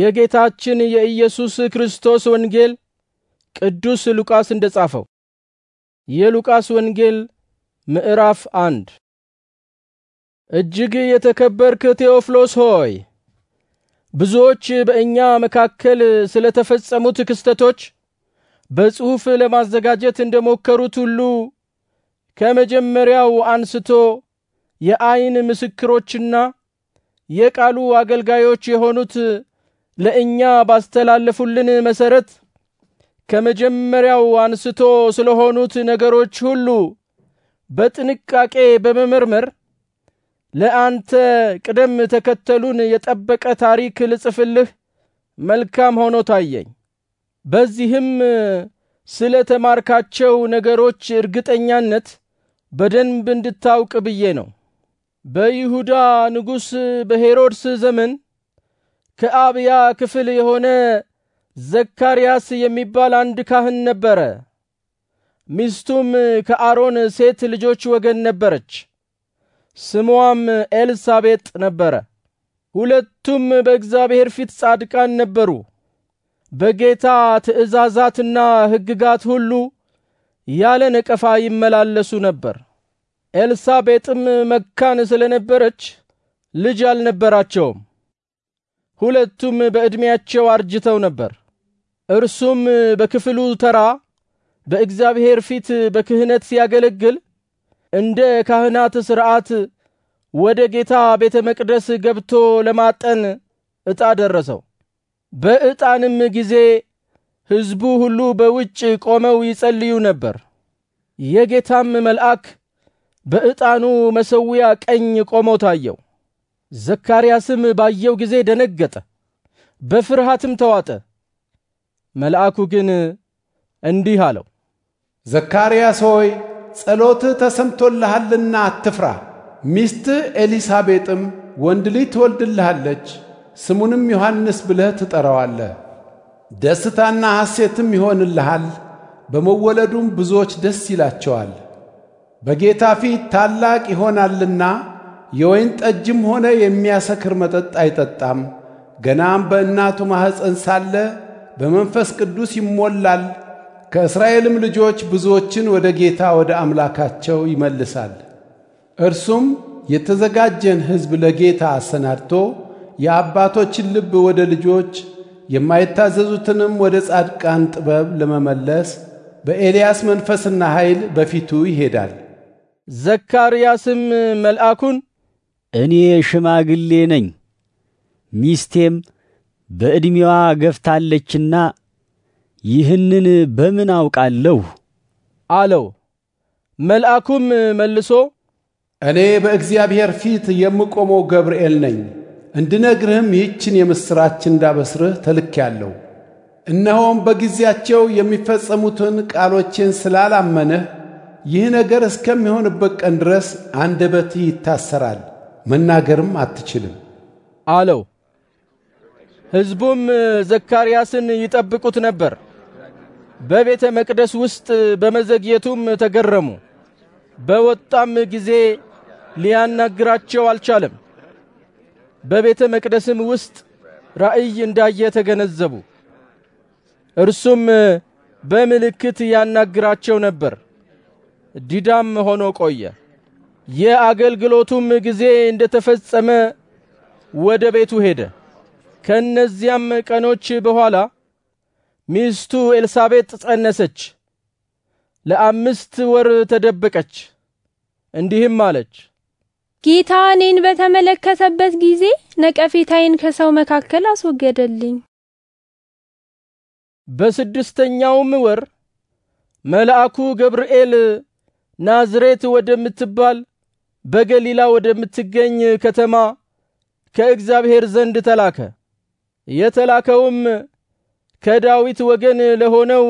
የጌታችን የኢየሱስ ክርስቶስ ወንጌል ቅዱስ ሉቃስ እንደ ጻፈው። የሉቃስ ወንጌል ምዕራፍ አንድ እጅግ የተከበርክ ቴዎፍሎስ ሆይ ብዙዎች በእኛ መካከል ስለተፈጸሙት ክስተቶች በጽሑፍ ለማዘጋጀት እንደሞከሩት ሁሉ ከመጀመሪያው አንስቶ የአይን ምስክሮችና የቃሉ አገልጋዮች የሆኑት ለእኛ ባስተላለፉልን መሰረት ከመጀመሪያው አንስቶ ስለሆኑት ነገሮች ሁሉ በጥንቃቄ በመመርመር ለአንተ ቅደም ተከተሉን የጠበቀ ታሪክ ልጽፍልህ መልካም ሆኖ ታየኝ። በዚህም ስለ ተማርካቸው ነገሮች እርግጠኛነት በደንብ እንድታውቅ ብዬ ነው። በይሁዳ ንጉሥ በሄሮድስ ዘመን ከአብያ ክፍል የሆነ ዘካርያስ የሚባል አንድ ካህን ነበረ። ሚስቱም ከአሮን ሴት ልጆች ወገን ነበረች። ስሟም ኤልሳቤጥ ነበረ። ሁለቱም በእግዚአብሔር ፊት ጻድቃን ነበሩ። በጌታ ትእዛዛትና ሕግጋት ሁሉ ያለ ነቀፋ ይመላለሱ ነበር። ኤልሳቤጥም መካን ስለነበረች ልጅ አልነበራቸውም። ሁለቱም በዕድሜያቸው አርጅተው ነበር። እርሱም በክፍሉ ተራ በእግዚአብሔር ፊት በክህነት ሲያገለግል እንደ ካህናት ሥርዓት ወደ ጌታ ቤተ መቅደስ ገብቶ ለማጠን ዕጣ ደረሰው። በዕጣንም ጊዜ ሕዝቡ ሁሉ በውጭ ቆመው ይጸልዩ ነበር። የጌታም መልአክ በዕጣኑ መሠዊያ ቀኝ ቆሞ ታየው። ዘካርያስም ባየው ጊዜ ደነገጠ፣ በፍርሃትም ተዋጠ። መልአኩ ግን እንዲህ አለው፣ ዘካርያስ ሆይ ጸሎት ተሰምቶልሃልና አትፍራ። ሚስት ኤሊሳቤጥም ወንድ ልጅ ትወልድልሃለች፣ ስሙንም ዮሐንስ ብለህ ትጠራዋለህ። ደስታና ሐሴትም ይሆንልሃል፣ በመወለዱም ብዙዎች ደስ ይላቸዋል። በጌታ ፊት ታላቅ ይሆናልና የወይን ጠጅም ሆነ የሚያሰክር መጠጥ አይጠጣም። ገናም በእናቱ ማኅፀን ሳለ በመንፈስ ቅዱስ ይሞላል። ከእስራኤልም ልጆች ብዙዎችን ወደ ጌታ ወደ አምላካቸው ይመልሳል። እርሱም የተዘጋጀን ሕዝብ ለጌታ አሰናድቶ የአባቶችን ልብ ወደ ልጆች የማይታዘዙትንም ወደ ጻድቃን ጥበብ ለመመለስ በኤልያስ መንፈስና ኃይል በፊቱ ይሄዳል። ዘካርያስም መልአኩን እኔ ሽማግሌ ነኝ፣ ሚስቴም በዕድሜዋ ገፍታለችና ይህንን በምን አውቃለሁ አለው። መልአኩም መልሶ እኔ በእግዚአብሔር ፊት የምቆመው ገብርኤል ነኝ። እንድነግርህም ይህችን የምሥራች እንዳበስርህ ተልኬአለሁ። እነሆም በጊዜያቸው የሚፈጸሙትን ቃሎቼን ስላላመነህ ይህ ነገር እስከሚሆንበት ቀን ድረስ አንደበትህ ይታሰራል። መናገርም አትችልም አለው። ሕዝቡም ዘካርያስን ይጠብቁት ነበር። በቤተ መቅደስ ውስጥ በመዘግየቱም ተገረሙ። በወጣም ጊዜ ሊያናግራቸው አልቻለም። በቤተ መቅደስም ውስጥ ራእይ እንዳየ ተገነዘቡ። እርሱም በምልክት ያናግራቸው ነበር። ዲዳም ሆኖ ቆየ። የአገልግሎቱም ጊዜ እንደተፈጸመ ወደ ቤቱ ሄደ። ከነዚያም ቀኖች በኋላ ሚስቱ ኤልሳቤጥ ጸነሰች፣ ለአምስት ወር ተደበቀች። እንዲህም አለች፣ ጌታ እኔን በተመለከተበት ጊዜ ነቀፌታዬን ከሰው መካከል አስወገደልኝ። በስድስተኛውም ወር መልአኩ ገብርኤል ናዝሬት ወደምትባል በገሊላ ወደምትገኝ ከተማ ከእግዚአብሔር ዘንድ ተላከ። የተላከውም ከዳዊት ወገን ለሆነው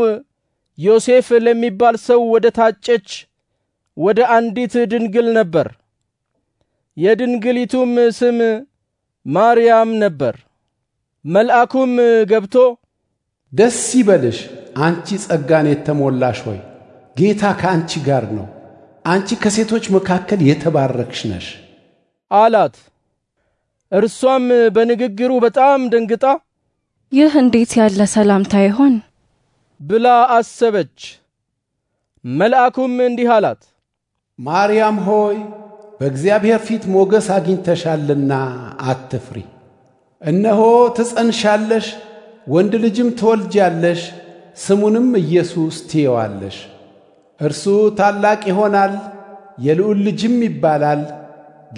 ዮሴፍ ለሚባል ሰው ወደ ታጨች ወደ አንዲት ድንግል ነበር። የድንግሊቱም ስም ማርያም ነበር። መልአኩም ገብቶ ደስ ይበልሽ አንቺ ጸጋን የተሞላሽ ሆይ ጌታ ከአንቺ ጋር ነው አንቺ ከሴቶች መካከል የተባረክሽ ነሽ አላት። እርሷም በንግግሩ በጣም ደንግጣ ይህ እንዴት ያለ ሰላምታ ይሆን ብላ አሰበች። መልአኩም እንዲህ አላት፣ ማርያም ሆይ በእግዚአብሔር ፊት ሞገስ አግኝተሻልና አትፍሪ። እነሆ ትጸንሻለሽ፣ ወንድ ልጅም ትወልጃለሽ፣ ስሙንም ኢየሱስ ትየዋለሽ እርሱ ታላቅ ይሆናል፣ የልዑል ልጅም ይባላል።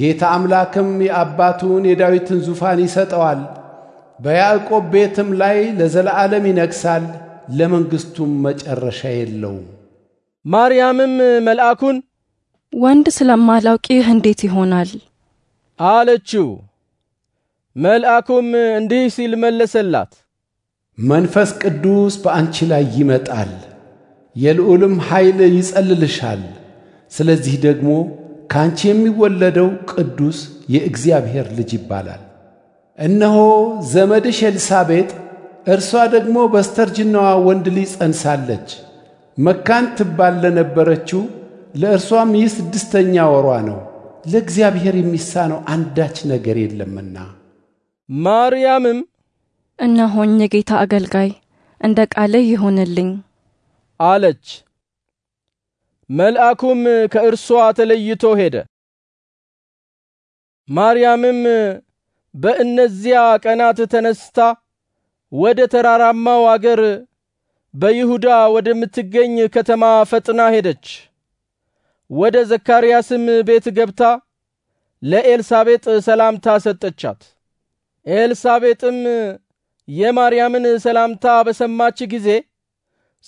ጌታ አምላክም የአባቱን የዳዊትን ዙፋን ይሰጠዋል። በያዕቆብ ቤትም ላይ ለዘለዓለም ይነግሣል፣ ለመንግሥቱም መጨረሻ የለውም። ማርያምም መልአኩን ወንድ ስለማላውቅህ እንዴት ይሆናል አለችው። መልአኩም እንዲህ ሲል መለሰላት፣ መንፈስ ቅዱስ በአንቺ ላይ ይመጣል የልዑልም ኃይል ይጸልልሻል። ስለዚህ ደግሞ ካንቺ የሚወለደው ቅዱስ የእግዚአብሔር ልጅ ይባላል። እነሆ ዘመድሽ ኤልሳቤጥ እርሷ ደግሞ በስተርጅናዋ ወንድ ልጅ ጸንሳለች። መካን ትባል ለነበረችው ለእርሷም ይህ ስድስተኛ ወሯ ነው። ለእግዚአብሔር የሚሳነው አንዳች ነገር የለምና። ማርያምም እነሆኝ የጌታ አገልጋይ፣ እንደ ቃልህ ይሁንልኝ አለች። መልአኩም ከእርሷ ተለይቶ ሄደ። ማርያምም በእነዚያ ቀናት ተነስታ ወደ ተራራማው አገር በይሁዳ ወደምትገኝ ከተማ ፈጥና ሄደች። ወደ ዘካርያስም ቤት ገብታ ለኤልሳቤጥ ሰላምታ ሰጠቻት። ኤልሳቤጥም የማርያምን ሰላምታ በሰማች ጊዜ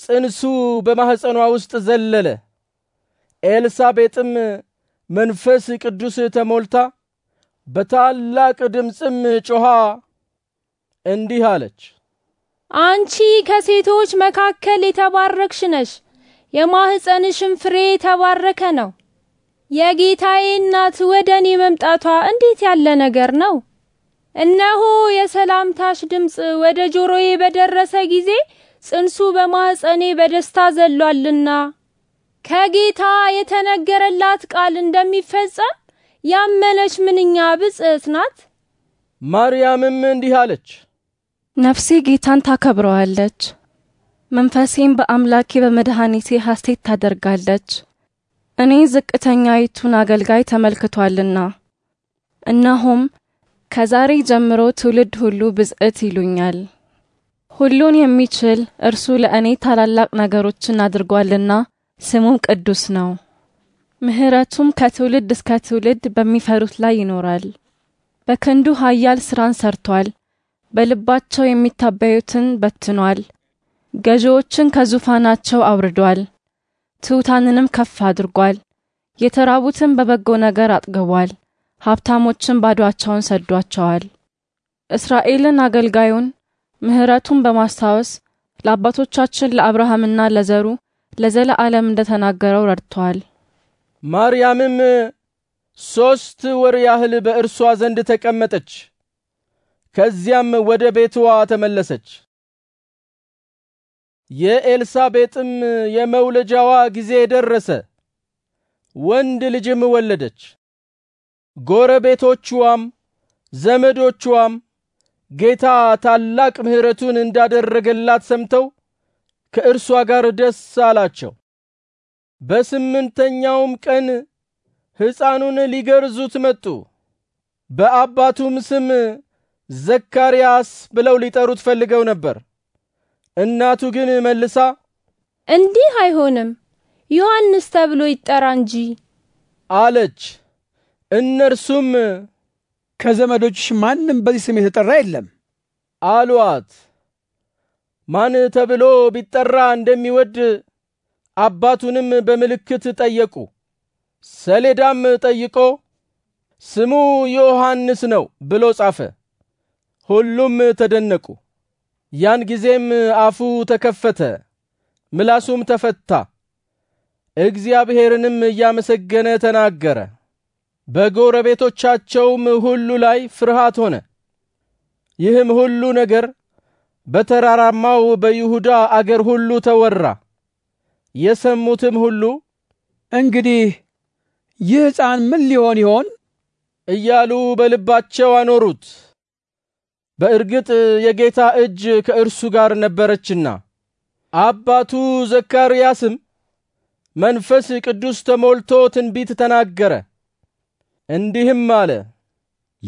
ጽንሱ በማኅፀኗ ውስጥ ዘለለ። ኤልሳቤጥም መንፈስ ቅዱስ ተሞልታ በታላቅ ድምፅም ጮኻ እንዲህ አለች፣ አንቺ ከሴቶች መካከል የተባረክሽ ነሽ፣ የማኅፀንሽም ፍሬ የተባረከ ነው። የጌታዬ እናት ወደ እኔ መምጣቷ እንዴት ያለ ነገር ነው! እነሆ የሰላምታሽ ድምፅ ወደ ጆሮዬ በደረሰ ጊዜ ጽንሱ በማኅፀኔ በደስታ ዘሏልና ከጌታ የተነገረላት ቃል እንደሚፈጸም ያመነች ምንኛ ብጽዕት ናት። ማርያምም እንዲህ አለች፣ ነፍሴ ጌታን ታከብረዋለች፣ መንፈሴም በአምላኬ በመድኃኒቴ ሐሴት ታደርጋለች። እኔ ዝቅተኛይቱን አገልጋይ ተመልክቷልና። እነሆም ከዛሬ ጀምሮ ትውልድ ሁሉ ብጽዕት ይሉኛል። ሁሉን የሚችል እርሱ ለእኔ ታላላቅ ነገሮችን አድርጓልና ስሙም ቅዱስ ነው። ምሕረቱም ከትውልድ እስከ ትውልድ በሚፈሩት ላይ ይኖራል። በክንዱ ኃያል ሥራን ሰርቷል። በልባቸው የሚታበዩትን በትኗል። ገዢዎችን ከዙፋናቸው አውርዷል። ትሑታንንም ከፍ አድርጓል። የተራቡትን በበጎ ነገር አጥግቧል። ሀብታሞችን ባዷቸውን ሰዷቸዋል። እስራኤልን አገልጋዩን ምሕረቱን በማስታወስ ለአባቶቻችን ለአብርሃምና ለዘሩ ለዘለ ዓለም እንደ ተናገረው ረድቷል። ማርያምም ሦስት ወር ያህል በእርሷ ዘንድ ተቀመጠች። ከዚያም ወደ ቤትዋ ተመለሰች። የኤልሳቤጥም የመውለጃዋ ጊዜ ደረሰ። ወንድ ልጅም ወለደች። ጎረቤቶችዋም ዘመዶችዋም ጌታ ታላቅ ምሕረቱን እንዳደረገላት ሰምተው ከእርሷ ጋር ደስ አላቸው። በስምንተኛውም ቀን ሕፃኑን ሊገርዙት መጡ። በአባቱም ስም ዘካርያስ ብለው ሊጠሩት ፈልገው ነበር። እናቱ ግን መልሳ እንዲህ አይሆንም፣ ዮሐንስ ተብሎ ይጠራ እንጂ አለች። እነርሱም ከዘመዶችሽ ማንም በዚህ ስም የተጠራ የለም አሏት። ማን ተብሎ ቢጠራ እንደሚወድ አባቱንም በምልክት ጠየቁ። ሰሌዳም ጠይቆ ስሙ ዮሐንስ ነው ብሎ ጻፈ። ሁሉም ተደነቁ። ያን ጊዜም አፉ ተከፈተ፣ ምላሱም ተፈታ፣ እግዚአብሔርንም እያመሰገነ ተናገረ። በጎረቤቶቻቸውም ሁሉ ላይ ፍርሃት ሆነ። ይህም ሁሉ ነገር በተራራማው በይሁዳ አገር ሁሉ ተወራ። የሰሙትም ሁሉ እንግዲህ ይህ ሕፃን ምን ሊሆን ይሆን እያሉ በልባቸው አኖሩት። በእርግጥ የጌታ እጅ ከእርሱ ጋር ነበረችና። አባቱ ዘካርያስም መንፈስ ቅዱስ ተሞልቶ ትንቢት ተናገረ። እንዲህም አለ፣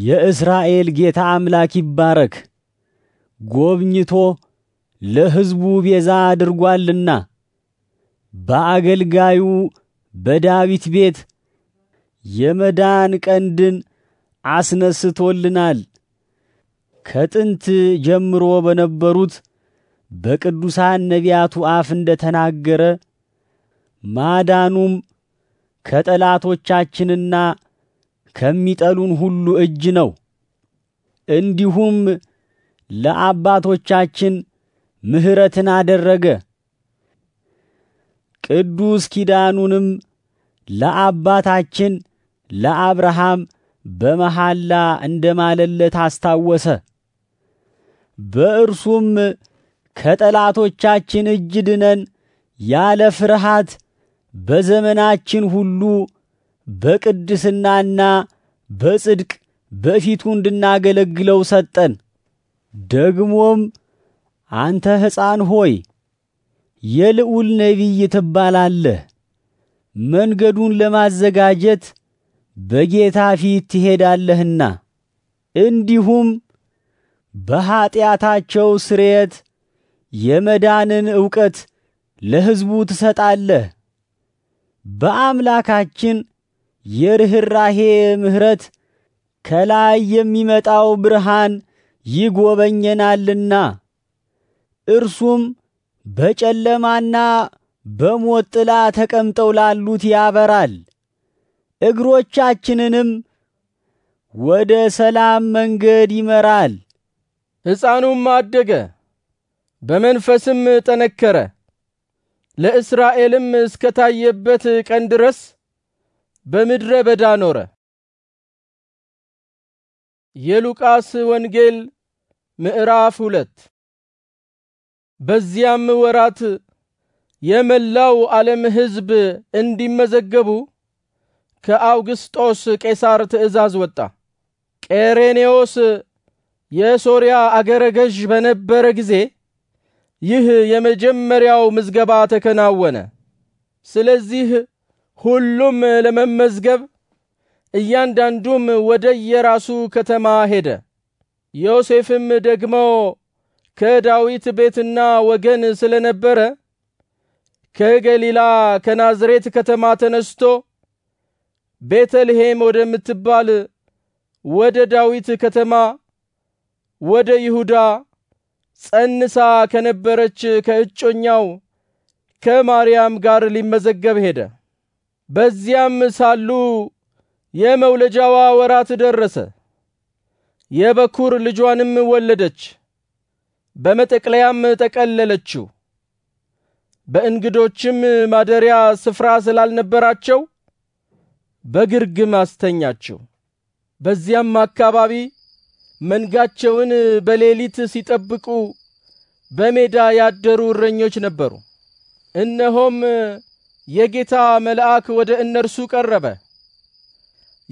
የእስራኤል ጌታ አምላክ ይባረክ፣ ጎብኝቶ ለሕዝቡ ቤዛ አድርጓልና በአገልጋዩ በዳዊት ቤት የመዳን ቀንድን አስነስቶልናል። ከጥንት ጀምሮ በነበሩት በቅዱሳን ነቢያቱ አፍ እንደ ተናገረ ማዳኑም ከጠላቶቻችንና ከሚጠሉን ሁሉ እጅ ነው። እንዲሁም ለአባቶቻችን ምሕረትን አደረገ፣ ቅዱስ ኪዳኑንም ለአባታችን ለአብርሃም በመሐላ እንደማለለት አስታወሰ። በእርሱም ከጠላቶቻችን እጅ ድነን ያለ ፍርሃት በዘመናችን ሁሉ በቅድስናና በጽድቅ በፊቱ እንድናገለግለው ሰጠን። ደግሞም አንተ ሕፃን ሆይ የልዑል ነቢይ ትባላለህ፣ መንገዱን ለማዘጋጀት በጌታ ፊት ትሄዳለህና እንዲሁም በኀጢአታቸው ስርየት የመዳንን ዕውቀት ለሕዝቡ ትሰጣለህ። በአምላካችን የርኅራሄ ምሕረት ከላይ የሚመጣው ብርሃን ይጎበኘናልና እርሱም በጨለማና በሞት ጥላ ተቀምጠው ላሉት ያበራል፣ እግሮቻችንንም ወደ ሰላም መንገድ ይመራል። ሕፃኑም አደገ፣ በመንፈስም ጠነከረ፣ ለእስራኤልም እስከታየበት ቀን ድረስ በምድረ በዳ ኖረ። የሉቃስ ወንጌል ምዕራፍ ሁለት በዚያም ወራት የመላው ዓለም ሕዝብ እንዲመዘገቡ ከአውግስጦስ ቄሳር ትእዛዝ ወጣ። ቄሬኔዎስ የሶርያ አገረ ገዥ በነበረ ጊዜ ይህ የመጀመሪያው ምዝገባ ተከናወነ። ስለዚህ ሁሉም ለመመዝገብ እያንዳንዱም ወደ የራሱ ከተማ ሄደ። ዮሴፍም ደግሞ ከዳዊት ቤትና ወገን ስለነበረ ከገሊላ ከናዝሬት ከተማ ተነስቶ ቤተልሔም ወደምትባል ወደ ዳዊት ከተማ ወደ ይሁዳ ጸንሳ ከነበረች ከእጮኛው ከማርያም ጋር ሊመዘገብ ሄደ። በዚያም ሳሉ የመውለጃዋ ወራት ደረሰ። የበኩር ልጇንም ወለደች፣ በመጠቅለያም ጠቀለለችው። በእንግዶችም ማደሪያ ስፍራ ስላልነበራቸው በግርግም አስተኛቸው። በዚያም አካባቢ መንጋቸውን በሌሊት ሲጠብቁ በሜዳ ያደሩ እረኞች ነበሩ። እነሆም የጌታ መልአክ ወደ እነርሱ ቀረበ።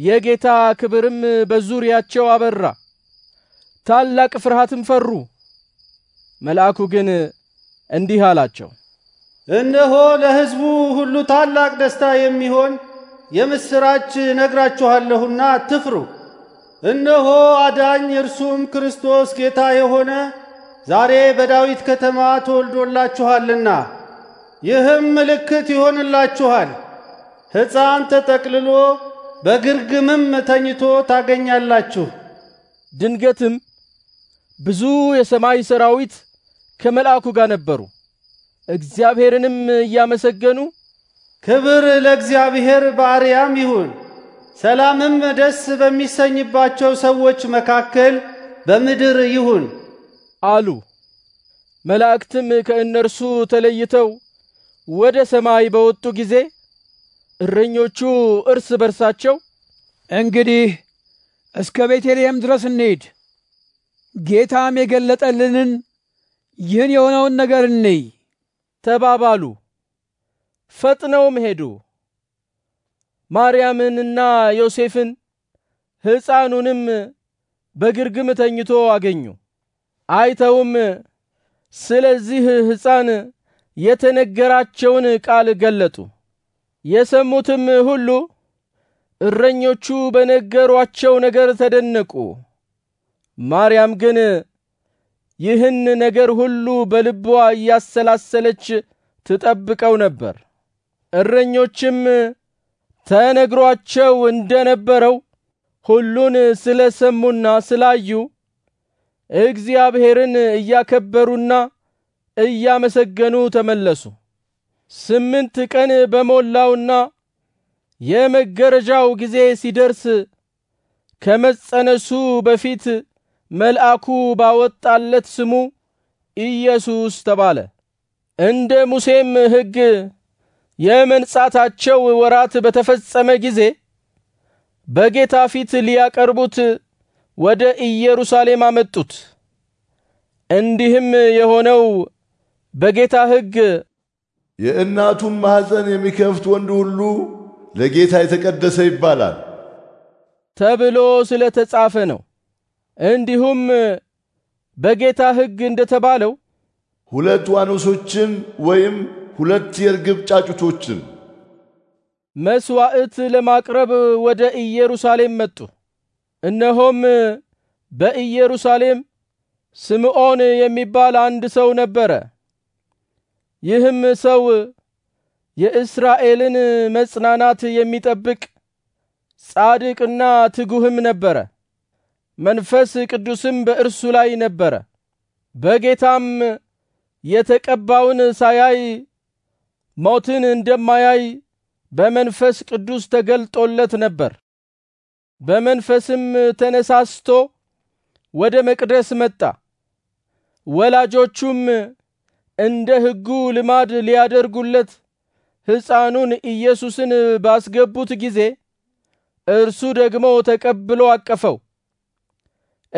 የጌታ ክብርም በዙሪያቸው አበራ። ታላቅ ፍርሃትም ፈሩ። መልአኩ ግን እንዲህ አላቸው፣ እነሆ ለሕዝቡ ሁሉ ታላቅ ደስታ የሚሆን የምስራች ነግራችኋለሁና ትፍሩ! እነሆ አዳኝ እርሱም ክርስቶስ ጌታ የሆነ ዛሬ በዳዊት ከተማ ተወልዶላችኋልና ይህም ምልክት ይሆንላችኋል፣ ሕፃን ተጠቅልሎ በግርግምም ተኝቶ ታገኛላችሁ። ድንገትም ብዙ የሰማይ ሰራዊት ከመልአኩ ጋር ነበሩ፣ እግዚአብሔርንም እያመሰገኑ ክብር ለእግዚአብሔር በአርያም ይሁን፣ ሰላምም ደስ በሚሰኝባቸው ሰዎች መካከል በምድር ይሁን አሉ። መላእክትም ከእነርሱ ተለይተው ወደ ሰማይ በወጡ ጊዜ እረኞቹ እርስ በርሳቸው እንግዲህ እስከ ቤተልሔም ድረስ እንሂድ፣ ጌታም የገለጠልንን ይህን የሆነውን ነገር እንይ ተባባሉ። ፈጥነውም ሄዱ። ማርያምንና ዮሴፍን ሕፃኑንም በግርግም ተኝቶ አገኙ። አይተውም ስለዚህ ሕፃን የተነገራቸውን ቃል ገለጡ። የሰሙትም ሁሉ እረኞቹ በነገሯቸው ነገር ተደነቁ። ማርያም ግን ይህን ነገር ሁሉ በልቧ እያሰላሰለች ትጠብቀው ነበር። እረኞችም ተነግሯቸው እንደነበረው ሁሉን ስለ ሰሙና ስላዩ እግዚአብሔርን እያከበሩና እያመሰገኑ ተመለሱ። ስምንት ቀን በሞላውና የመገረጃው ጊዜ ሲደርስ ከመጸነሱ በፊት መልአኩ ባወጣለት ስሙ ኢየሱስ ተባለ። እንደ ሙሴም ሕግ የመንጻታቸው ወራት በተፈጸመ ጊዜ በጌታ ፊት ሊያቀርቡት ወደ ኢየሩሳሌም አመጡት። እንዲህም የሆነው በጌታ ሕግ የእናቱን ማኅፀን የሚከፍት ወንድ ሁሉ ለጌታ የተቀደሰ ይባላል ተብሎ ስለ ተጻፈ ነው። እንዲሁም በጌታ ሕግ እንደተባለው ሁለት ዋኖሶችን ወይም ሁለት የርግብ ጫጩቶችን መስዋዕት ለማቅረብ ወደ ኢየሩሳሌም መጡ። እነሆም በኢየሩሳሌም ስምዖን የሚባል አንድ ሰው ነበረ። ይህም ሰው የእስራኤልን መጽናናት የሚጠብቅ ጻድቅና ትጉህም ነበረ። መንፈስ ቅዱስም በእርሱ ላይ ነበረ። በጌታም የተቀባውን ሳያይ ሞትን እንደማያይ በመንፈስ ቅዱስ ተገልጦለት ነበር። በመንፈስም ተነሳስቶ ወደ መቅደስ መጣ። ወላጆቹም እንደ ሕጉ ልማድ ሊያደርጉለት ሕፃኑን ኢየሱስን ባስገቡት ጊዜ እርሱ ደግሞ ተቀብሎ አቀፈው።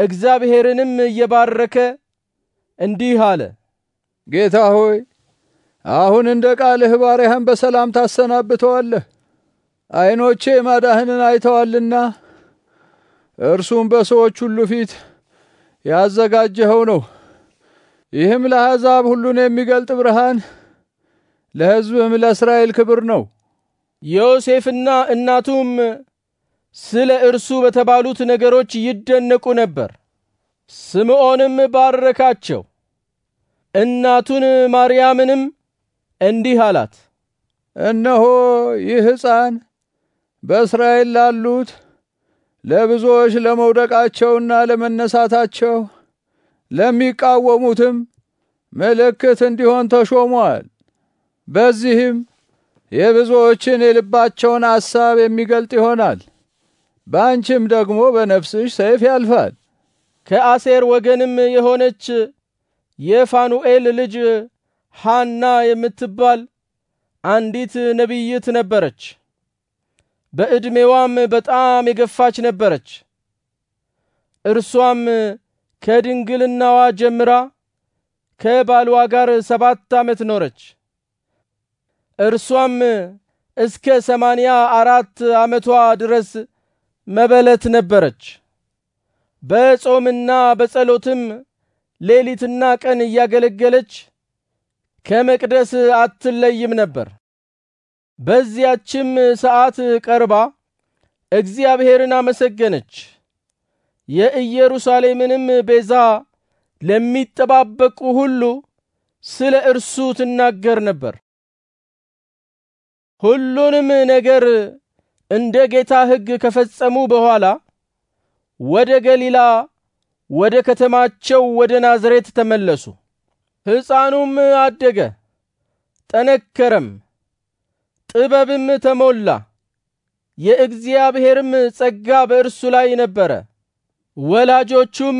እግዚአብሔርንም እየባረከ እንዲህ አለ፣ ጌታ ሆይ አሁን እንደ ቃልህ ባሪያህን በሰላም ታሰናብተዋለህ። ዐይኖቼ ማዳህንን አይተዋልና እርሱም በሰዎች ሁሉ ፊት ያዘጋጀኸው ነው። ይህም ለአሕዛብ ሁሉን የሚገልጥ ብርሃን፣ ለሕዝብም ለእስራኤል ክብር ነው። ዮሴፍና እናቱም ስለ እርሱ በተባሉት ነገሮች ይደነቁ ነበር። ስምዖንም ባረካቸው። እናቱን ማርያምንም እንዲህ አላት፣ እነሆ ይህ ሕፃን በእስራኤል ላሉት ለብዙዎች ለመውደቃቸውና ለመነሳታቸው ለሚቃወሙትም ምልክት እንዲሆን ተሾሟል። በዚህም የብዙዎችን የልባቸውን አሳብ የሚገልጥ ይሆናል። በአንቺም ደግሞ በነፍስሽ ሰይፍ ያልፋል። ከአሴር ወገንም የሆነች የፋኑኤል ልጅ ሃና የምትባል አንዲት ነቢይት ነበረች። በዕድሜዋም በጣም የገፋች ነበረች። እርሷም ከድንግልናዋ ጀምራ ከባልዋ ጋር ሰባት ዓመት ኖረች። እርሷም እስከ ሰማንያ አራት ዓመቷ ድረስ መበለት ነበረች። በጾምና በጸሎትም ሌሊትና ቀን እያገለገለች ከመቅደስ አትለይም ነበር። በዚያችም ሰዓት ቀርባ እግዚአብሔርን አመሰገነች። የኢየሩሳሌምንም ቤዛ ለሚጠባበቁ ሁሉ ስለ እርሱ ትናገር ነበር። ሁሉንም ነገር እንደ ጌታ ሕግ ከፈጸሙ በኋላ ወደ ገሊላ ወደ ከተማቸው ወደ ናዝሬት ተመለሱ። ሕፃኑም አደገ፣ ጠነከረም፣ ጥበብም ተሞላ፣ የእግዚአብሔርም ጸጋ በእርሱ ላይ ነበረ። ወላጆቹም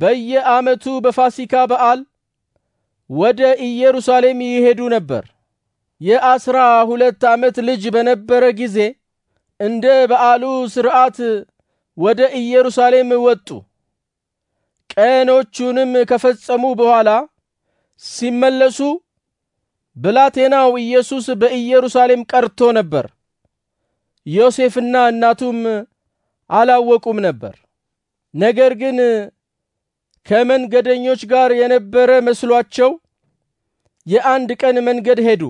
በየዓመቱ በፋሲካ በዓል ወደ ኢየሩሳሌም ይሄዱ ነበር። የአስራ ሁለት ዓመት ልጅ በነበረ ጊዜ እንደ በዓሉ ሥርዓት ወደ ኢየሩሳሌም ወጡ። ቀኖቹንም ከፈጸሙ በኋላ ሲመለሱ ብላቴናው ኢየሱስ በኢየሩሳሌም ቀርቶ ነበር። ዮሴፍና እናቱም አላወቁም ነበር። ነገር ግን ከመንገደኞች ጋር የነበረ መስሏቸው የአንድ ቀን መንገድ ሄዱ።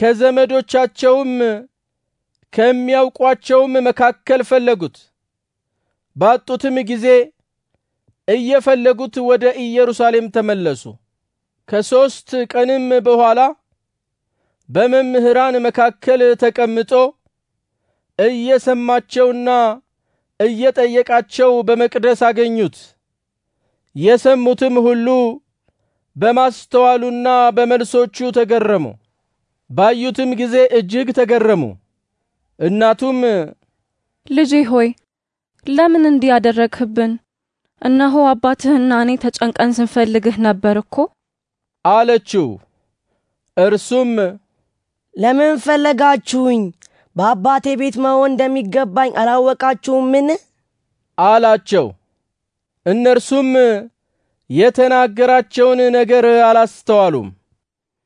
ከዘመዶቻቸውም ከሚያውቋቸውም መካከል ፈለጉት። ባጡትም ጊዜ እየፈለጉት ወደ ኢየሩሳሌም ተመለሱ። ከሶስት ቀንም በኋላ በመምህራን መካከል ተቀምጦ እየሰማቸውና እየጠየቃቸው በመቅደስ አገኙት። የሰሙትም ሁሉ በማስተዋሉና በመልሶቹ ተገረሙ። ባዩትም ጊዜ እጅግ ተገረሙ። እናቱም ልጄ ሆይ ለምን እንዲህ ያደረግህብን? እነሆ አባትህና እኔ ተጨንቀን ስንፈልግህ ነበር እኮ አለችው። እርሱም ለምን ፈለጋችሁኝ? በአባቴ ቤት መሆን እንደሚገባኝ አላወቃችሁምን? አላቸው። እነርሱም የተናገራቸውን ነገር አላስተዋሉም።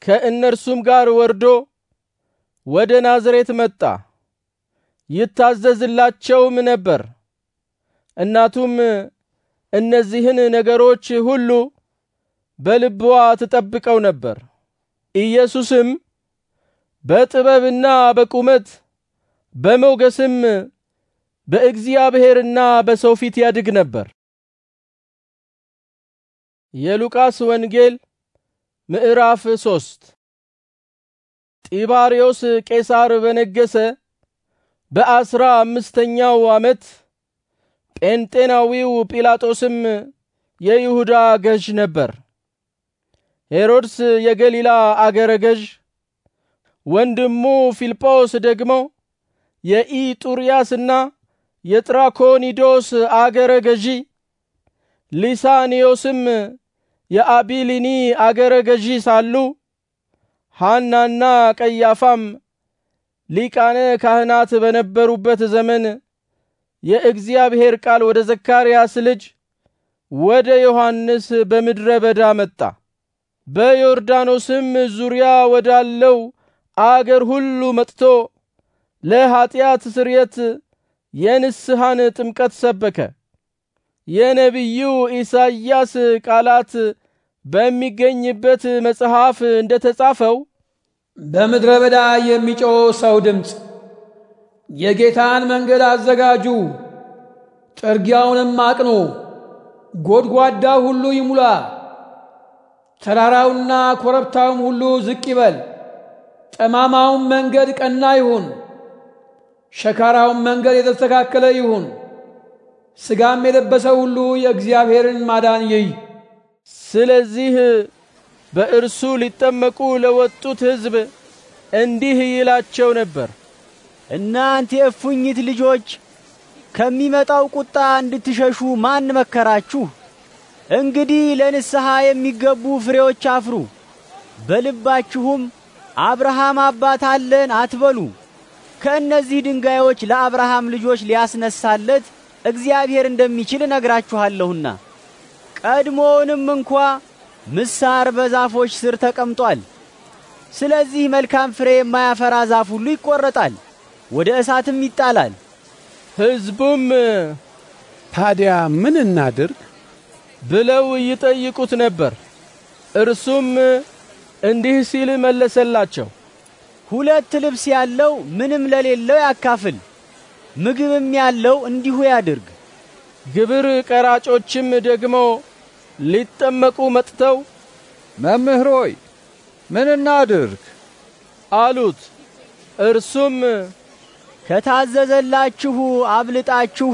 ከእነርሱም ጋር ወርዶ ወደ ናዝሬት መጣ። ይታዘዝላቸውም ነበር። እናቱም እነዚህን ነገሮች ሁሉ በልብዋ ትጠብቀው ነበር። ኢየሱስም በጥበብና በቁመት በሞገስም በእግዚአብሔርና በሰው ፊት ያድግ ነበር። የሉቃስ ወንጌል ምዕራፍ ሶስት ጢባርዮስ ቄሳር በነገሰ በአስራ አምስተኛው ዓመት ጴንጤናዊው ጲላጦስም የይሁዳ ገዥ ነበር። ሄሮድስ የገሊላ አገረ ገዥ፣ ወንድሙ ፊልጶስ ደግሞ የኢጡርያስና የጥራኮኒዶስ አገረ ገዢ ሊሳኒዮስም የአቢሊኒ አገረ ገዢ ሳሉ ሐናና ቀያፋም ሊቃነ ካህናት በነበሩበት ዘመን የእግዚአብሔር ቃል ወደ ዘካርያስ ልጅ ወደ ዮሐንስ በምድረ በዳ መጣ። በዮርዳኖስም ዙሪያ ወዳለው አገር ሁሉ መጥቶ ለኀጢአት ስርየት የንስሐን ጥምቀት ሰበከ። የነቢዩ ኢሳይያስ ቃላት በሚገኝበት መጽሐፍ እንደ ተጻፈው በምድረ በዳ የሚጮህ ሰው ድምፅ የጌታን መንገድ አዘጋጁ፣ ጥርጊያውንም አቅኑ፣ ጎድጓዳው ሁሉ ይሙላ፣ ተራራውና ኮረብታውም ሁሉ ዝቅ ይበል፣ ጠማማውም መንገድ ቀና ይሁን ሸካራውን መንገድ የተስተካከለ ይሁን፣ ሥጋም የለበሰ ሁሉ የእግዚአብሔርን ማዳን ይይ። ስለዚህ በእርሱ ሊጠመቁ ለወጡት ሕዝብ እንዲህ ይላቸው ነበር፣ እናንት የእፉኝት ልጆች ከሚመጣው ቁጣ እንድትሸሹ ማን መከራችሁ? እንግዲህ ለንስሐ የሚገቡ ፍሬዎች አፍሩ፣ በልባችሁም አብርሃም አባት አለን አትበሉ። ከእነዚህ ድንጋዮች ለአብርሃም ልጆች ሊያስነሳለት እግዚአብሔር እንደሚችል እነግራችኋለሁና ቀድሞውንም እንኳ ምሳር በዛፎች ስር ተቀምጧል። ስለዚህ መልካም ፍሬ የማያፈራ ዛፍ ሁሉ ይቆረጣል፣ ወደ እሳትም ይጣላል። ሕዝቡም ታዲያ ምን እናድርግ ብለው ይጠይቁት ነበር። እርሱም እንዲህ ሲል መለሰላቸው። ሁለት ልብስ ያለው ምንም ለሌለው ያካፍል፣ ምግብም ያለው እንዲሁ ያድርግ። ግብር ቀራጮችም ደግሞ ሊጠመቁ መጥተው መምህር ሆይ ምን እናድርግ አሉት። እርሱም ከታዘዘላችሁ አብልጣችሁ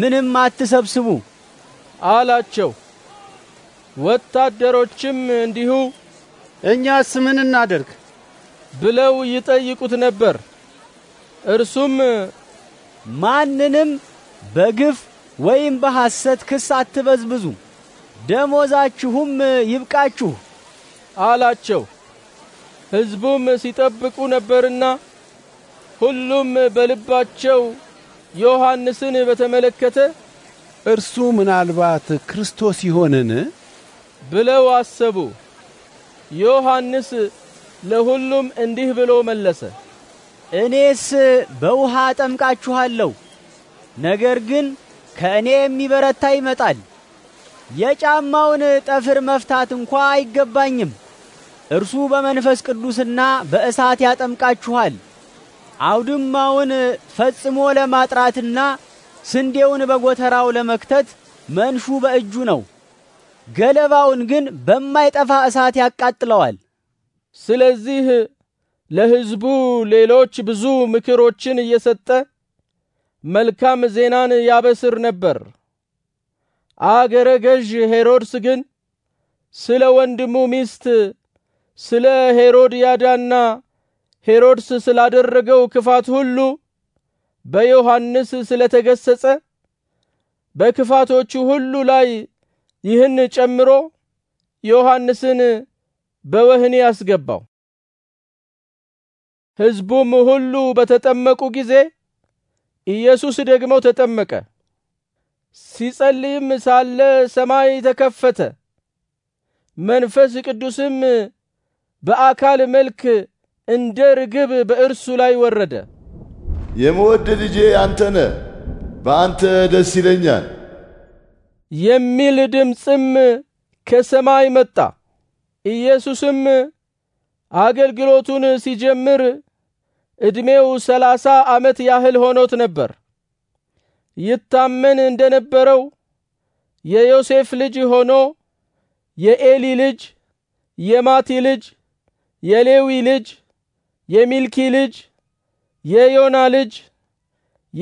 ምንም አትሰብስቡ አላቸው። ወታደሮችም እንዲሁ እኛስ ምን እናድርግ ብለው ይጠይቁት ነበር። እርሱም ማንንም በግፍ ወይም በሐሰት ክስ አትበዝብዙ፣ ደሞዛችሁም ይብቃችሁ አላቸው። ሕዝቡም ሲጠብቁ ነበርና ሁሉም በልባቸው ዮሐንስን በተመለከተ እርሱ ምናልባት ክርስቶስ ይሆንን ብለው አሰቡ። ዮሐንስ ለሁሉም እንዲህ ብሎ መለሰ። እኔስ በውሃ አጠምቃችኋለሁ፣ ነገር ግን ከእኔ የሚበረታ ይመጣል፣ የጫማውን ጠፍር መፍታት እንኳ አይገባኝም። እርሱ በመንፈስ ቅዱስና በእሳት ያጠምቃችኋል። አውድማውን ፈጽሞ ለማጥራትና ስንዴውን በጎተራው ለመክተት መንሹ በእጁ ነው፣ ገለባውን ግን በማይጠፋ እሳት ያቃጥለዋል። ስለዚህ ለሕዝቡ ሌሎች ብዙ ምክሮችን እየሰጠ መልካም ዜናን ያበስር ነበር። አገረ ገዥ ሄሮድስ ግን ስለ ወንድሙ ሚስት ስለ ሄሮድያዳና ሄሮድስ ስላደረገው ክፋት ሁሉ በዮሐንስ ስለተገሰጸ በክፋቶቹ ሁሉ ላይ ይህን ጨምሮ ዮሐንስን በወህኒ አስገባው። ሕዝቡም ሁሉ በተጠመቁ ጊዜ ኢየሱስ ደግሞ ተጠመቀ። ሲጸልይም ሳለ ሰማይ ተከፈተ፣ መንፈስ ቅዱስም በአካል መልክ እንደ ርግብ በእርሱ ላይ ወረደ። የምወድ ልጄ አንተነ በአንተ ደስ ይለኛል የሚል ድምፅም ከሰማይ መጣ። ኢየሱስም አገልግሎቱን ሲጀምር ዕድሜው ሰላሳ ዓመት ያህል ሆኖት ነበር። ይታመን እንደነበረው የዮሴፍ ልጅ ሆኖ የኤሊ ልጅ፣ የማቲ ልጅ፣ የሌዊ ልጅ፣ የሚልኪ ልጅ፣ የዮና ልጅ፣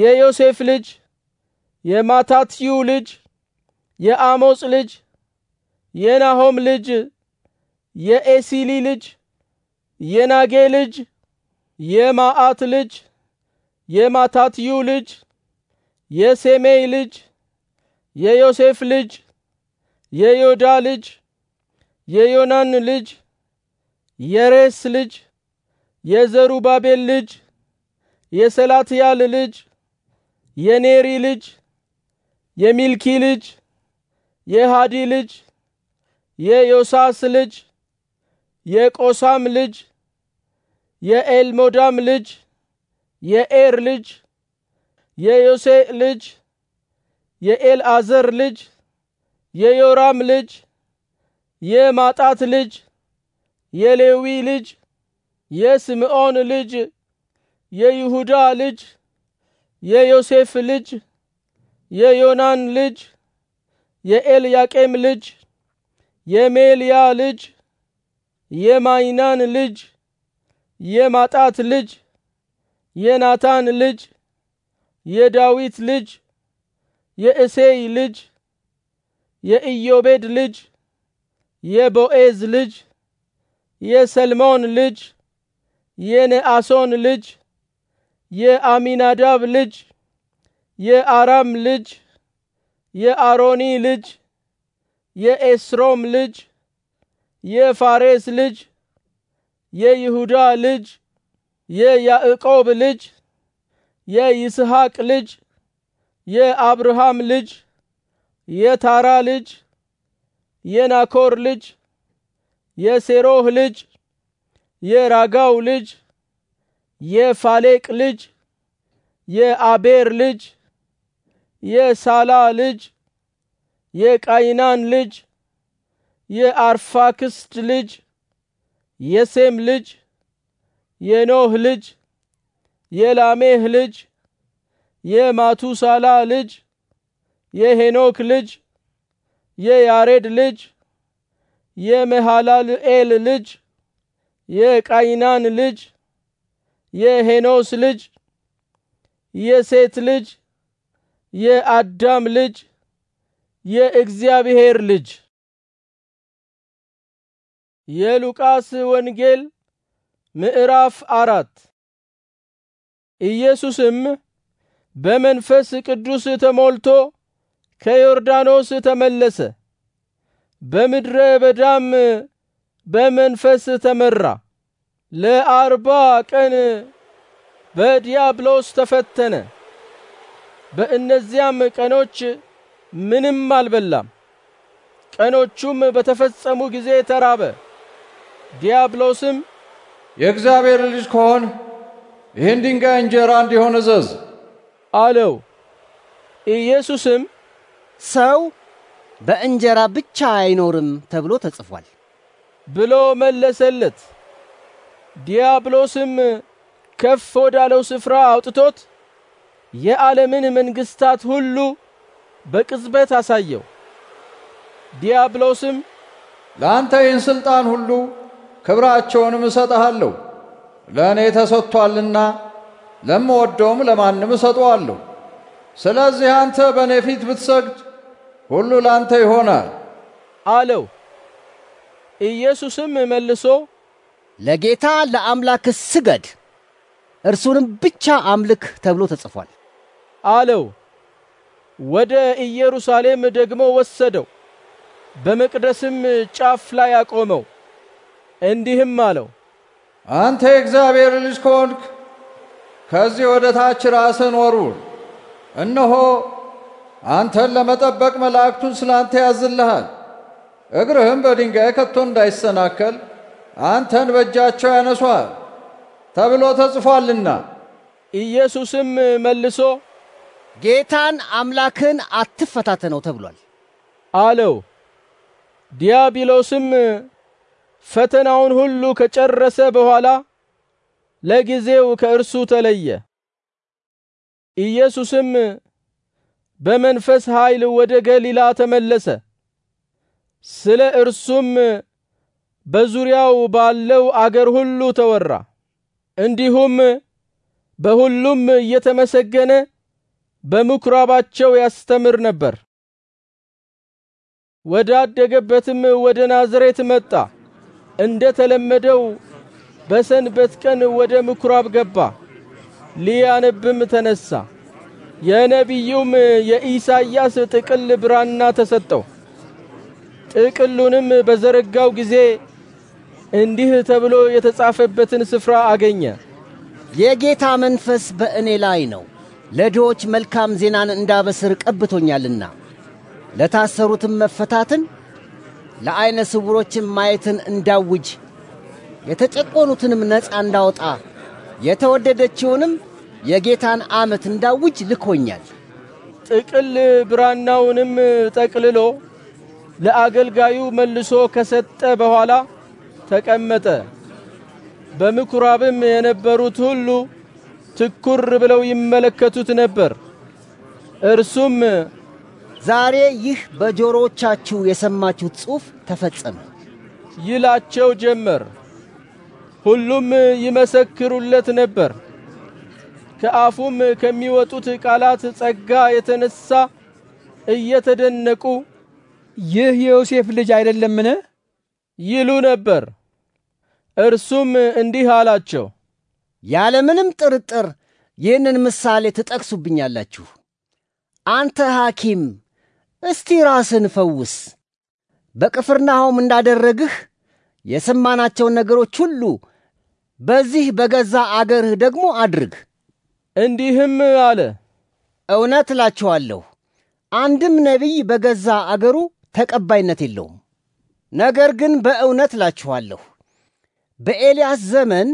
የዮሴፍ ልጅ፣ የማታትዩ ልጅ፣ የአሞጽ ልጅ፣ የናሆም ልጅ የኤሲሊ ልጅ የናጌ ልጅ የማአት ልጅ የማታትዩ ልጅ የሴሜይ ልጅ የዮሴፍ ልጅ የዮዳ ልጅ የዮናን ልጅ የሬስ ልጅ የዘሩባቤል ልጅ የሰላትያል ልጅ የኔሪ ልጅ የሚልኪ ልጅ የሃዲ ልጅ የዮሳስ ልጅ የቆሳም ልጅ የኤልሞዳም ልጅ የኤር ልጅ የዮሴ ልጅ የኤልአዘር ልጅ የዮራም ልጅ የማጣት ልጅ የሌዊ ልጅ የስምዖን ልጅ የይሁዳ ልጅ የዮሴፍ ልጅ የዮናን ልጅ የኤልያቄም ልጅ የሜልያ ልጅ የማይናን ልጅ የማጣት ልጅ የናታን ልጅ የዳዊት ልጅ የእሴይ ልጅ የኢዮቤድ ልጅ የቦኤዝ ልጅ የሰልሞን ልጅ የነአሶን ልጅ የአሚናዳብ ልጅ የአራም ልጅ የአሮኒ ልጅ የኤስሮም ልጅ የፋሬስ ልጅ የይሁዳ ልጅ የያዕቆብ ልጅ የይስሐቅ ልጅ የአብርሃም ልጅ የታራ ልጅ የናኮር ልጅ የሴሮህ ልጅ የራጋው ልጅ የፋሌቅ ልጅ የአቤር ልጅ የሳላ ልጅ የቃይናን ልጅ የአርፋክስድ ልጅ የሴም ልጅ የኖህ ልጅ የላሜህ ልጅ የማቱሳላ ልጅ የሄኖክ ልጅ የያሬድ ልጅ የመሃላልኤል ልጅ የቃይናን ልጅ የሄኖስ ልጅ የሴት ልጅ የአዳም ልጅ የእግዚአብሔር ልጅ የሉቃስ ወንጌል ምዕራፍ አራት ኢየሱስም በመንፈስ ቅዱስ ተሞልቶ ከዮርዳኖስ ተመለሰ። በምድረ በዳም በመንፈስ ተመራ። ለአርባ ቀን በዲያብሎስ ተፈተነ። በእነዚያም ቀኖች ምንም አልበላም። ቀኖቹም በተፈጸሙ ጊዜ ተራበ። ዲያብሎስም የእግዚአብሔር ልጅ ከሆን ይህን ድንጋይ እንጀራ እንዲሆን እዘዝ አለው። ኢየሱስም ሰው በእንጀራ ብቻ አይኖርም ተብሎ ተጽፏል ብሎ መለሰለት። ዲያብሎስም ከፍ ወዳለው ስፍራ አውጥቶት የዓለምን መንግስታት ሁሉ በቅጽበት አሳየው። ዲያብሎስም ለአንተ ይህን ስልጣን ሁሉ ክብራቸውንም እሰጥሃለሁ ለእኔ ተሰጥቷልና ለምወደውም ለማንም እሰጠዋለሁ። ስለዚህ አንተ በእኔ ፊት ብትሰግድ ሁሉ ላንተ ይሆናል አለው። ኢየሱስም መልሶ ለጌታ ለአምላክ ስገድ፣ እርሱንም ብቻ አምልክ ተብሎ ተጽፏል አለው። ወደ ኢየሩሳሌም ደግሞ ወሰደው፣ በመቅደስም ጫፍ ላይ አቆመው። እንዲህም አለው፣ አንተ የእግዚአብሔር ልጅ ከሆንክ ከዚህ ወደ ታች ራስን ወርውር። እነሆ አንተን ለመጠበቅ መላእክቱን ስላንተ ያዝልሃል፣ እግርህም በድንጋይ ከቶ እንዳይሰናከል አንተን በእጃቸው ያነሷል ተብሎ ተጽፏልና። ኢየሱስም መልሶ ጌታን አምላክን አትፈታተነው ተብሏል አለው። ዲያብሎስም ፈተናውን ሁሉ ከጨረሰ በኋላ ለጊዜው ከእርሱ ተለየ። ኢየሱስም በመንፈስ ኃይል ወደ ገሊላ ተመለሰ። ስለ እርሱም በዙሪያው ባለው አገር ሁሉ ተወራ። እንዲሁም በሁሉም እየተመሰገነ በምኩራባቸው ያስተምር ነበር። ወዳደገበትም ወደ ናዝሬት መጣ። እንደ ተለመደው በሰንበት ቀን ወደ ምኩራብ ገባ። ሊያነብም ተነሳ። የነቢዩም የኢሳይያስ ጥቅል ብራና ተሰጠው። ጥቅሉንም በዘረጋው ጊዜ እንዲህ ተብሎ የተጻፈበትን ስፍራ አገኘ። የጌታ መንፈስ በእኔ ላይ ነው፣ ለድሆች መልካም ዜናን እንዳበስር ቀብቶኛልና፣ ለታሰሩትም መፈታትን ለአይነ ስውሮችም ማየትን እንዳውጅ፣ የተጨቆኑትንም ነፃ እንዳወጣ፣ የተወደደችውንም የጌታን ዓመት እንዳውጅ ልኮኛል። ጥቅል ብራናውንም ጠቅልሎ ለአገልጋዩ መልሶ ከሰጠ በኋላ ተቀመጠ። በምኩራብም የነበሩት ሁሉ ትኩር ብለው ይመለከቱት ነበር። እርሱም ዛሬ ይህ በጆሮዎቻችሁ የሰማችሁት ጽሑፍ ተፈጸመ ይላቸው ጀመር። ሁሉም ይመሰክሩለት ነበር። ከአፉም ከሚወጡት ቃላት ጸጋ የተነሳ እየተደነቁ ይህ የዮሴፍ ልጅ አይደለምን? ይሉ ነበር። እርሱም እንዲህ አላቸው፣ ያለምንም ጥርጥር ይህንን ምሳሌ ትጠቅሱብኛላችሁ። አንተ ሐኪም እስቲ ራስን ፈውስ። በቅፍርናሆም እንዳደረግህ የሰማናቸውን ነገሮች ሁሉ በዚህ በገዛ አገርህ ደግሞ አድርግ። እንዲህም አለ፣ እውነት እላችኋለሁ አንድም ነቢይ በገዛ አገሩ ተቀባይነት የለውም። ነገር ግን በእውነት እላችኋለሁ በኤልያስ ዘመን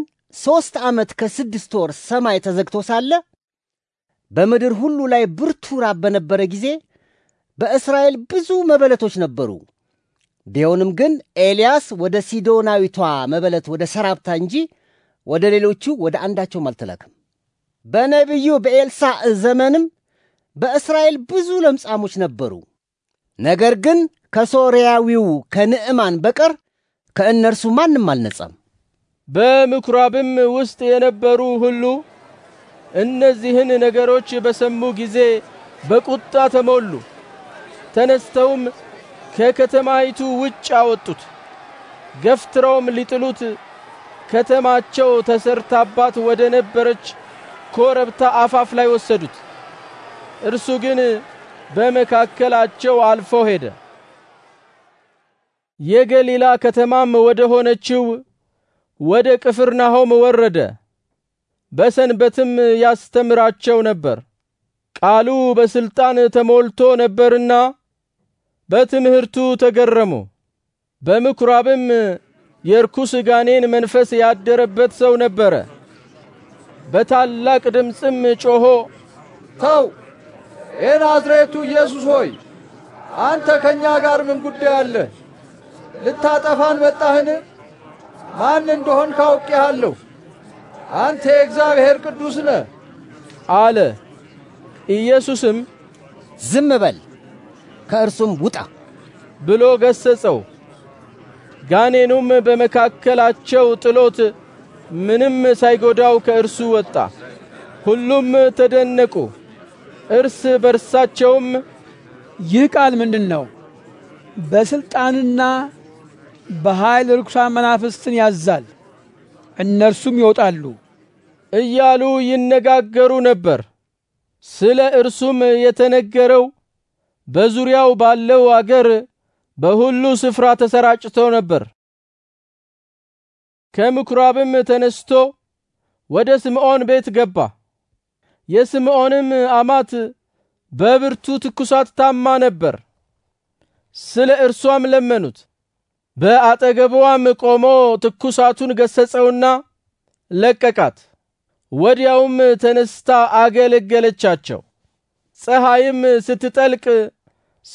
ሦስት ዓመት ከስድስት ወር ሰማይ ተዘግቶ ሳለ በምድር ሁሉ ላይ ብርቱ ራብ በነበረ ጊዜ በእስራኤል ብዙ መበለቶች ነበሩ። ቢሆንም ግን ኤልያስ ወደ ሲዶናዊቷ መበለት ወደ ሰራብታ እንጂ ወደ ሌሎቹ ወደ አንዳቸውም አልተላክም። በነቢዩ በኤልሳዕ ዘመንም በእስራኤል ብዙ ለምጻሞች ነበሩ። ነገር ግን ከሶርያዊው ከንዕማን በቀር ከእነርሱ ማንም አልነጻም። በምኵራብም ውስጥ የነበሩ ሁሉ እነዚህን ነገሮች በሰሙ ጊዜ በቁጣ ተሞሉ። ተነስተውም ከከተማይቱ ውጭ አወጡት። ገፍትረውም ሊጥሉት ከተማቸው ተሰርታባት ወደ ነበረች ኮረብታ አፋፍ ላይ ወሰዱት። እርሱ ግን በመካከላቸው አልፎ ሄደ። የገሊላ ከተማም ወደ ሆነችው ወደ ቅፍርናሆም ወረደ። በሰንበትም ያስተምራቸው ነበር። ቃሉ በስልጣን ተሞልቶ ነበርና በትምህርቱ ተገረሙ። በምኩራብም የርኩስ ጋኔን መንፈስ ያደረበት ሰው ነበረ። በታላቅ ድምፅም ጮሆ ተው የናዝሬቱ ኢየሱስ ሆይ አንተ ከኛ ጋር ምን ጉዳይ አለ? ልታጠፋን መጣህን? ማን እንደሆን ካውቄሃለሁ። አንተ የእግዚአብሔር ቅዱስ ነ አለ። ኢየሱስም ዝም በል ከእርሱም ውጣ ብሎ ገሰጸው። ጋኔኑም በመካከላቸው ጥሎት ምንም ሳይጎዳው ከእርሱ ወጣ። ሁሉም ተደነቁ፣ እርስ በርሳቸውም ይህ ቃል ምንድን ነው? በስልጣንና በኃይል ርኩሳን መናፍስትን ያዛል፣ እነርሱም ይወጣሉ እያሉ ይነጋገሩ ነበር። ስለ እርሱም የተነገረው በዙሪያው ባለው አገር በሁሉ ስፍራ ተሰራጭቶ ነበር። ከምኩራብም ተነስቶ ወደ ስምዖን ቤት ገባ። የስምዖንም አማት በብርቱ ትኩሳት ታማ ነበር። ስለ እርሷም ለመኑት። በአጠገቧም ቆሞ ትኩሳቱን ገሰጸውና ለቀቃት። ወዲያውም ተነስታ አገለገለቻቸው። ፀሐይም ስትጠልቅ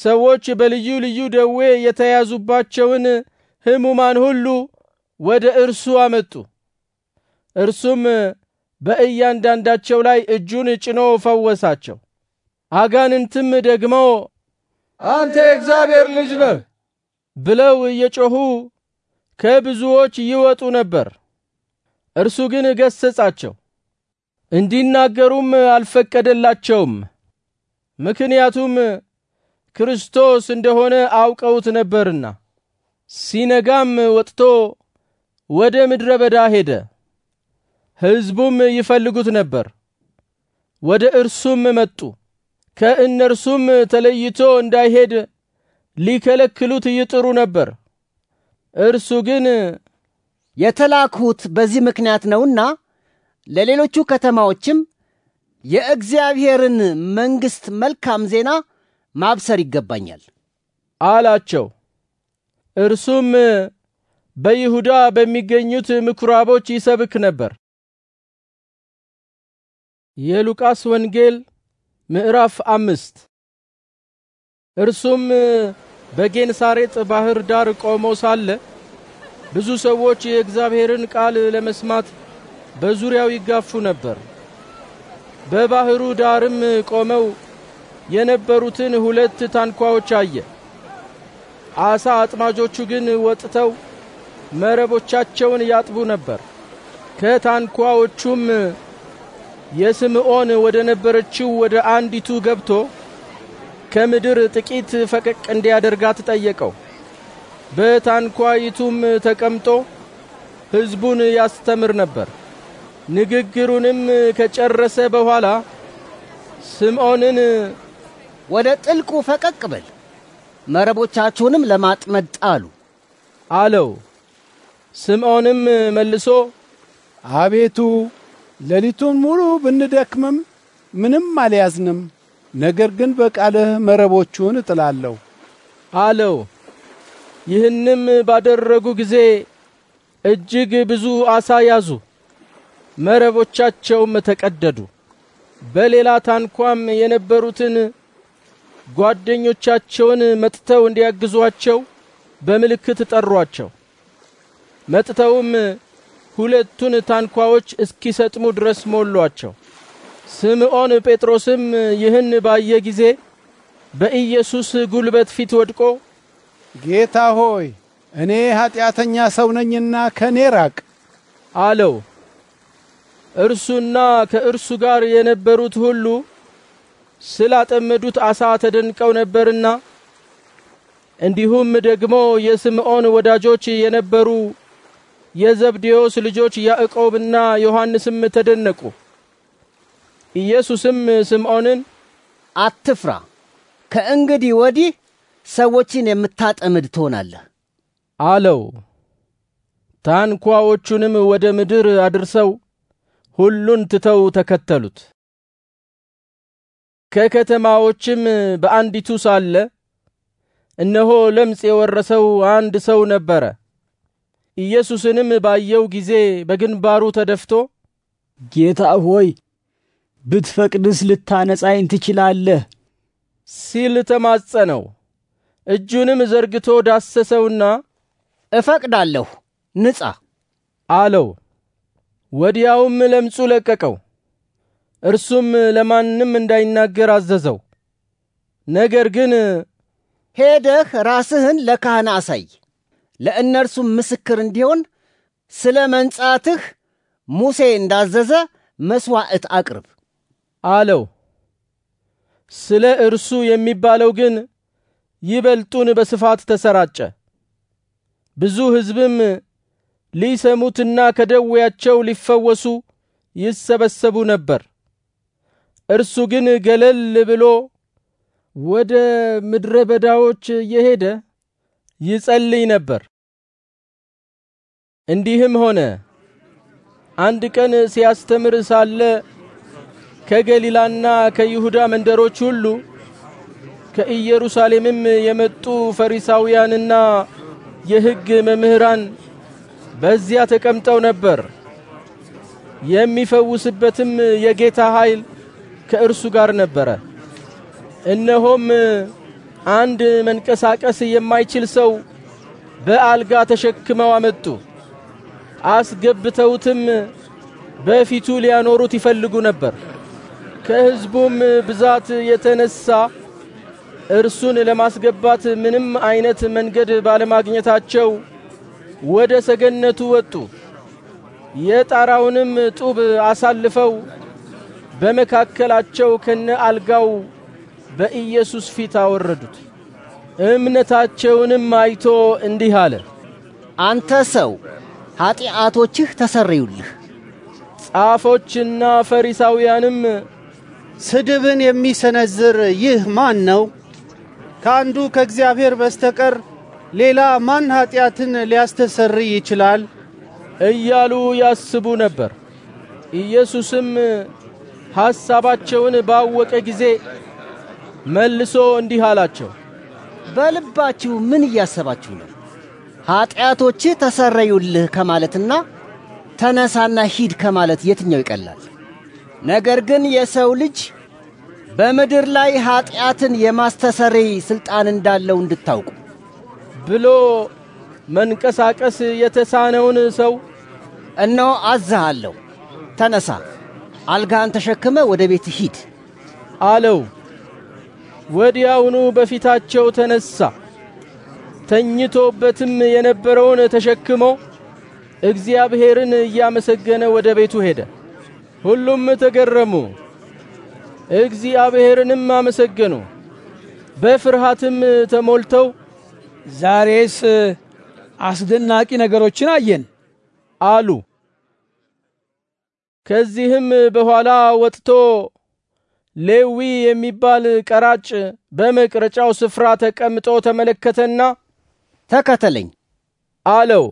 ሰዎች በልዩ ልዩ ደዌ የተያዙባቸውን ሕሙማን ሁሉ ወደ እርሱ አመጡ። እርሱም በእያንዳንዳቸው ላይ እጁን ጭኖ ፈወሳቸው። አጋንንትም ደግሞ አንተ የእግዚአብሔር ልጅ ነህ ብለው እየጮኹ ከብዙዎች ይወጡ ነበር። እርሱ ግን ገሰጻቸው፣ እንዲናገሩም አልፈቀደላቸውም። ምክንያቱም ክርስቶስ እንደሆነ አውቀውት ነበርና። ሲነጋም ወጥቶ ወደ ምድረ በዳ ሄደ። ሕዝቡም ይፈልጉት ነበር፣ ወደ እርሱም መጡ። ከእነርሱም ተለይቶ እንዳይሄድ ሊከለክሉት ይጥሩ ነበር። እርሱ ግን የተላኩት በዚህ ምክንያት ነውና ለሌሎቹ ከተማዎችም የእግዚአብሔርን መንግሥት መልካም ዜና ማብሰር ይገባኛል አላቸው። እርሱም በይሁዳ በሚገኙት ምኩራቦች ይሰብክ ነበር። የሉቃስ ወንጌል ምዕራፍ አምስት እርሱም በጌንሳሬጥ ባህር ዳር ቆሞ ሳለ ብዙ ሰዎች የእግዚአብሔርን ቃል ለመስማት በዙሪያው ይጋፉ ነበር። በባህሩ ዳርም ቆመው የነበሩትን ሁለት ታንኳዎች አየ። አሳ አጥማጆቹ ግን ወጥተው መረቦቻቸውን ያጥቡ ነበር። ከታንኳዎቹም የስምዖን ወደ ነበረችው ወደ አንዲቱ ገብቶ ከምድር ጥቂት ፈቀቅ እንዲያደርጋት ጠየቀው። በታንኳይቱም ተቀምጦ ሕዝቡን ያስተምር ነበር። ንግግሩንም ከጨረሰ በኋላ ስምዖንን ወደ ጥልቁ ፈቀቅ በል፣ መረቦቻችሁንም ለማጥመድ ጣሉ አለው። ስምዖንም መልሶ አቤቱ፣ ሌሊቱን ሙሉ ብንደክምም ምንም አልያዝንም፣ ነገር ግን በቃልህ መረቦቹን እጥላለሁ አለው። ይህንም ባደረጉ ጊዜ እጅግ ብዙ አሳ ያዙ፣ መረቦቻቸውም ተቀደዱ። በሌላ ታንኳም የነበሩትን ጓደኞቻቸውን መጥተው እንዲያግዟቸው በምልክት ጠሯቸው። መጥተውም ሁለቱን ታንኳዎች እስኪሰጥሙ ድረስ ሞሏቸው። ስምዖን ጴጥሮስም ይህን ባየ ጊዜ በኢየሱስ ጉልበት ፊት ወድቆ ጌታ ሆይ እኔ ኀጢአተኛ ሰው ነኝና ከኔ ራቅ አለው። እርሱና ከእርሱ ጋር የነበሩት ሁሉ ስላጠመዱት አሳ ተደንቀው ነበርና እንዲሁም ደግሞ የስምዖን ወዳጆች የነበሩ የዘብዴዎስ ልጆች ያዕቆብና ዮሐንስም ተደነቁ። ኢየሱስም ስምዖንን አትፍራ፣ ከእንግዲህ ወዲህ ሰዎችን የምታጠምድ ትሆናለህ አለው። ታንኳዎቹንም ወደ ምድር አድርሰው ሁሉን ትተው ተከተሉት። ከከተማዎችም በአንዲቱ ሳለ እነሆ ለምጽ የወረሰው አንድ ሰው ነበረ። ኢየሱስንም ባየው ጊዜ በግንባሩ ተደፍቶ ጌታ ሆይ ብትፈቅድስ ልታነጻኝ ትችላለህ ሲል ተማጸነው። እጁንም ዘርግቶ ዳሰሰውና እፈቅዳለሁ፣ ንጻ አለው። ወዲያውም ለምጹ ለቀቀው። እርሱም ለማንም እንዳይናገር አዘዘው። ነገር ግን ሄደህ ራስህን ለካህን አሳይ፣ ለእነርሱም ምስክር እንዲሆን ስለ መንጻትህ ሙሴ እንዳዘዘ መስዋዕት አቅርብ አለው። ስለ እርሱ የሚባለው ግን ይበልጡን በስፋት ተሰራጨ። ብዙ ሕዝብም ሊሰሙትና ከደዌያቸው ሊፈወሱ ይሰበሰቡ ነበር። እርሱ ግን ገለል ብሎ ወደ ምድረ በዳዎች እየሄደ ይጸልይ ነበር። እንዲህም ሆነ አንድ ቀን ሲያስተምር ሳለ ከገሊላና ከይሁዳ መንደሮች ሁሉ ከኢየሩሳሌምም የመጡ ፈሪሳውያንና የሕግ መምህራን በዚያ ተቀምጠው ነበር። የሚፈውስበትም የጌታ ኃይል ከእርሱ ጋር ነበረ። እነሆም አንድ መንቀሳቀስ የማይችል ሰው በአልጋ ተሸክመው አመጡ። አስገብተውትም በፊቱ ሊያኖሩት ይፈልጉ ነበር። ከሕዝቡም ብዛት የተነሳ እርሱን ለማስገባት ምንም አይነት መንገድ ባለማግኘታቸው ወደ ሰገነቱ ወጡ። የጣራውንም ጡብ አሳልፈው በመካከላቸው ከነ አልጋው በኢየሱስ ፊት አወረዱት። እምነታቸውንም አይቶ እንዲህ አለ፣ አንተ ሰው ኀጢአቶችህ ተሰረዩልህ። ጻፎችና ፈሪሳውያንም ስድብን የሚሰነዝር ይህ ማን ነው? ከአንዱ ከእግዚአብሔር በስተቀር ሌላ ማን ኀጢአትን ሊያስተሰርይ ይችላል? እያሉ ያስቡ ነበር። ኢየሱስም ሐሳባቸውን ባወቀ ጊዜ መልሶ እንዲህ አላቸው፣ በልባችሁ ምን እያሰባችሁ ነው? ኀጢአቶችህ ተሰረዩልህ ከማለትና ተነሳና ሂድ ከማለት የትኛው ይቀላል? ነገር ግን የሰው ልጅ በምድር ላይ ኀጢአትን የማስተሰረይ ሥልጣን እንዳለው እንድታውቁ ብሎ መንቀሳቀስ የተሳነውን ሰው እነሆ አዝሃለሁ፣ ተነሳ አልጋን ተሸክመ ወደ ቤት ሂድ አለው። ወዲያውኑ በፊታቸው ተነሳ። ተኝቶበትም የነበረውን ተሸክሞ እግዚአብሔርን እያመሰገነ ወደ ቤቱ ሄደ። ሁሉም ተገረሙ፣ እግዚአብሔርንም አመሰገኑ። በፍርሃትም ተሞልተው ዛሬስ አስደናቂ ነገሮችን አየን አሉ። ከዚህም በኋላ ወጥቶ ሌዊ የሚባል ቀራጭ በመቅረጫው ስፍራ ተቀምጦ ተመለከተና ተከተለኝ አለው።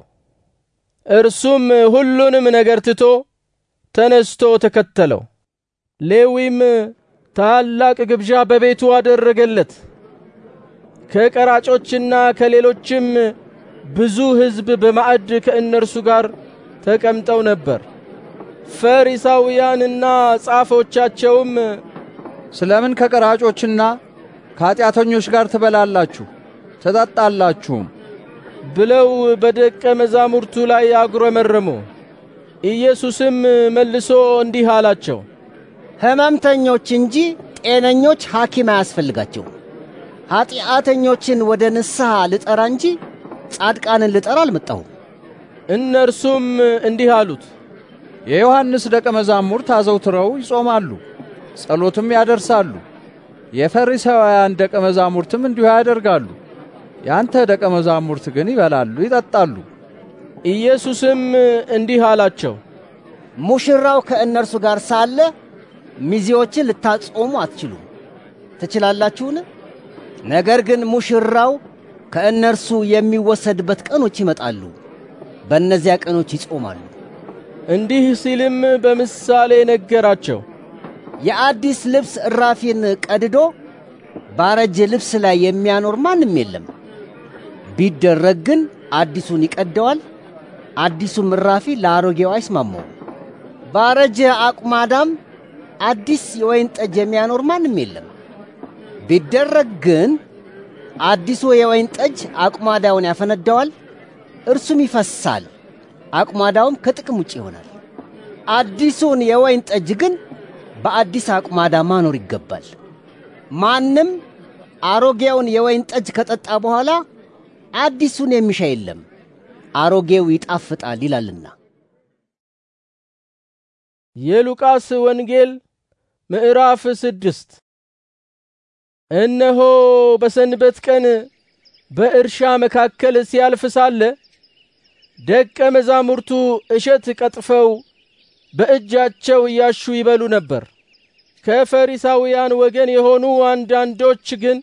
እርሱም ሁሉንም ነገር ትቶ ተነስቶ ተከተለው። ሌዊም ታላቅ ግብዣ በቤቱ አደረገለት። ከቀራጮችና ከሌሎችም ብዙ ሕዝብ በማዕድ ከእነርሱ ጋር ተቀምጠው ነበር። ፈሪሳውያንና ጻፎቻቸውም ስለምን ከቀራጮችና ከኃጢአተኞች ጋር ትበላላችሁ ተጣጣላችሁም? ብለው በደቀ መዛሙርቱ ላይ አጉረመረሙ። ኢየሱስም መልሶ እንዲህ አላቸው፣ ሕመምተኞች እንጂ ጤነኞች ሐኪም አያስፈልጋቸው። ኃጢአተኞችን ወደ ንስሐ ልጠራ እንጂ ጻድቃንን ልጠራ አልመጣሁም። እነርሱም እንዲህ አሉት የዮሐንስ ደቀ መዛሙርት አዘውትረው ይጾማሉ፣ ጸሎትም ያደርሳሉ። የፈሪሳውያን ደቀ መዛሙርትም እንዲሁ ያደርጋሉ። ያንተ ደቀ መዛሙርት ግን ይበላሉ፣ ይጠጣሉ። ኢየሱስም እንዲህ አላቸው፣ ሙሽራው ከእነርሱ ጋር ሳለ ሚዜዎችን ልታጾሙ አትችሉም ትችላላችሁን? ነገር ግን ሙሽራው ከእነርሱ የሚወሰድበት ቀኖች ይመጣሉ፣ በእነዚያ ቀኖች ይጾማሉ። እንዲህ ሲልም በምሳሌ ነገራቸው። የአዲስ ልብስ እራፊን ቀድዶ ባረጀ ልብስ ላይ የሚያኖር ማንም የለም። ቢደረግ ግን አዲሱን ይቀደዋል፣ አዲሱም እራፊ ለአሮጌው አይስማማውም። ባረጀ አቁማዳም አዲስ የወይን ጠጅ የሚያኖር ማንም የለም። ቢደረግ ግን አዲሱ የወይን ጠጅ አቁማዳውን ያፈነዳዋል፣ እርሱም ይፈሳል። አቁማዳውም ከጥቅም ውጭ ይሆናል። አዲሱን የወይን ጠጅ ግን በአዲስ አቁማዳ ማኖር ይገባል። ማንም አሮጌውን የወይን ጠጅ ከጠጣ በኋላ አዲሱን የሚሻ የለም፣ አሮጌው ይጣፍጣል ይላልና። የሉቃስ ወንጌል ምዕራፍ ስድስት እነሆ በሰንበት ቀን በእርሻ መካከል ሲያልፍ ሳለ ደቀ መዛሙርቱ እሸት ቀጥፈው በእጃቸው እያሹ ይበሉ ነበር። ከፈሪሳውያን ወገን የሆኑ አንዳንዶች ግን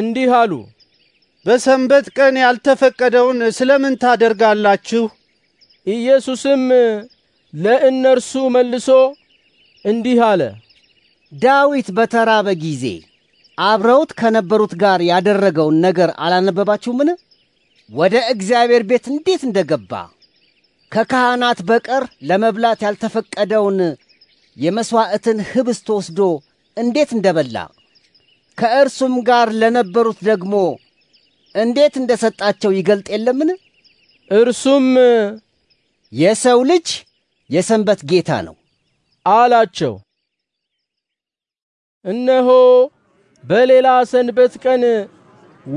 እንዲህ አሉ፣ በሰንበት ቀን ያልተፈቀደውን ስለምን ታደርጋላችሁ? ኢየሱስም ለእነርሱ መልሶ እንዲህ አለ፣ ዳዊት በተራበ ጊዜ አብረውት ከነበሩት ጋር ያደረገውን ነገር አላነበባችሁምን? ወደ እግዚአብሔር ቤት እንዴት እንደገባ ከካህናት በቀር ለመብላት ያልተፈቀደውን የመሥዋዕትን ኅብስት ተወስዶ እንዴት እንደበላ ከእርሱም ጋር ለነበሩት ደግሞ እንዴት እንደ ሰጣቸው ይገልጥ የለምን? እርሱም የሰው ልጅ የሰንበት ጌታ ነው አላቸው። እነሆ በሌላ ሰንበት ቀን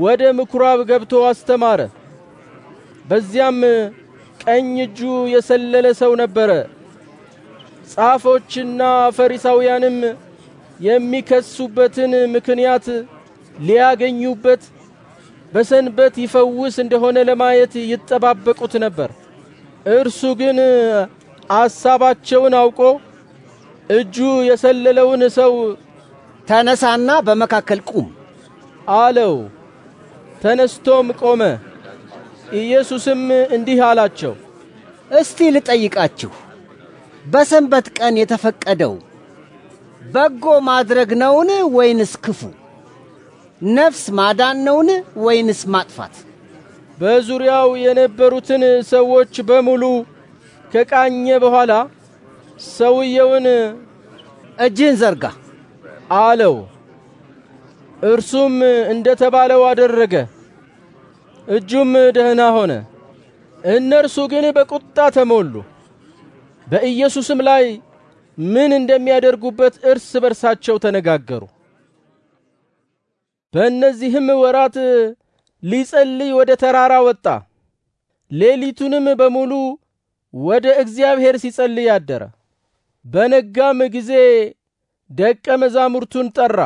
ወደ ምኵራብ ገብቶ አስተማረ። በዚያም ቀኝ እጁ የሰለለ ሰው ነበረ። ጻፎችና ፈሪሳውያንም የሚከሱበትን ምክንያት ሊያገኙበት በሰንበት ይፈውስ እንደሆነ ለማየት ይጠባበቁት ነበር። እርሱ ግን አሳባቸውን አውቆ እጁ የሰለለውን ሰው ተነሳና በመካከል ቁም አለው። ተነስቶም ቆመ። ኢየሱስም እንዲህ አላቸው፣ እስቲ ልጠይቃችሁ፣ በሰንበት ቀን የተፈቀደው በጎ ማድረግ ነውን ወይንስ ክፉ? ነፍስ ማዳን ነውን ወይንስ ማጥፋት? በዙሪያው የነበሩትን ሰዎች በሙሉ ከቃኘ በኋላ ሰውየውን እጅን ዘርጋ አለው። እርሱም እንደተባለው አደረገ። እጁም ደህና ሆነ። እነርሱ ግን በቁጣ ተሞሉ። በኢየሱስም ላይ ምን እንደሚያደርጉበት እርስ በርሳቸው ተነጋገሩ። በእነዚህም ወራት ሊጸልይ ወደ ተራራ ወጣ። ሌሊቱንም በሙሉ ወደ እግዚአብሔር ሲጸልይ አደረ። በነጋም ጊዜ ደቀ መዛሙርቱን ጠራ፣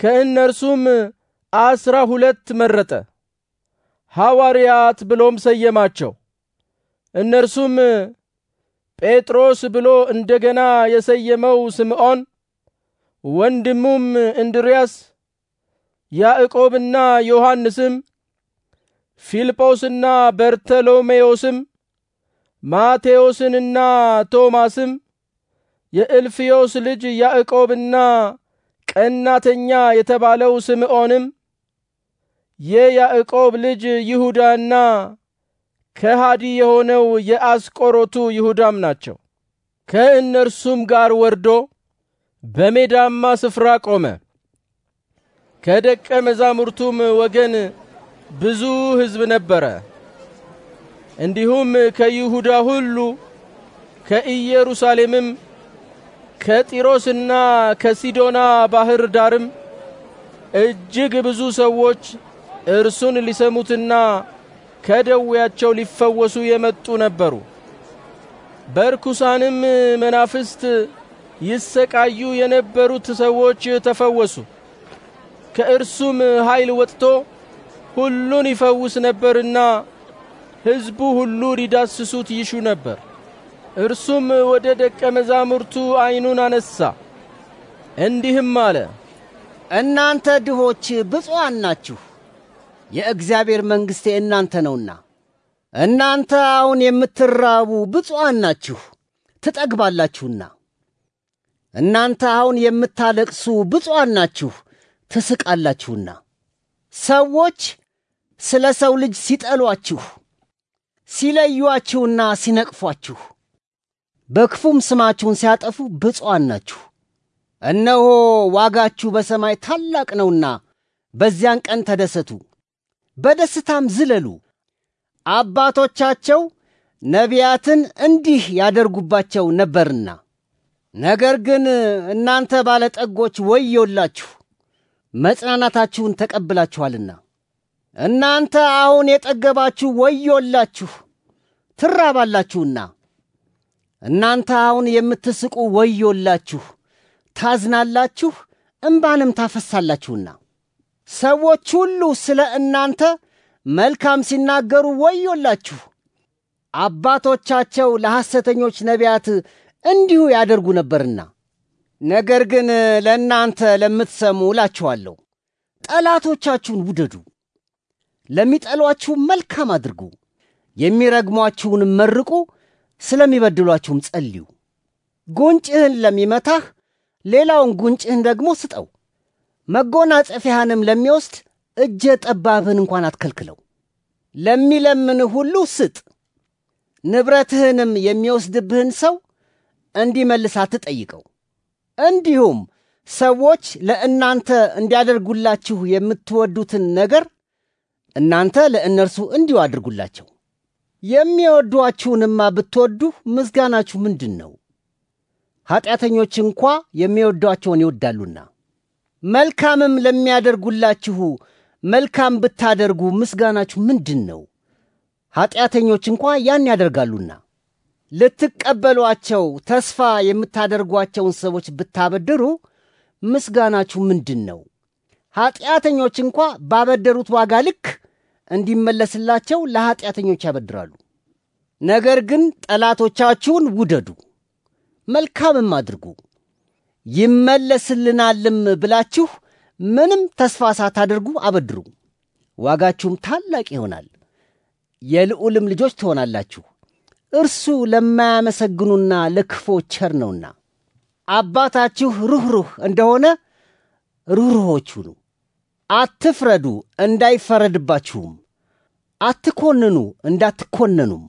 ከእነርሱም አስራ ሁለት መረጠ። ሐዋርያት ብሎም ሰየማቸው። እነርሱም ጴጥሮስ ብሎ እንደገና የሰየመው ስምዖን፣ ወንድሙም እንድርያስ፣ ያዕቆብና ዮሐንስም፣ ፊልጶስና በርተሎሜዎስም፣ ማቴዎስንና ቶማስም፣ የእልፍዮስ ልጅ ያዕቆብና ቀናተኛ የተባለው ስምዖንም የያዕቆብ ልጅ ይሁዳና ከሃዲ የሆነው የአስቆሮቱ ይሁዳም ናቸው። ከእነርሱም ጋር ወርዶ በሜዳማ ስፍራ ቆመ። ከደቀ መዛሙርቱም ወገን ብዙ ሕዝብ ነበረ። እንዲሁም ከይሁዳ ሁሉ ከኢየሩሳሌምም ከጢሮስና ከሲዶና ባህር ዳርም እጅግ ብዙ ሰዎች እርሱን ሊሰሙትና ከደዌያቸው ሊፈወሱ የመጡ ነበሩ። በርኩሳንም መናፍስት ይሰቃዩ የነበሩት ሰዎች ተፈወሱ። ከእርሱም ኃይል ወጥቶ ሁሉን ይፈውስ ነበርና ሕዝቡ ሁሉ ሊዳስሱት ይሹ ነበር። እርሱም ወደ ደቀ መዛሙርቱ ዐይኑን አነሳ፣ እንዲህም አለ፦ እናንተ ድሆች ብፁዓን ናችሁ የእግዚአብሔር መንግሥት የእናንተ ነውና። እናንተ አሁን የምትራቡ ብፁዓን ናችሁ ትጠግባላችሁና። እናንተ አሁን የምታለቅሱ ብፁዓን ናችሁ ትስቃላችሁና። ሰዎች ስለ ሰው ልጅ ሲጠሏችሁ፣ ሲለዩአችሁና ሲነቅፏችሁ በክፉም ስማችሁን ሲያጠፉ ብፁዓን ናችሁ። እነሆ ዋጋችሁ በሰማይ ታላቅ ነውና በዚያን ቀን ተደሰቱ። በደስታም ዝለሉ። አባቶቻቸው ነቢያትን እንዲህ ያደርጉባቸው ነበርና። ነገር ግን እናንተ ባለጠጎች ወዮላችሁ፣ መጽናናታችሁን ተቀብላችኋልና። እናንተ አሁን የጠገባችሁ ወዮላችሁ፣ ትራባላችሁና። እናንተ አሁን የምትስቁ ወዮላችሁ፣ ታዝናላችሁ፣ እምባንም ታፈሳላችሁና። ሰዎች ሁሉ ስለ እናንተ መልካም ሲናገሩ ወዮላችሁ! አባቶቻቸው ለሐሰተኞች ነቢያት እንዲሁ ያደርጉ ነበርና። ነገር ግን ለእናንተ ለምትሰሙ እላችኋለሁ፣ ጠላቶቻችሁን ውደዱ፣ ለሚጠሏችሁ መልካም አድርጉ፣ የሚረግሟችሁን መርቁ፣ ስለሚበድሏችሁም ጸልዩ። ጉንጭህን ለሚመታህ ሌላውን ጉንጭህን ደግሞ ስጠው። መጎናጸፊያህንም ለሚወስድ እጀ ጠባብህን እንኳን አትከልክለው። ለሚለምንህ ሁሉ ስጥ። ንብረትህንም የሚወስድብህን ሰው እንዲመልስ አትጠይቀው። እንዲሁም ሰዎች ለእናንተ እንዲያደርጉላችሁ የምትወዱትን ነገር እናንተ ለእነርሱ እንዲሁ አድርጉላቸው። የሚወዷችሁንማ ብትወዱ ምስጋናችሁ ምንድን ነው? ኀጢአተኞች እንኳ የሚወዷቸውን ይወዳሉና። መልካምም ለሚያደርጉላችሁ መልካም ብታደርጉ ምስጋናችሁ ምንድን ነው? ኀጢአተኞች እንኳ ያን ያደርጋሉና። ልትቀበሏቸው ተስፋ የምታደርጓቸውን ሰዎች ብታበድሩ ምስጋናችሁ ምንድን ነው? ኀጢአተኞች እንኳ ባበደሩት ዋጋ ልክ እንዲመለስላቸው ለኀጢአተኞች ያበድራሉ። ነገር ግን ጠላቶቻችሁን ውደዱ፣ መልካምም አድርጉ፣ ይመለስልናልም ብላችሁ ምንም ተስፋ ሳታደርጉ አበድሩ፣ ዋጋችሁም ታላቅ ይሆናል፣ የልዑልም ልጆች ትሆናላችሁ። እርሱ ለማያመሰግኑና ለክፎ ቸር ነውና። አባታችሁ ሩኅሩኅ እንደሆነ ሩኅሩሆች ሁኑ። አትፍረዱ፣ እንዳይፈረድባችሁም፣ አትኮንኑ፣ እንዳትኮነኑም።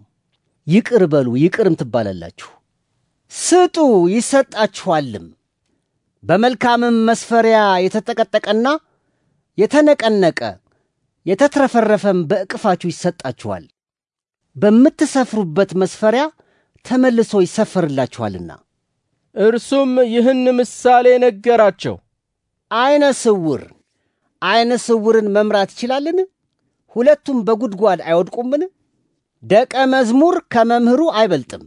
ይቅር በሉ፣ ይቅርም ትባላላችሁ። ስጡ፣ ይሰጣችኋልም። በመልካምም መስፈሪያ የተጠቀጠቀና የተነቀነቀ የተትረፈረፈም በእቅፋችሁ ይሰጣችኋል፣ በምትሰፍሩበት መስፈሪያ ተመልሶ ይሰፈርላችኋልና። እርሱም ይህን ምሳሌ ነገራቸው። አይነ ስውር አይነ ስውርን መምራት ይችላልን? ሁለቱም በጉድጓድ አይወድቁምን? ደቀ መዝሙር ከመምህሩ አይበልጥም።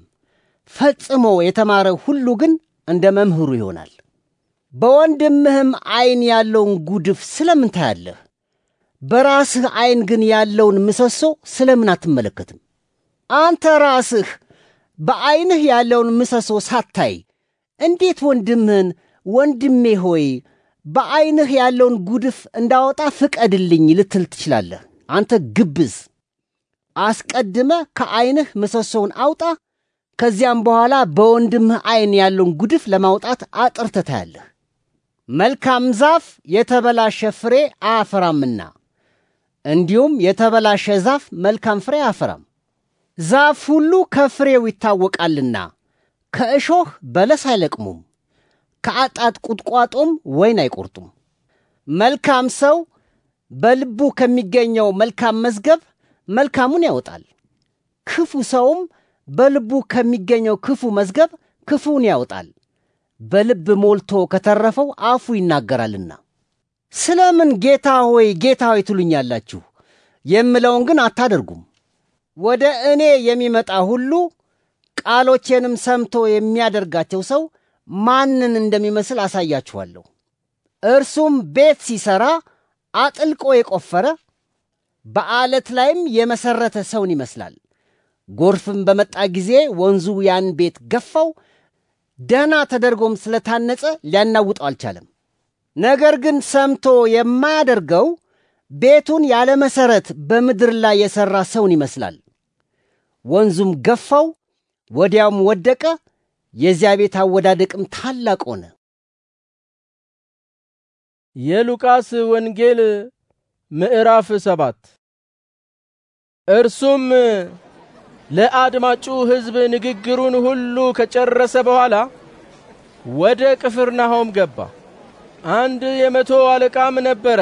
ፈጽሞ የተማረ ሁሉ ግን እንደ መምህሩ ይሆናል። በወንድምህም ዐይን ያለውን ጉድፍ ስለምን ታያለህ? በራስህ ዐይን ግን ያለውን ምሰሶ ስለምን አትመለከትም? አንተ ራስህ በዐይንህ ያለውን ምሰሶ ሳታይ እንዴት ወንድምህን ወንድሜ ሆይ በዐይንህ ያለውን ጉድፍ እንዳወጣ ፍቀድልኝ ልትል ትችላለህ? አንተ ግብዝ! አስቀድመ ከዐይንህ ምሰሶውን አውጣ፣ ከዚያም በኋላ በወንድምህ ዐይን ያለውን ጉድፍ ለማውጣት አጥርተታያለህ። መልካም ዛፍ የተበላሸ ፍሬ አያፈራምና እንዲሁም የተበላሸ ዛፍ መልካም ፍሬ አያፈራም። ዛፍ ሁሉ ከፍሬው ይታወቃልና ከእሾህ በለስ አይለቅሙም፣ ከአጣት ቁጥቋጦም ወይን አይቆርጡም። መልካም ሰው በልቡ ከሚገኘው መልካም መዝገብ መልካሙን ያወጣል፣ ክፉ ሰውም በልቡ ከሚገኘው ክፉ መዝገብ ክፉውን ያወጣል። በልብ ሞልቶ ከተረፈው አፉ ይናገራልና። ስለምን ጌታ ሆይ ጌታ ሆይ ትሉኛላችሁ የምለውን ግን አታደርጉም? ወደ እኔ የሚመጣ ሁሉ ቃሎቼንም ሰምቶ የሚያደርጋቸው ሰው ማንን እንደሚመስል አሳያችኋለሁ። እርሱም ቤት ሲሠራ አጥልቆ የቆፈረ በዓለት ላይም የመሠረተ ሰውን ይመስላል። ጎርፍም በመጣ ጊዜ ወንዙ ያን ቤት ገፋው፣ ደህና ተደርጎም ስለታነጸ ሊያናውጠው አልቻለም። ነገር ግን ሰምቶ የማያደርገው ቤቱን ያለ መሰረት በምድር ላይ የሠራ ሰውን ይመስላል። ወንዙም ገፋው፣ ወዲያውም ወደቀ። የዚያ ቤት አወዳደቅም ታላቅ ሆነ። የሉቃስ ወንጌል ምዕራፍ ሰባት እርሱም ለአድማጩ ሕዝብ ንግግሩን ሁሉ ከጨረሰ በኋላ ወደ ቅፍርናሆም ገባ። አንድ የመቶ አለቃም ነበረ።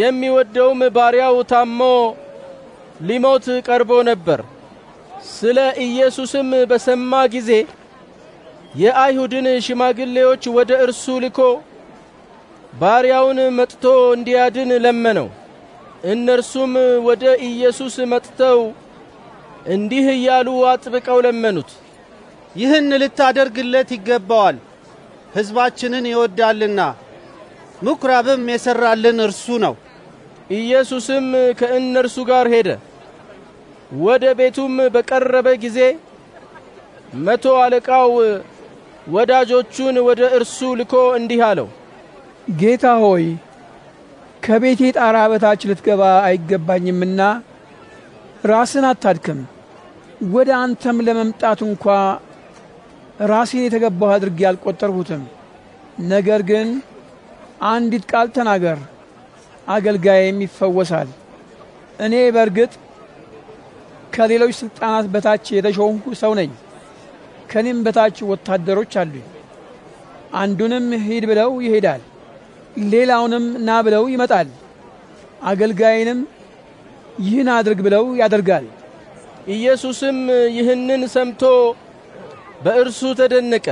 የሚወደውም ባሪያው ታሞ ሊሞት ቀርቦ ነበር። ስለ ኢየሱስም በሰማ ጊዜ የአይሁድን ሽማግሌዎች ወደ እርሱ ልኮ ባሪያውን መጥቶ እንዲያድን ለመነው። እነርሱም ወደ ኢየሱስ መጥተው እንዲህ እያሉ አጥብቀው ለመኑት። ይህን ልታደርግለት ይገባዋል፣ ሕዝባችንን ይወዳልና ምኵራብም የሰራልን እርሱ ነው። ኢየሱስም ከእነርሱ ጋር ሄደ። ወደ ቤቱም በቀረበ ጊዜ መቶ አለቃው ወዳጆቹን ወደ እርሱ ልኮ እንዲህ አለው፣ ጌታ ሆይ ከቤቴ ጣራ በታች ልትገባ አይገባኝምና ራስን አታድክም። ወደ አንተም ለመምጣት እንኳ ራሴን የተገባሁ አድርጌ አልቆጠርሁትም። ነገር ግን አንዲት ቃል ተናገር፣ አገልጋይም ይፈወሳል። እኔ በእርግጥ ከሌሎች ስልጣናት በታች የተሾምሁ ሰው ነኝ። ከኔም በታች ወታደሮች አሉኝ። አንዱንም ሂድ ብለው ይሄዳል፣ ሌላውንም ና ብለው ይመጣል፣ አገልጋይንም ይህን አድርግ ብለው ያደርጋል። ኢየሱስም ይህንን ሰምቶ በእርሱ ተደነቀ።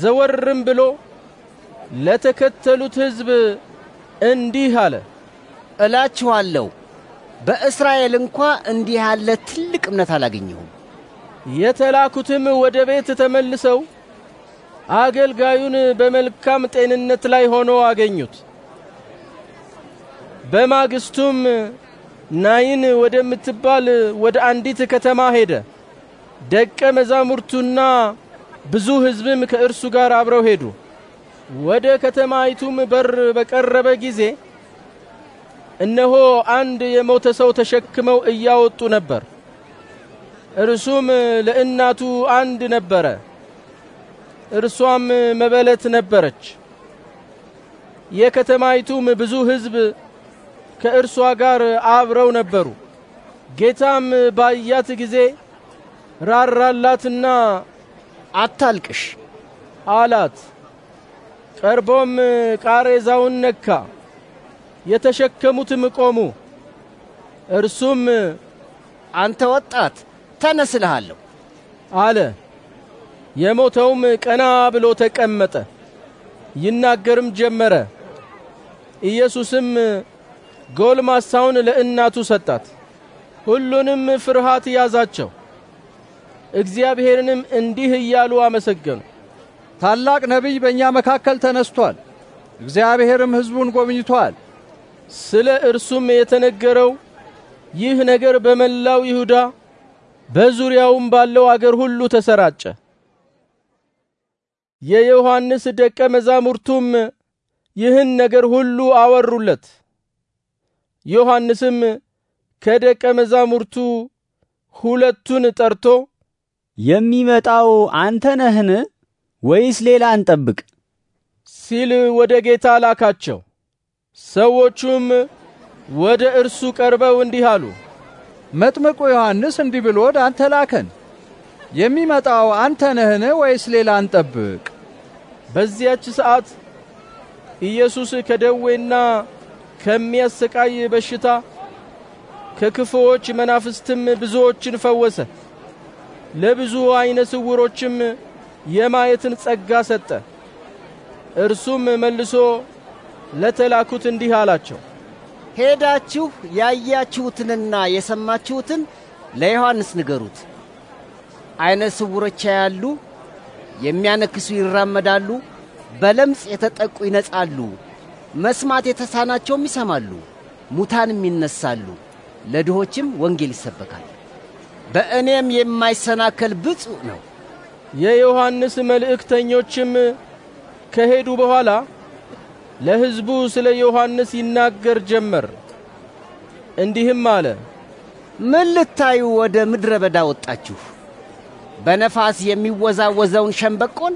ዘወርም ብሎ ለተከተሉት ሕዝብ እንዲህ አለ፣ እላችኋለሁ በእስራኤል እንኳ እንዲህ ያለ ትልቅ እምነት አላገኘሁም። የተላኩትም ወደ ቤት ተመልሰው አገልጋዩን በመልካም ጤንነት ላይ ሆኖ አገኙት። በማግስቱም ናይን ወደምትባል ወደ አንዲት ከተማ ሄደ። ደቀ መዛሙርቱና ብዙ ሕዝብም ከእርሱ ጋር አብረው ሄዱ። ወደ ከተማይቱም በር በቀረበ ጊዜ እነሆ አንድ የሞተ ሰው ተሸክመው እያወጡ ነበር። እርሱም ለእናቱ አንድ ነበረ፣ እርሷም መበለት ነበረች። የከተማይቱም ብዙ ሕዝብ ከእርሷ ጋር አብረው ነበሩ። ጌታም ባያት ጊዜ ራራላትና አታልቅሽ አላት። ቀርቦም ቃሬዛውን ነካ፣ የተሸከሙትም ቆሙ። እርሱም አንተ ወጣት ተነስልሃለሁ አለ። የሞተውም ቀና ብሎ ተቀመጠ፣ ይናገርም ጀመረ። ኢየሱስም ጎልማሳውን ለእናቱ ሰጣት። ሁሉንም ፍርሃት ያዛቸው፣ እግዚአብሔርንም እንዲህ እያሉ አመሰገኑ። ታላቅ ነቢይ በእኛ መካከል ተነስቷል፣ እግዚአብሔርም ሕዝቡን ጎብኝቷል። ስለ እርሱም የተነገረው ይህ ነገር በመላው ይሁዳ በዙሪያውም ባለው አገር ሁሉ ተሰራጨ። የዮሐንስ ደቀ መዛሙርቱም ይህን ነገር ሁሉ አወሩለት። ዮሐንስም ከደቀ መዛሙርቱ ሁለቱን ጠርቶ የሚመጣው አንተ ነህን ወይስ ሌላ አንጠብቅ! ሲል ወደ ጌታ ላካቸው። ሰዎቹም ወደ እርሱ ቀርበው እንዲህ አሉ፣ መጥምቁ ዮሐንስ እንዲህ ብሎ ወደ አንተ ላከን፣ የሚመጣው አንተ ነህን ወይስ ሌላ አንጠብቅ! በዚያች ሰዓት ኢየሱስ ከደዌና ከሚያሰቃይ በሽታ ከክፉዎች መናፍስትም ብዙዎችን ፈወሰ። ለብዙ አይነ ስውሮችም የማየትን ጸጋ ሰጠ። እርሱም መልሶ ለተላኩት እንዲህ አላቸው፣ ሄዳችሁ ያያችሁትንና የሰማችሁትን ለዮሐንስ ንገሩት። አይነ ስውሮች ያሉ የሚያነክሱ ይራመዳሉ፣ በለምጽ የተጠቁ ይነጻሉ መስማት የተሳናቸውም ይሰማሉ፣ ሙታንም ይነሳሉ፣ ለድሆችም ወንጌል ይሰበካል። በእኔም የማይሰናከል ብፁዕ ነው። የዮሐንስ መልእክተኞችም ከሄዱ በኋላ ለሕዝቡ ስለ ዮሐንስ ይናገር ጀመር። እንዲህም አለ፣ ምን ልታዩ ወደ ምድረ በዳ ወጣችሁ? በነፋስ የሚወዛወዘውን ሸምበቆን?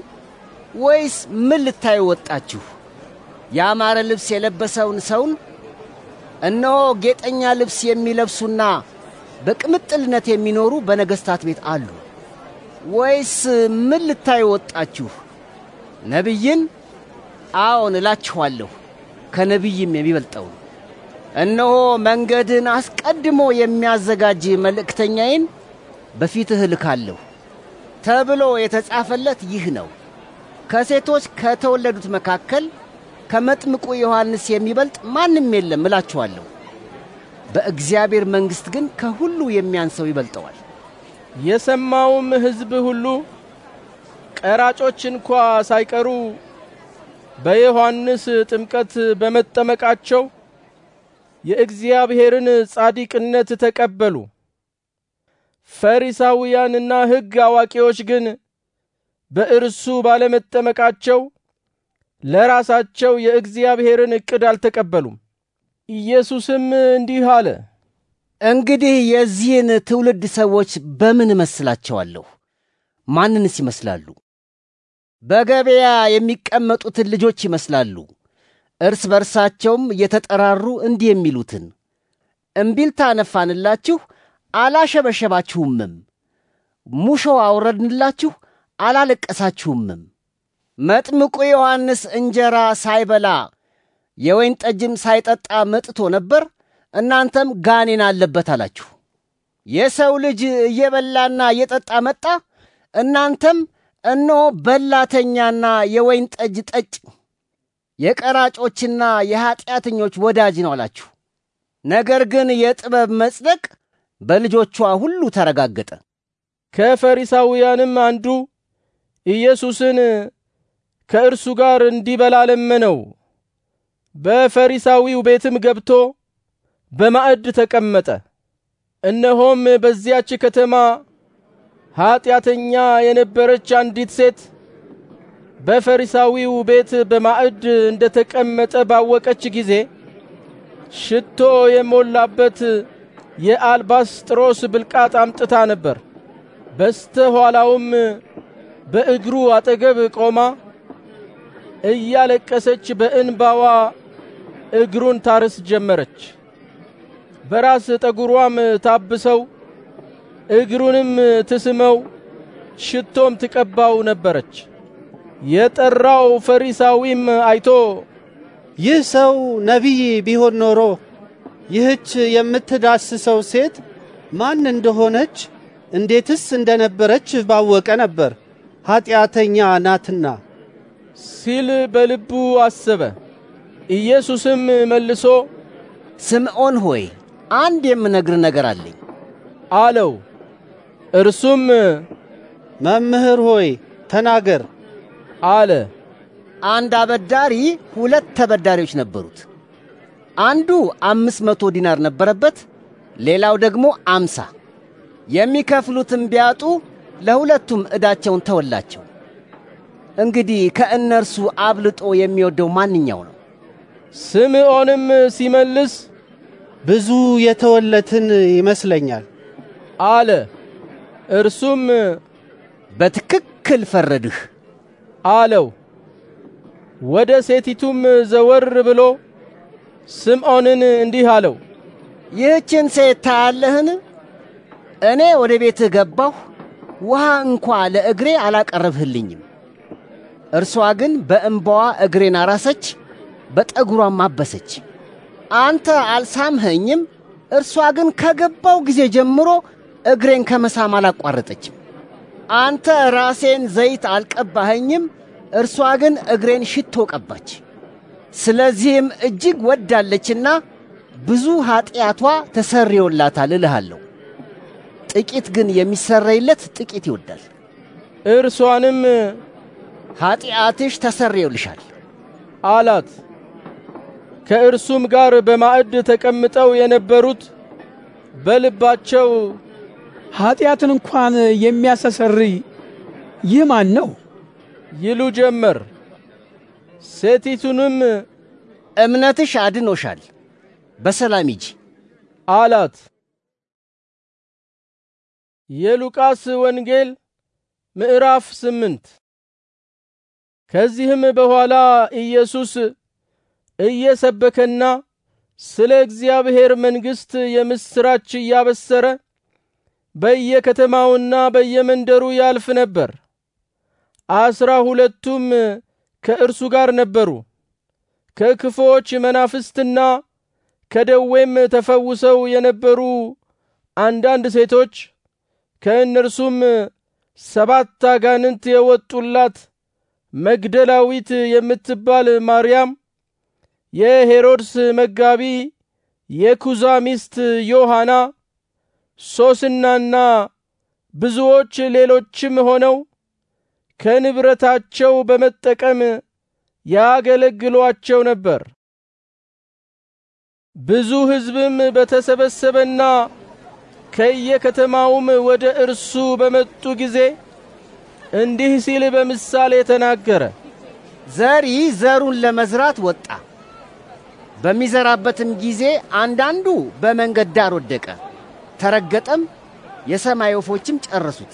ወይስ ምን ልታዩ ወጣችሁ? ያማረ ልብስ የለበሰውን ሰውን እነሆ ጌጠኛ ልብስ የሚለብሱና በቅምጥልነት የሚኖሩ በነገሥታት ቤት አሉ። ወይስ ምን ልታይ ወጣችሁ? ነቢይን? አዎን እላችኋለሁ፣ ከነቢይም የሚበልጠውን። እነሆ መንገድን አስቀድሞ የሚያዘጋጅ መልእክተኛዬን በፊትህ እልካለሁ ተብሎ የተጻፈለት ይህ ነው። ከሴቶች ከተወለዱት መካከል ከመጥምቁ ዮሐንስ የሚበልጥ ማንም የለም እላችኋለሁ። በእግዚአብሔር መንግሥት ግን ከሁሉ የሚያንሰው ይበልጠዋል። የሰማውም ሕዝብ ሁሉ ቀራጮች እንኳ ሳይቀሩ በዮሐንስ ጥምቀት በመጠመቃቸው የእግዚአብሔርን ጻድቅነት ተቀበሉ። ፈሪሳውያንና ሕግ አዋቂዎች ግን በእርሱ ባለመጠመቃቸው ለራሳቸው የእግዚአብሔርን እቅድ አልተቀበሉም። ኢየሱስም እንዲህ አለ፣ እንግዲህ የዚህን ትውልድ ሰዎች በምን እመስላቸዋለሁ? ማንንስ ይመስላሉ? በገበያ የሚቀመጡትን ልጆች ይመስላሉ፣ እርስ በርሳቸውም እየተጠራሩ እንዲህ የሚሉትን እምቢልታ ነፋንላችሁ አላሸበሸባችሁምም፣ ሙሾ አውረድንላችሁ አላለቀሳችሁምም መጥምቁ ዮሐንስ እንጀራ ሳይበላ የወይን ጠጅም ሳይጠጣ መጥቶ ነበር፣ እናንተም ጋኔን አለበት አላችሁ። የሰው ልጅ እየበላና እየጠጣ መጣ፣ እናንተም እነሆ በላተኛና የወይን ጠጅ ጠጭ የቀራጮችና የኀጢአተኞች ወዳጅ ነው አላችሁ። ነገር ግን የጥበብ መጽደቅ በልጆቿ ሁሉ ተረጋገጠ። ከፈሪሳውያንም አንዱ ኢየሱስን ከእርሱ ጋር እንዲበላ ለመነው። በፈሪሳዊው ቤትም ገብቶ በማዕድ ተቀመጠ። እነሆም በዚያች ከተማ ኀጢአተኛ የነበረች አንዲት ሴት በፈሪሳዊው ቤት በማዕድ እንደ ተቀመጠ ባወቀች ጊዜ ሽቶ የሞላበት የአልባስጥሮስ ብልቃጥ አምጥታ ነበር። በስተ ኋላውም በእግሩ አጠገብ ቆማ እያለቀሰች በእንባዋ እግሩን ታርስ ጀመረች። በራስ ጠጉሯም ታብሰው እግሩንም ትስመው ሽቶም ትቀባው ነበረች። የጠራው ፈሪሳዊም አይቶ ይህ ሰው ነቢይ ቢሆን ኖሮ ይህች የምትዳስሰው ሴት ማን እንደሆነች እንዴትስ እንደነበረች ባወቀ ነበር፣ ኃጢአተኛ ናትና ሲል በልቡ አሰበ። ኢየሱስም መልሶ ስምዖን ሆይ አንድ የምነግር ነገር አለኝ አለው። እርሱም መምህር ሆይ ተናገር አለ። አንድ አበዳሪ ሁለት ተበዳሪዎች ነበሩት። አንዱ አምስት መቶ ዲናር ነበረበት፣ ሌላው ደግሞ አምሳ። የሚከፍሉትም ቢያጡ ለሁለቱም ዕዳቸውን ተወላቸው። እንግዲህ ከእነርሱ አብልጦ የሚወደው ማንኛው ነው? ስምዖንም ሲመልስ ብዙ የተወለትን ይመስለኛል አለ። እርሱም በትክክል ፈረድህ አለው። ወደ ሴቲቱም ዘወር ብሎ ስምዖንን እንዲህ አለው፣ ይህችን ሴት ታያለህን? እኔ ወደ ቤትህ ገባሁ፣ ውሃ እንኳ ለእግሬ አላቀረብህልኝም። እርሷ ግን በእንባዋ እግሬን አራሰች፣ በጠጉሯም አበሰች። አንተ አልሳምኸኝም፣ እርሷ ግን ከገባው ጊዜ ጀምሮ እግሬን ከመሳም አላቋረጠችም። አንተ ራሴን ዘይት አልቀባኸኝም፣ እርሷ ግን እግሬን ሽቶ ቀባች። ስለዚህም እጅግ ወዳለችና ብዙ ኀጢአቷ ተሰርዮላታል እልሃለሁ። ጥቂት ግን የሚሰረይለት ጥቂት ይወዳል። እርሷንም ኀጢአትሽ ተሰሬውልሻል አላት። ከእርሱም ጋር በማዕድ ተቀምጠው የነበሩት በልባቸው ኀጢአትን እንኳን የሚያስተሰርይ ይህ ማን ነው ይሉ ጀመር። ሴቲቱንም እምነትሽ አድኖሻል፣ በሰላም ሂጂ አላት። የሉቃስ ወንጌል ምዕራፍ ስምንት ከዚህም በኋላ ኢየሱስ እየሰበከና ስለ እግዚአብሔር መንግሥት የምስራች እያበሰረ በየከተማውና በየመንደሩ ያልፍ ነበር። አስራ ሁለቱም ከእርሱ ጋር ነበሩ። ከክፎች መናፍስትና ከደዌም ተፈውሰው የነበሩ አንዳንድ ሴቶች፣ ከእነርሱም ሰባት አጋንንት የወጡላት መግደላዊት የምትባል ማርያም የሄሮድስ መጋቢ የኩዛ ሚስት ዮሐና ሶስናና ብዙዎች ሌሎችም ሆነው ከንብረታቸው በመጠቀም ያገለግሏቸው ነበር። ብዙ ሕዝብም በተሰበሰበና ከየከተማውም ወደ እርሱ በመጡ ጊዜ እንዲህ ሲል በምሳሌ ተናገረ። ዘሪ ዘሩን ለመዝራት ወጣ። በሚዘራበትም ጊዜ አንዳንዱ በመንገድ ዳር ወደቀ፣ ተረገጠም፣ የሰማይ ወፎችም ጨረሱት።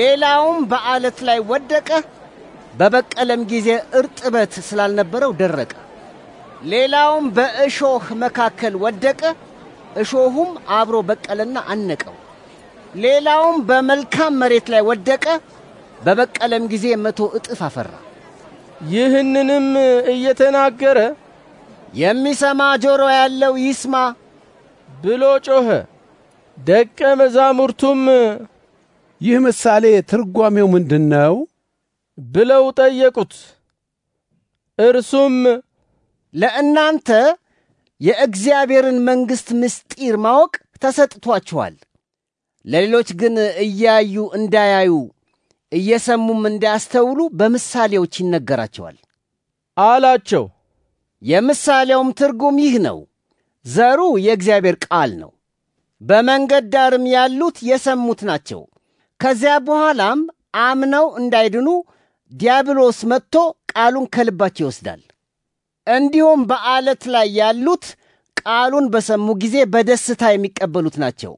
ሌላውም በአለት ላይ ወደቀ፣ በበቀለም ጊዜ እርጥበት ስላልነበረው ደረቀ። ሌላውም በእሾህ መካከል ወደቀ፣ እሾሁም አብሮ በቀለና አነቀው። ሌላውም በመልካም መሬት ላይ ወደቀ፣ በበቀለም ጊዜ መቶ እጥፍ አፈራ። ይህንንም እየተናገረ የሚሰማ ጆሮ ያለው ይስማ ብሎ ጮኸ። ደቀ መዛሙርቱም ይህ ምሳሌ ትርጓሜው ምንድን ነው ብለው ጠየቁት። እርሱም ለእናንተ የእግዚአብሔርን መንግሥት ምስጢር ማወቅ ተሰጥቷችኋል፣ ለሌሎች ግን እያዩ እንዳያዩ እየሰሙም እንዳያስተውሉ በምሳሌዎች ይነገራቸዋል አላቸው። የምሳሌውም ትርጉም ይህ ነው። ዘሩ የእግዚአብሔር ቃል ነው። በመንገድ ዳርም ያሉት የሰሙት ናቸው። ከዚያ በኋላም አምነው እንዳይድኑ ዲያብሎስ መጥቶ ቃሉን ከልባቸው ይወስዳል። እንዲሁም በዓለት ላይ ያሉት ቃሉን በሰሙ ጊዜ በደስታ የሚቀበሉት ናቸው፣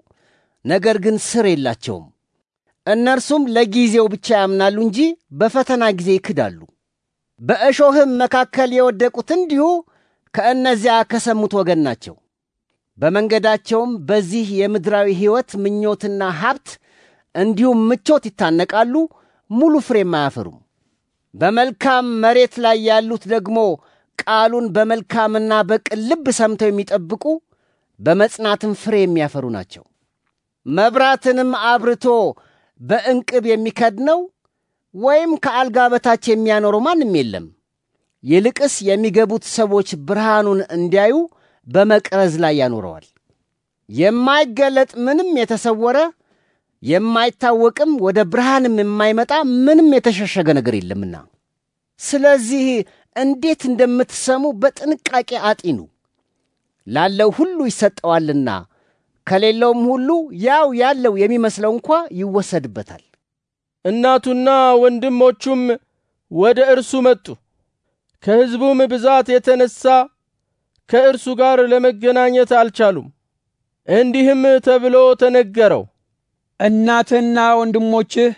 ነገር ግን ስር የላቸውም። እነርሱም ለጊዜው ብቻ ያምናሉ እንጂ በፈተና ጊዜ ይክዳሉ። በእሾህም መካከል የወደቁት እንዲሁ ከእነዚያ ከሰሙት ወገን ናቸው። በመንገዳቸውም በዚህ የምድራዊ ሕይወት ምኞትና ሀብት እንዲሁም ምቾት ይታነቃሉ፣ ሙሉ ፍሬም አያፈሩም። በመልካም መሬት ላይ ያሉት ደግሞ ቃሉን በመልካምና በቅን ልብ ሰምተው የሚጠብቁ በመጽናትም ፍሬ የሚያፈሩ ናቸው። መብራትንም አብርቶ በእንቅብ የሚከድነው ወይም ከአልጋ በታች የሚያኖረው ማንም የለም። ይልቅስ የሚገቡት ሰዎች ብርሃኑን እንዲያዩ በመቅረዝ ላይ ያኖረዋል። የማይገለጥ ምንም የተሰወረ የማይታወቅም ወደ ብርሃንም የማይመጣ ምንም የተሸሸገ ነገር የለምና፣ ስለዚህ እንዴት እንደምትሰሙ በጥንቃቄ አጢኑ። ላለው ሁሉ ይሰጠዋልና ከሌለውም ሁሉ ያው ያለው የሚመስለው እንኳ ይወሰድበታል። እናቱና ወንድሞቹም ወደ እርሱ መጡ። ከሕዝቡም ብዛት የተነሳ ከእርሱ ጋር ለመገናኘት አልቻሉም። እንዲህም ተብሎ ተነገረው፣ እናትህና ወንድሞችህ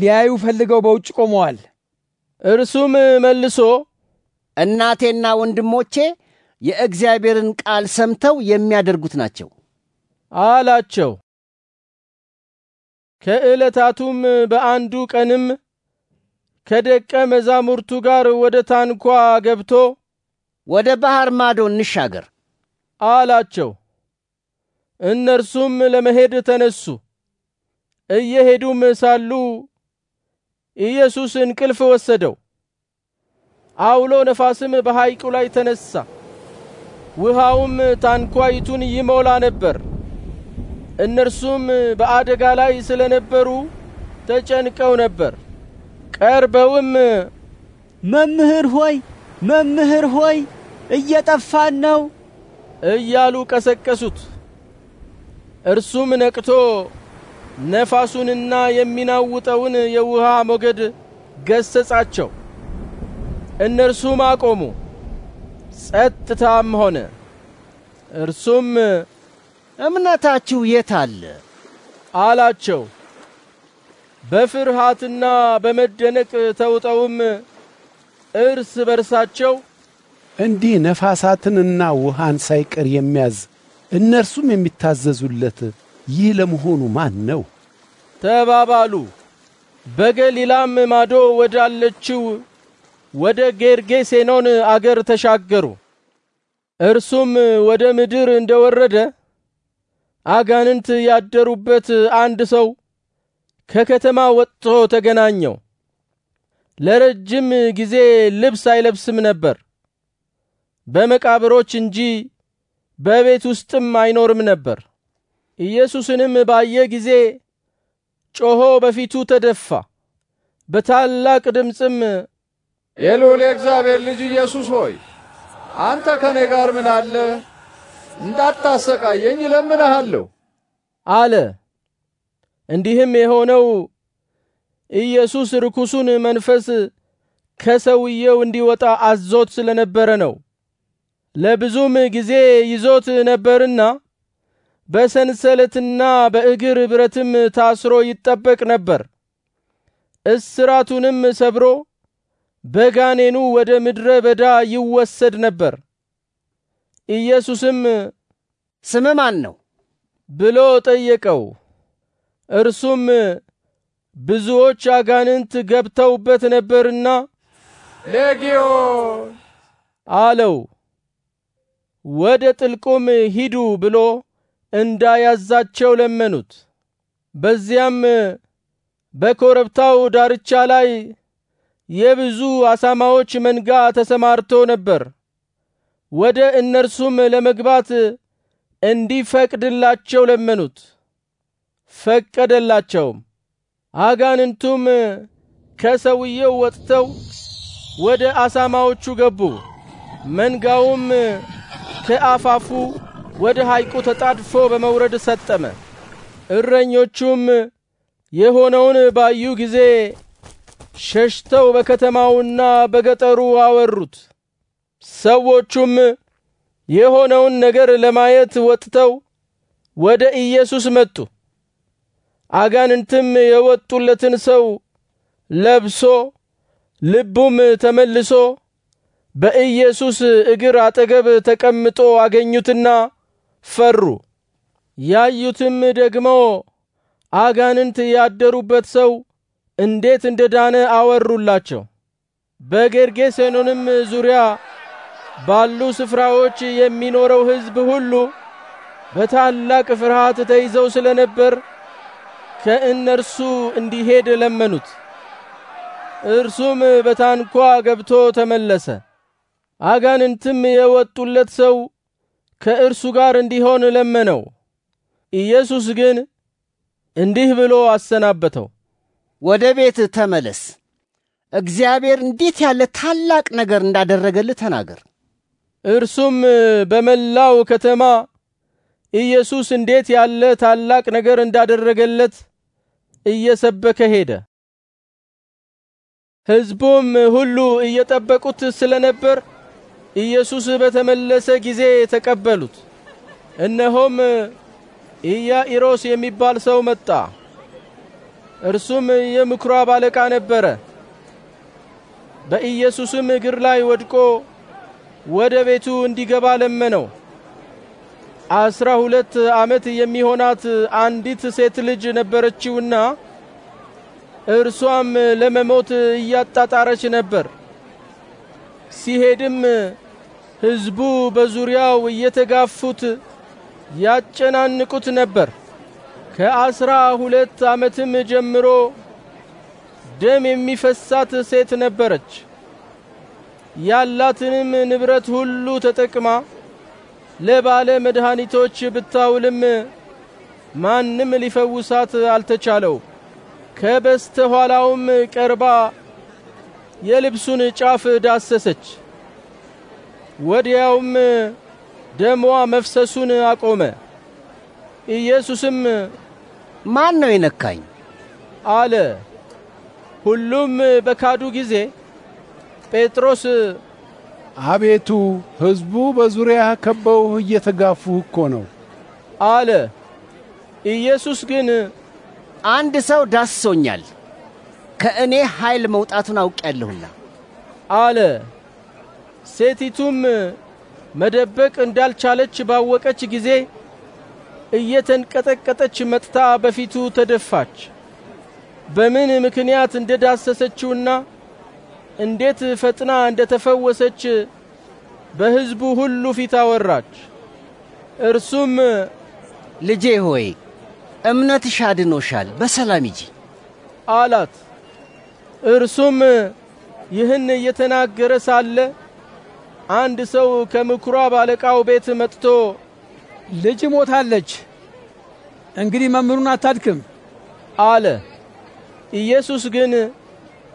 ሊያዩ ፈልገው በውጭ ቆመዋል። እርሱም መልሶ እናቴና ወንድሞቼ የእግዚአብሔርን ቃል ሰምተው የሚያደርጉት ናቸው አላቸው። ከእለታቱም በአንዱ ቀንም ከደቀ መዛሙርቱ ጋር ወደ ታንኳ ገብቶ ወደ ባህር ማዶ እንሻገር አላቸው። እነርሱም ለመሄድ ተነሱ። እየሄዱም ሳሉ ኢየሱስ እንቅልፍ ወሰደው። አውሎ ነፋስም በሐይቁ ላይ ተነሳ። ውሃውም ታንኳይቱን ይሞላ ነበር። እነርሱም በአደጋ ላይ ስለነበሩ ተጨንቀው ነበር። ቀርበውም መምህር ሆይ፣ መምህር ሆይ እየጠፋን ነው እያሉ ቀሰቀሱት። እርሱም ነቅቶ ነፋሱንና የሚናውጠውን የውሃ ሞገድ ገሰጻቸው። እነርሱም አቆሙ፣ ጸጥታም ሆነ። እርሱም እምነታችሁ የት አለ? አላቸው። በፍርሃትና በመደነቅ ተውጠውም እርስ በርሳቸው እንዲህ ነፋሳትንና ውሃን ሳይቀር የሚያዝ እነርሱም የሚታዘዙለት ይህ ለመሆኑ ማን ነው? ተባባሉ። በገሊላም ማዶ ወዳለችው ወደ ጌርጌሴኖን አገር ተሻገሩ። እርሱም ወደ ምድር እንደወረደ አጋንንት ያደሩበት አንድ ሰው ከከተማ ወጥቶ ተገናኘው። ለረጅም ጊዜ ልብስ አይለብስም ነበር፣ በመቃብሮች እንጂ በቤት ውስጥም አይኖርም ነበር። ኢየሱስንም ባየ ጊዜ ጮሆ በፊቱ ተደፋ። በታላቅ ድምፅም የልዑል የእግዚአብሔር ልጅ ኢየሱስ ሆይ አንተ ከኔ ጋር ምን አለ እንዳታሰቃየኝ እለምንሃለሁ አለ። እንዲህም የሆነው ኢየሱስ ርኩሱን መንፈስ ከሰውየው እንዲወጣ አዞት ስለነበረ ነው። ለብዙም ጊዜ ይዞት ነበርና በሰንሰለትና በእግር ብረትም ታስሮ ይጠበቅ ነበር። እስራቱንም ሰብሮ በጋኔኑ ወደ ምድረ በዳ ይወሰድ ነበር። ኢየሱስም ስም ማን ነው ብሎ ጠየቀው። እርሱም ብዙዎች አጋንንት ገብተውበት ነበርና ሌጊዮን አለው። ወደ ጥልቁም ሂዱ ብሎ እንዳያዛቸው ለመኑት። በዚያም በኮረብታው ዳርቻ ላይ የብዙ አሳማዎች መንጋ ተሰማርቶ ነበር። ወደ እነርሱም ለመግባት እንዲፈቅድላቸው ለመኑት። ፈቀደላቸውም። አጋንንቱም ከሰውየው ወጥተው ወደ አሳማዎቹ ገቡ። መንጋውም ከአፋፉ ወደ ሐይቁ ተጣድፎ በመውረድ ሰጠመ። እረኞቹም የሆነውን ባዩ ጊዜ ሸሽተው በከተማውና በገጠሩ አወሩት። ሰዎቹም የሆነውን ነገር ለማየት ወጥተው ወደ ኢየሱስ መጡ። አጋንንትም የወጡለትን ሰው ለብሶ ልቡም ተመልሶ በኢየሱስ እግር አጠገብ ተቀምጦ አገኙትና ፈሩ። ያዩትም ደግሞ አጋንንት ያደሩበት ሰው እንዴት እንደዳነ አወሩላቸው። በጌርጌሴኖንም ዙሪያ ባሉ ስፍራዎች የሚኖረው ሕዝብ ሁሉ በታላቅ ፍርሃት ተይዘው ስለነበር ከእነርሱ እንዲሄድ ለመኑት። እርሱም በታንኳ ገብቶ ተመለሰ። አጋንንትም የወጡለት ሰው ከእርሱ ጋር እንዲሆን ለመነው። ኢየሱስ ግን እንዲህ ብሎ አሰናበተው፣ ወደ ቤት ተመለስ፣ እግዚአብሔር እንዴት ያለ ታላቅ ነገር እንዳደረገልህ ተናገር። እርሱም በመላው ከተማ ኢየሱስ እንዴት ያለ ታላቅ ነገር እንዳደረገለት እየሰበከ ሄደ። ሕዝቡም ሁሉ እየጠበቁት ስለነበር ኢየሱስ በተመለሰ ጊዜ ተቀበሉት። እነሆም ኢያኢሮስ የሚባል ሰው መጣ። እርሱም የምኵራብ አለቃ ነበረ። በኢየሱስም እግር ላይ ወድቆ ወደ ቤቱ እንዲገባ ለመነው። አስራ ሁለት ዓመት የሚሆናት አንዲት ሴት ልጅ ነበረችውና እርሷም ለመሞት እያጣጣረች ነበር። ሲሄድም ሕዝቡ በዙሪያው እየተጋፉት ያጨናንቁት ነበር። ከአስራ ሁለት ዓመትም ጀምሮ ደም የሚፈሳት ሴት ነበረች። ያላትንም ንብረት ሁሉ ተጠቅማ ለባለ መድኃኒቶች ብታውልም ማንም ሊፈውሳት አልተቻለው። ከበስተኋላውም ቀርባ የልብሱን ጫፍ ዳሰሰች። ወዲያውም ደሟ መፍሰሱን አቆመ። ኢየሱስም ማን ነው የነካኝ? አለ። ሁሉም በካዱ ጊዜ ጴጥሮስ አቤቱ ሕዝቡ በዙሪያ ከበውህ እየተጋፉ እኮ ነው አለ። ኢየሱስ ግን አንድ ሰው ዳስሶኛል፣ ከእኔ ኃይል መውጣቱን አውቄያለሁና አለ። ሴቲቱም መደበቅ እንዳልቻለች ባወቀች ጊዜ እየተንቀጠቀጠች መጥታ በፊቱ ተደፋች። በምን ምክንያት እንደዳሰሰችውና እንዴት ፈጥና እንደተፈወሰች ተፈወሰች በሕዝቡ ሁሉ ፊት አወራች። እርሱም ልጄ ሆይ እምነትሽ አድኖሻል፣ በሰላም ሂጂ አላት። እርሱም ይህን እየተናገረ ሳለ አንድ ሰው ከምኵራብ አለቃው ቤት መጥቶ ልጅ ሞታለች፣ እንግዲህ መምህሩን አታድክም አለ። ኢየሱስ ግን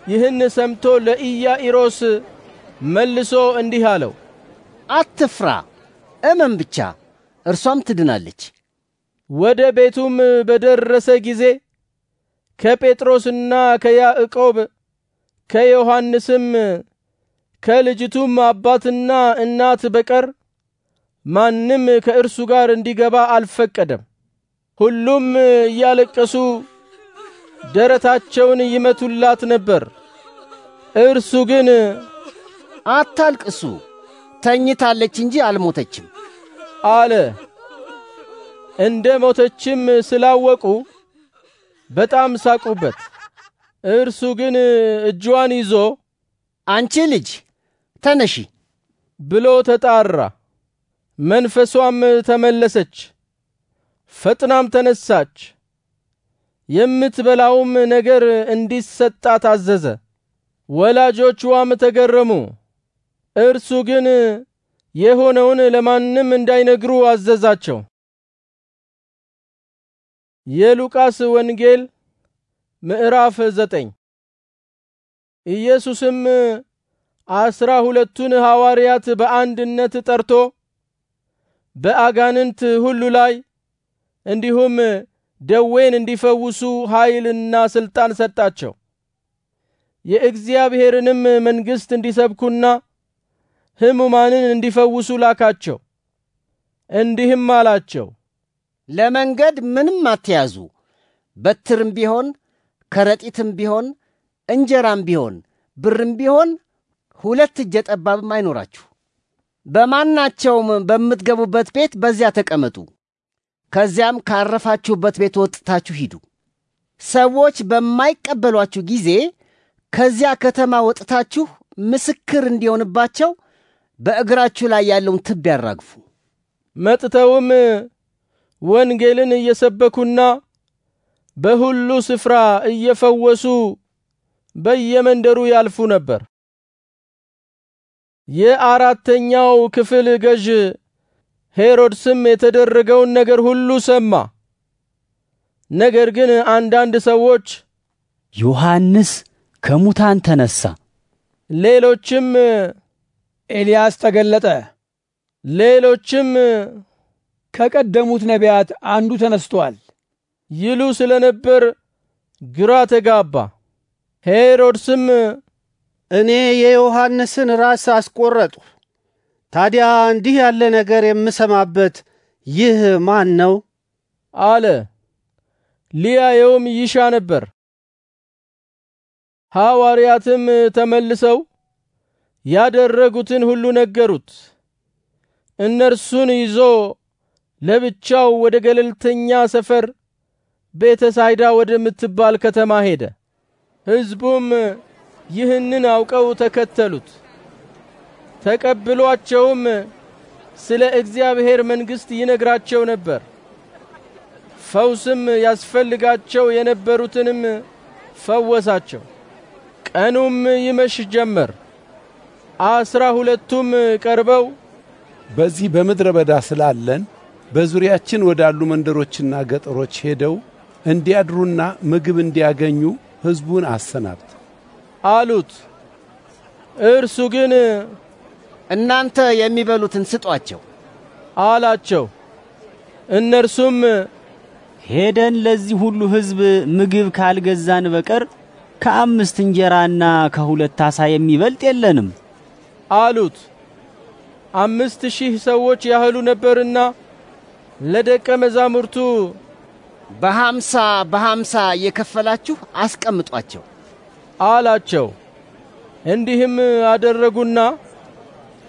ይህን ሰምቶ ለኢያኢሮስ መልሶ እንዲህ አለው፣ አትፍራ፣ እመን ብቻ፣ እርሷም ትድናለች። ወደ ቤቱም በደረሰ ጊዜ ከጴጥሮስና ከያዕቆብ ከዮሐንስም ከልጅቱም አባትና እናት በቀር ማንም ከእርሱ ጋር እንዲገባ አልፈቀደም። ሁሉም እያለቀሱ ደረታቸውን ይመቱላት ነበር። እርሱ ግን አታልቅሱ፣ ተኝታለች እንጂ አልሞተችም አለ። እንደ ሞተችም ስላወቁ በጣም ሳቁበት። እርሱ ግን እጇን ይዞ አንቺ ልጅ ተነሺ ብሎ ተጣራ። መንፈሷም ተመለሰች፣ ፈጥናም ተነሳች። የምትበላውም ነገር እንዲሰጣት አዘዘ። ወላጆቿም ተገረሙ። እርሱ ግን የሆነውን ለማንም እንዳይነግሩ አዘዛቸው። የሉቃስ ወንጌል ምዕራፍ ዘጠኝ ኢየሱስም አስራ ሁለቱን ሐዋርያት በአንድነት ጠርቶ በአጋንንት ሁሉ ላይ እንዲሁም ደዌን እንዲፈውሱ ኃይልና ሥልጣን ሰጣቸው። የእግዚአብሔርንም መንግሥት እንዲሰብኩና ሕሙማንን እንዲፈውሱ ላካቸው። እንዲህም አላቸው፣ ለመንገድ ምንም አትያዙ። በትርም ቢሆን ከረጢትም ቢሆን እንጀራም ቢሆን ብርም ቢሆን ሁለት እጀ ጠባብም አይኖራችሁ። በማናቸውም በምትገቡበት ቤት በዚያ ተቀመጡ። ከዚያም ካረፋችሁበት ቤት ወጥታችሁ ሂዱ። ሰዎች በማይቀበሏችሁ ጊዜ ከዚያ ከተማ ወጥታችሁ ምስክር እንዲሆንባቸው በእግራችሁ ላይ ያለውን ትቢያ ያራግፉ። መጥተውም ወንጌልን እየሰበኩና በሁሉ ስፍራ እየፈወሱ በየመንደሩ ያልፉ ነበር። የአራተኛው ክፍል ገዥ ሄሮድስም የተደረገውን ነገር ሁሉ ሰማ። ነገር ግን አንዳንድ ሰዎች ዮሐንስ ከሙታን ተነሳ፣ ሌሎችም ኤልያስ ተገለጠ፣ ሌሎችም ከቀደሙት ነቢያት አንዱ ተነስቶአል ይሉ ስለ ነበር ግራ ተጋባ። ሄሮድስም እኔ የዮሐንስን ራስ አስቆረጥሁ ታዲያ እንዲህ ያለ ነገር የምሰማበት ይህ ማን ነው? አለ። ሊያየውም ይሻ ነበር። ሐዋርያትም ተመልሰው ያደረጉትን ሁሉ ነገሩት። እነርሱን ይዞ ለብቻው ወደ ገለልተኛ ሰፈር ቤተ ሳይዳ ወደምትባል ከተማ ሄደ። ሕዝቡም ይህንን አውቀው ተከተሉት። ተቀብሏቸውም ስለ እግዚአብሔር መንግስት ይነግራቸው ነበር። ፈውስም ያስፈልጋቸው የነበሩትንም ፈወሳቸው። ቀኑም ይመሽ ጀመር። አስራ ሁለቱም ቀርበው በዚህ በምድረ በዳ ስላለን በዙሪያችን ወዳሉ መንደሮችና ገጠሮች ሄደው እንዲያድሩና ምግብ እንዲያገኙ ሕዝቡን አሰናብት አሉት። እርሱ ግን እናንተ የሚበሉትን ስጧቸው አላቸው። እነርሱም ሄደን ለዚህ ሁሉ ሕዝብ ምግብ ካልገዛን በቀር ከአምስት እንጀራና ከሁለት አሳ የሚበልጥ የለንም አሉት። አምስት ሺህ ሰዎች ያህሉ ነበርና ለደቀ መዛሙርቱ በሃምሳ በሃምሳ እየከፈላችሁ አስቀምጧቸው አላቸው። እንዲህም አደረጉና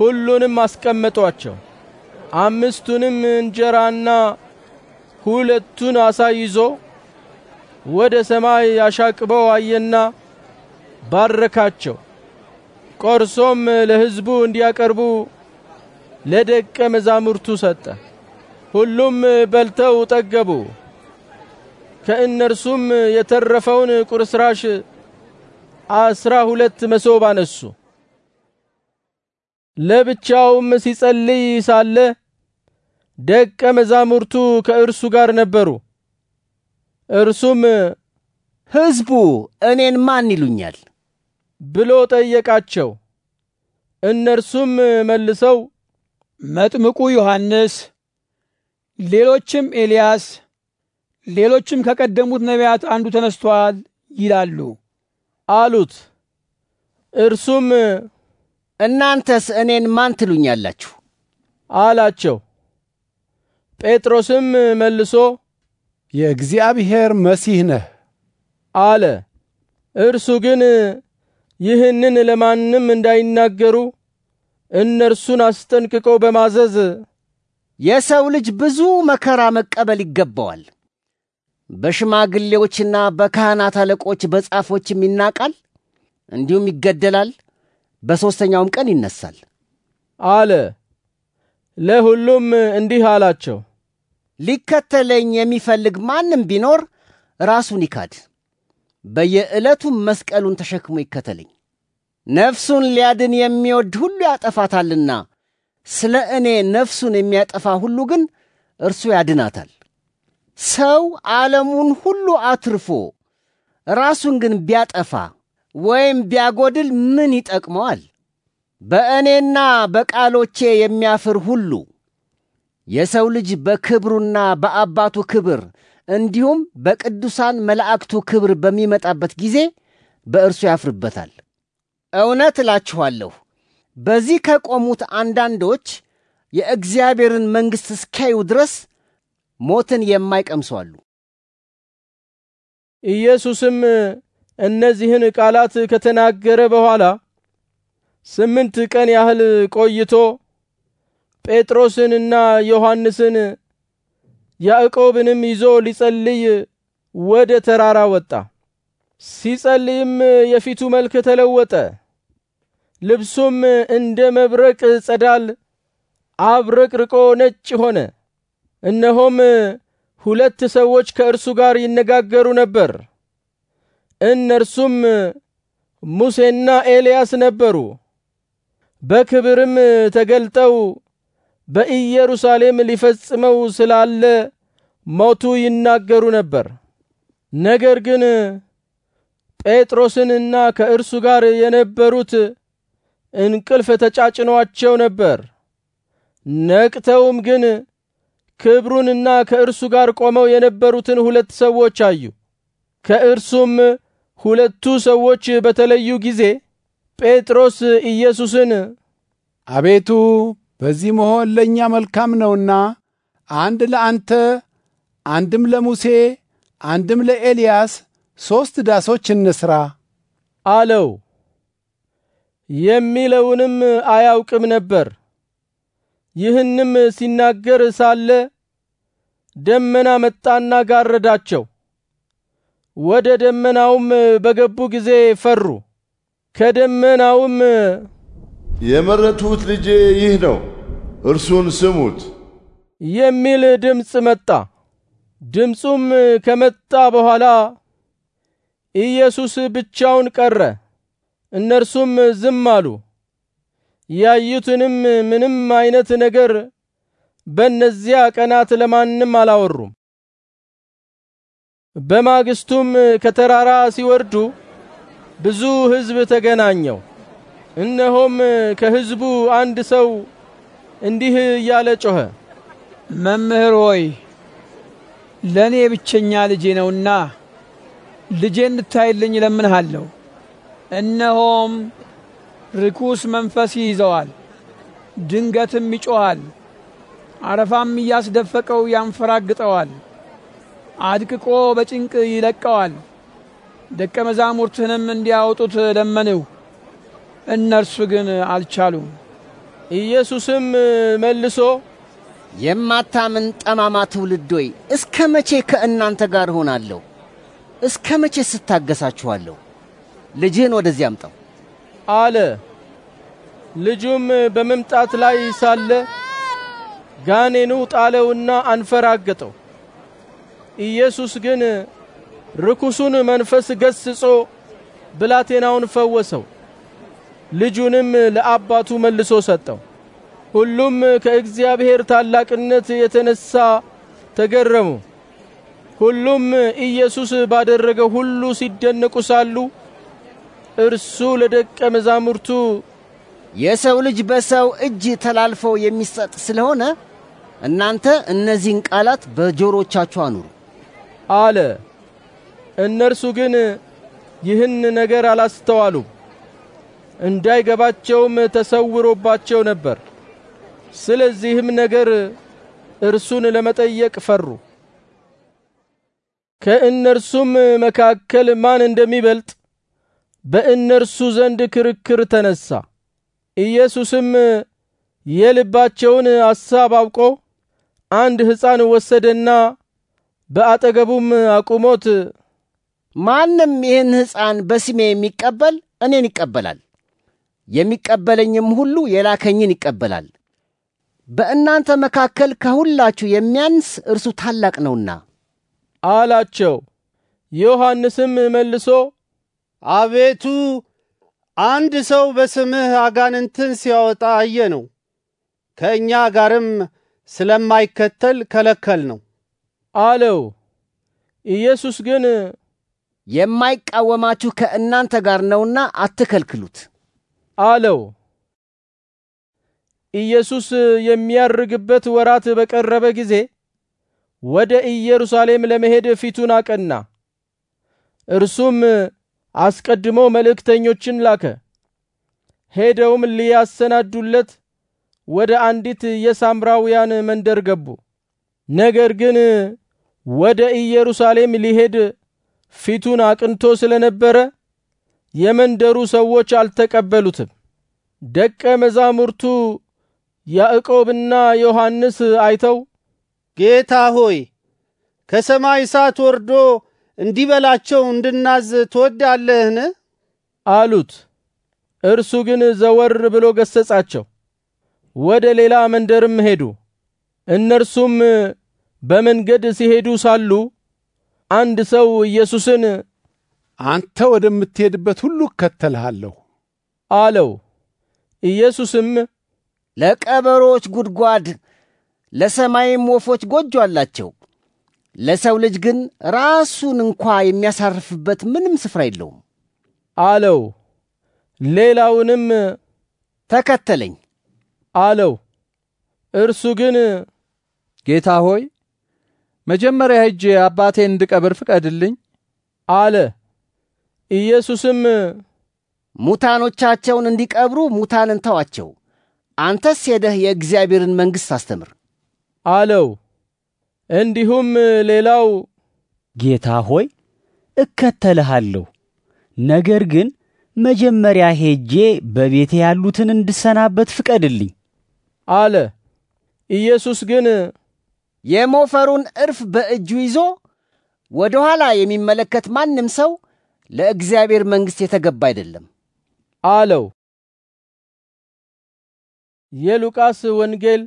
ሁሉንም አስቀመጧቸው። አምስቱንም እንጀራና ሁለቱን አሳ ይዞ ወደ ሰማይ አሻቅበው አየና ባረካቸው። ቆርሶም ለሕዝቡ እንዲያቀርቡ ለደቀ መዛሙርቱ ሰጠ። ሁሉም በልተው ጠገቡ። ከእነርሱም የተረፈውን ቁርስራሽ አስራ ሁለት መሶብ አነሱ። ለብቻውም ሲጸልይ ሳለ ደቀ መዛሙርቱ ከእርሱ ጋር ነበሩ። እርሱም ሕዝቡ እኔን ማን ይሉኛል ብሎ ጠየቃቸው። እነርሱም መልሰው መጥምቁ ዮሐንስ፣ ሌሎችም ኤልያስ፣ ሌሎችም ከቀደሙት ነቢያት አንዱ ተነስቶአል ይላሉ አሉት። እርሱም እናንተስ እኔን ማን ትሉኛላችሁ? አላቸው። ጴጥሮስም መልሶ የእግዚአብሔር መሲህ ነህ አለ። እርሱ ግን ይህንን ለማንም እንዳይናገሩ እነርሱን አስጠንቅቆ በማዘዝ የሰው ልጅ ብዙ መከራ መቀበል ይገባዋል፣ በሽማግሌዎችና በካህናት አለቆች በጻፎችም ይናቃል፣ እንዲሁም ይገደላል፣ በሦስተኛውም ቀን ይነሳል አለ። ለሁሉም እንዲህ አላቸው፣ ሊከተለኝ የሚፈልግ ማንም ቢኖር ራሱን ይካድ፣ በየዕለቱም መስቀሉን ተሸክሞ ይከተለኝ። ነፍሱን ሊያድን የሚወድ ሁሉ ያጠፋታልና፣ ስለ እኔ ነፍሱን የሚያጠፋ ሁሉ ግን እርሱ ያድናታል። ሰው ዓለሙን ሁሉ አትርፎ ራሱን ግን ቢያጠፋ ወይም ቢያጎድል ምን ይጠቅመዋል? በእኔና በቃሎቼ የሚያፍር ሁሉ የሰው ልጅ በክብሩና በአባቱ ክብር እንዲሁም በቅዱሳን መላእክቱ ክብር በሚመጣበት ጊዜ በእርሱ ያፍርበታል። እውነት እላችኋለሁ በዚህ ከቆሙት አንዳንዶች የእግዚአብሔርን መንግሥት እስኪያዩ ድረስ ሞትን የማይቀምሰዋሉ። ኢየሱስም እነዚህን ቃላት ከተናገረ በኋላ ስምንት ቀን ያህል ቆይቶ ጴጥሮስንና ዮሐንስን ያዕቆብንም ይዞ ሊጸልይ ወደ ተራራ ወጣ። ሲጸልይም የፊቱ መልክ ተለወጠ፣ ልብሱም እንደ መብረቅ ጸዳል አብረቅርቆ ነጭ ሆነ። እነሆም ሁለት ሰዎች ከእርሱ ጋር ይነጋገሩ ነበር። እነርሱም ሙሴና ኤልያስ ነበሩ። በክብርም ተገልጠው በኢየሩሳሌም ሊፈጽመው ስላለ ሞቱ ይናገሩ ነበር። ነገር ግን ጴጥሮስንና ከእርሱ ጋር የነበሩት እንቅልፍ ተጫጭኗቸው ነበር። ነቅተውም ግን ክብሩንና ከእርሱ ጋር ቆመው የነበሩትን ሁለት ሰዎች አዩ። ከእርሱም ሁለቱ ሰዎች በተለዩ ጊዜ ጴጥሮስ ኢየሱስን አቤቱ በዚህ መሆን ለእኛ መልካም ነውና አንድ ለአንተ አንድም ለሙሴ አንድም ለኤልያስ ሦስት ዳሶች እንስራ አለው። የሚለውንም አያውቅም ነበር። ይህንም ሲናገር ሳለ ደመና መጣና ጋረዳቸው። ወደ ደመናውም በገቡ ጊዜ ፈሩ። ከደመናውም የመረቱት ልጄ ይህ ነው፣ እርሱን ስሙት የሚል ድምፅ መጣ። ድምፁም ከመጣ በኋላ ኢየሱስ ብቻውን ቀረ። እነርሱም ዝም አሉ። ያዩትንም ምንም አይነት ነገር በእነዚያ ቀናት ለማንም አላወሩም። በማግስቱም ከተራራ ሲወርዱ ብዙ ሕዝብ ተገናኘው። እነሆም ከሕዝቡ አንድ ሰው እንዲህ እያለ ጮኸ፣ መምህር ሆይ ለእኔ ብቸኛ ልጄ ነውና ልጄ እንድታይልኝ እለምንሃለሁ። እነሆም ርኩስ መንፈስ ይይዘዋል፣ ድንገትም ይጮኋል፣ አረፋም እያስደፈቀው ያንፈራግጠዋል። አድቅቆ በጭንቅ ይለቀዋል። ደቀ መዛሙርትህንም እንዲያወጡት ለመንው፣ እነርሱ ግን አልቻሉም። ኢየሱስም መልሶ የማታምን ጠማማ ትውልድ ሆይ እስከ መቼ ከእናንተ ጋር እሆናለሁ? እስከ መቼ ስታገሳችኋለሁ? ልጅህን ወደዚህ አምጣው አለ። ልጁም በመምጣት ላይ ሳለ ጋኔኑ ጣለውና አንፈራገጠው። ኢየሱስ ግን ርኩሱን መንፈስ ገስጾ ብላቴናውን ፈወሰው፣ ልጁንም ለአባቱ መልሶ ሰጠው። ሁሉም ከእግዚአብሔር ታላቅነት የተነሳ ተገረሙ። ሁሉም ኢየሱስ ባደረገው ሁሉ ሲደነቁ ሳሉ እርሱ ለደቀ መዛሙርቱ የሰው ልጅ በሰው እጅ ተላልፎ የሚሰጥ ስለሆነ እናንተ እነዚህን ቃላት በጆሮቻችሁ አኑሩ አለ። እነርሱ ግን ይህን ነገር አላስተዋሉም፣ እንዳይገባቸውም ተሰውሮባቸው ነበር። ስለዚህም ነገር እርሱን ለመጠየቅ ፈሩ። ከእነርሱም መካከል ማን እንደሚበልጥ በእነርሱ ዘንድ ክርክር ተነሳ። ኢየሱስም የልባቸውን አሳብ አውቆ አንድ ሕፃን ወሰደና በአጠገቡም አቁሞት ማንም ይህን ሕፃን በስሜ የሚቀበል እኔን ይቀበላል፣ የሚቀበለኝም ሁሉ የላከኝን ይቀበላል። በእናንተ መካከል ከሁላችሁ የሚያንስ እርሱ ታላቅ ነውና አላቸው። ዮሐንስም መልሶ አቤቱ አንድ ሰው በስምህ አጋንንትን ሲያወጣ ነው። ከእኛ ጋርም ስለማይከተል ከለከል ነው። አለው። ኢየሱስ ግን የማይቃወማችሁ ከእናንተ ጋር ነውና አትከልክሉት አለው። ኢየሱስ የሚያርግበት ወራት በቀረበ ጊዜ ወደ ኢየሩሳሌም ለመሄድ ፊቱን አቀና። እርሱም አስቀድሞ መልእክተኞችን ላከ። ሄደውም ሊያሰናዱለት ወደ አንዲት የሳምራውያን መንደር ገቡ። ነገር ግን ወደ ኢየሩሳሌም ሊሄድ ፊቱን አቅንቶ ስለነበረ የመንደሩ ሰዎች አልተቀበሉትም። ደቀ መዛሙርቱ ያዕቆብና ዮሐንስ አይተው ጌታ ሆይ ከሰማይ እሳት ወርዶ እንዲበላቸው እንድናዝ ትወዳለህን? አሉት። እርሱ ግን ዘወር ብሎ ገሰጻቸው። ወደ ሌላ መንደርም ሄዱ። እነርሱም በመንገድ ሲሄዱ ሳሉ አንድ ሰው ኢየሱስን አንተ ወደምትሄድበት ሁሉ እከተልሃለሁ አለው። ኢየሱስም ለቀበሮች ጉድጓድ ለሰማይም ወፎች ጎጆ አላቸው፣ ለሰው ልጅ ግን ራሱን እንኳ የሚያሳርፍበት ምንም ስፍራ የለውም አለው። ሌላውንም ተከተለኝ አለው። እርሱ ግን ጌታ ሆይ መጀመሪያ ሄጄ አባቴን እንድቀብር ፍቀድልኝ አለ። ኢየሱስም ሙታኖቻቸውን እንዲቀብሩ ሙታንን ተዋቸው፣ አንተስ ሄደህ የእግዚአብሔርን መንግሥት አስተምር አለው። እንዲሁም ሌላው ጌታ ሆይ እከተልሃለሁ፣ ነገር ግን መጀመሪያ ሄጄ በቤቴ ያሉትን እንድሰናበት ፍቀድልኝ አለ። ኢየሱስ ግን የሞፈሩን እርፍ በእጁ ይዞ ወደ ኋላ የሚመለከት ማንም ሰው ለእግዚአብሔር መንግሥት የተገባ አይደለም አለው። የሉቃስ ወንጌል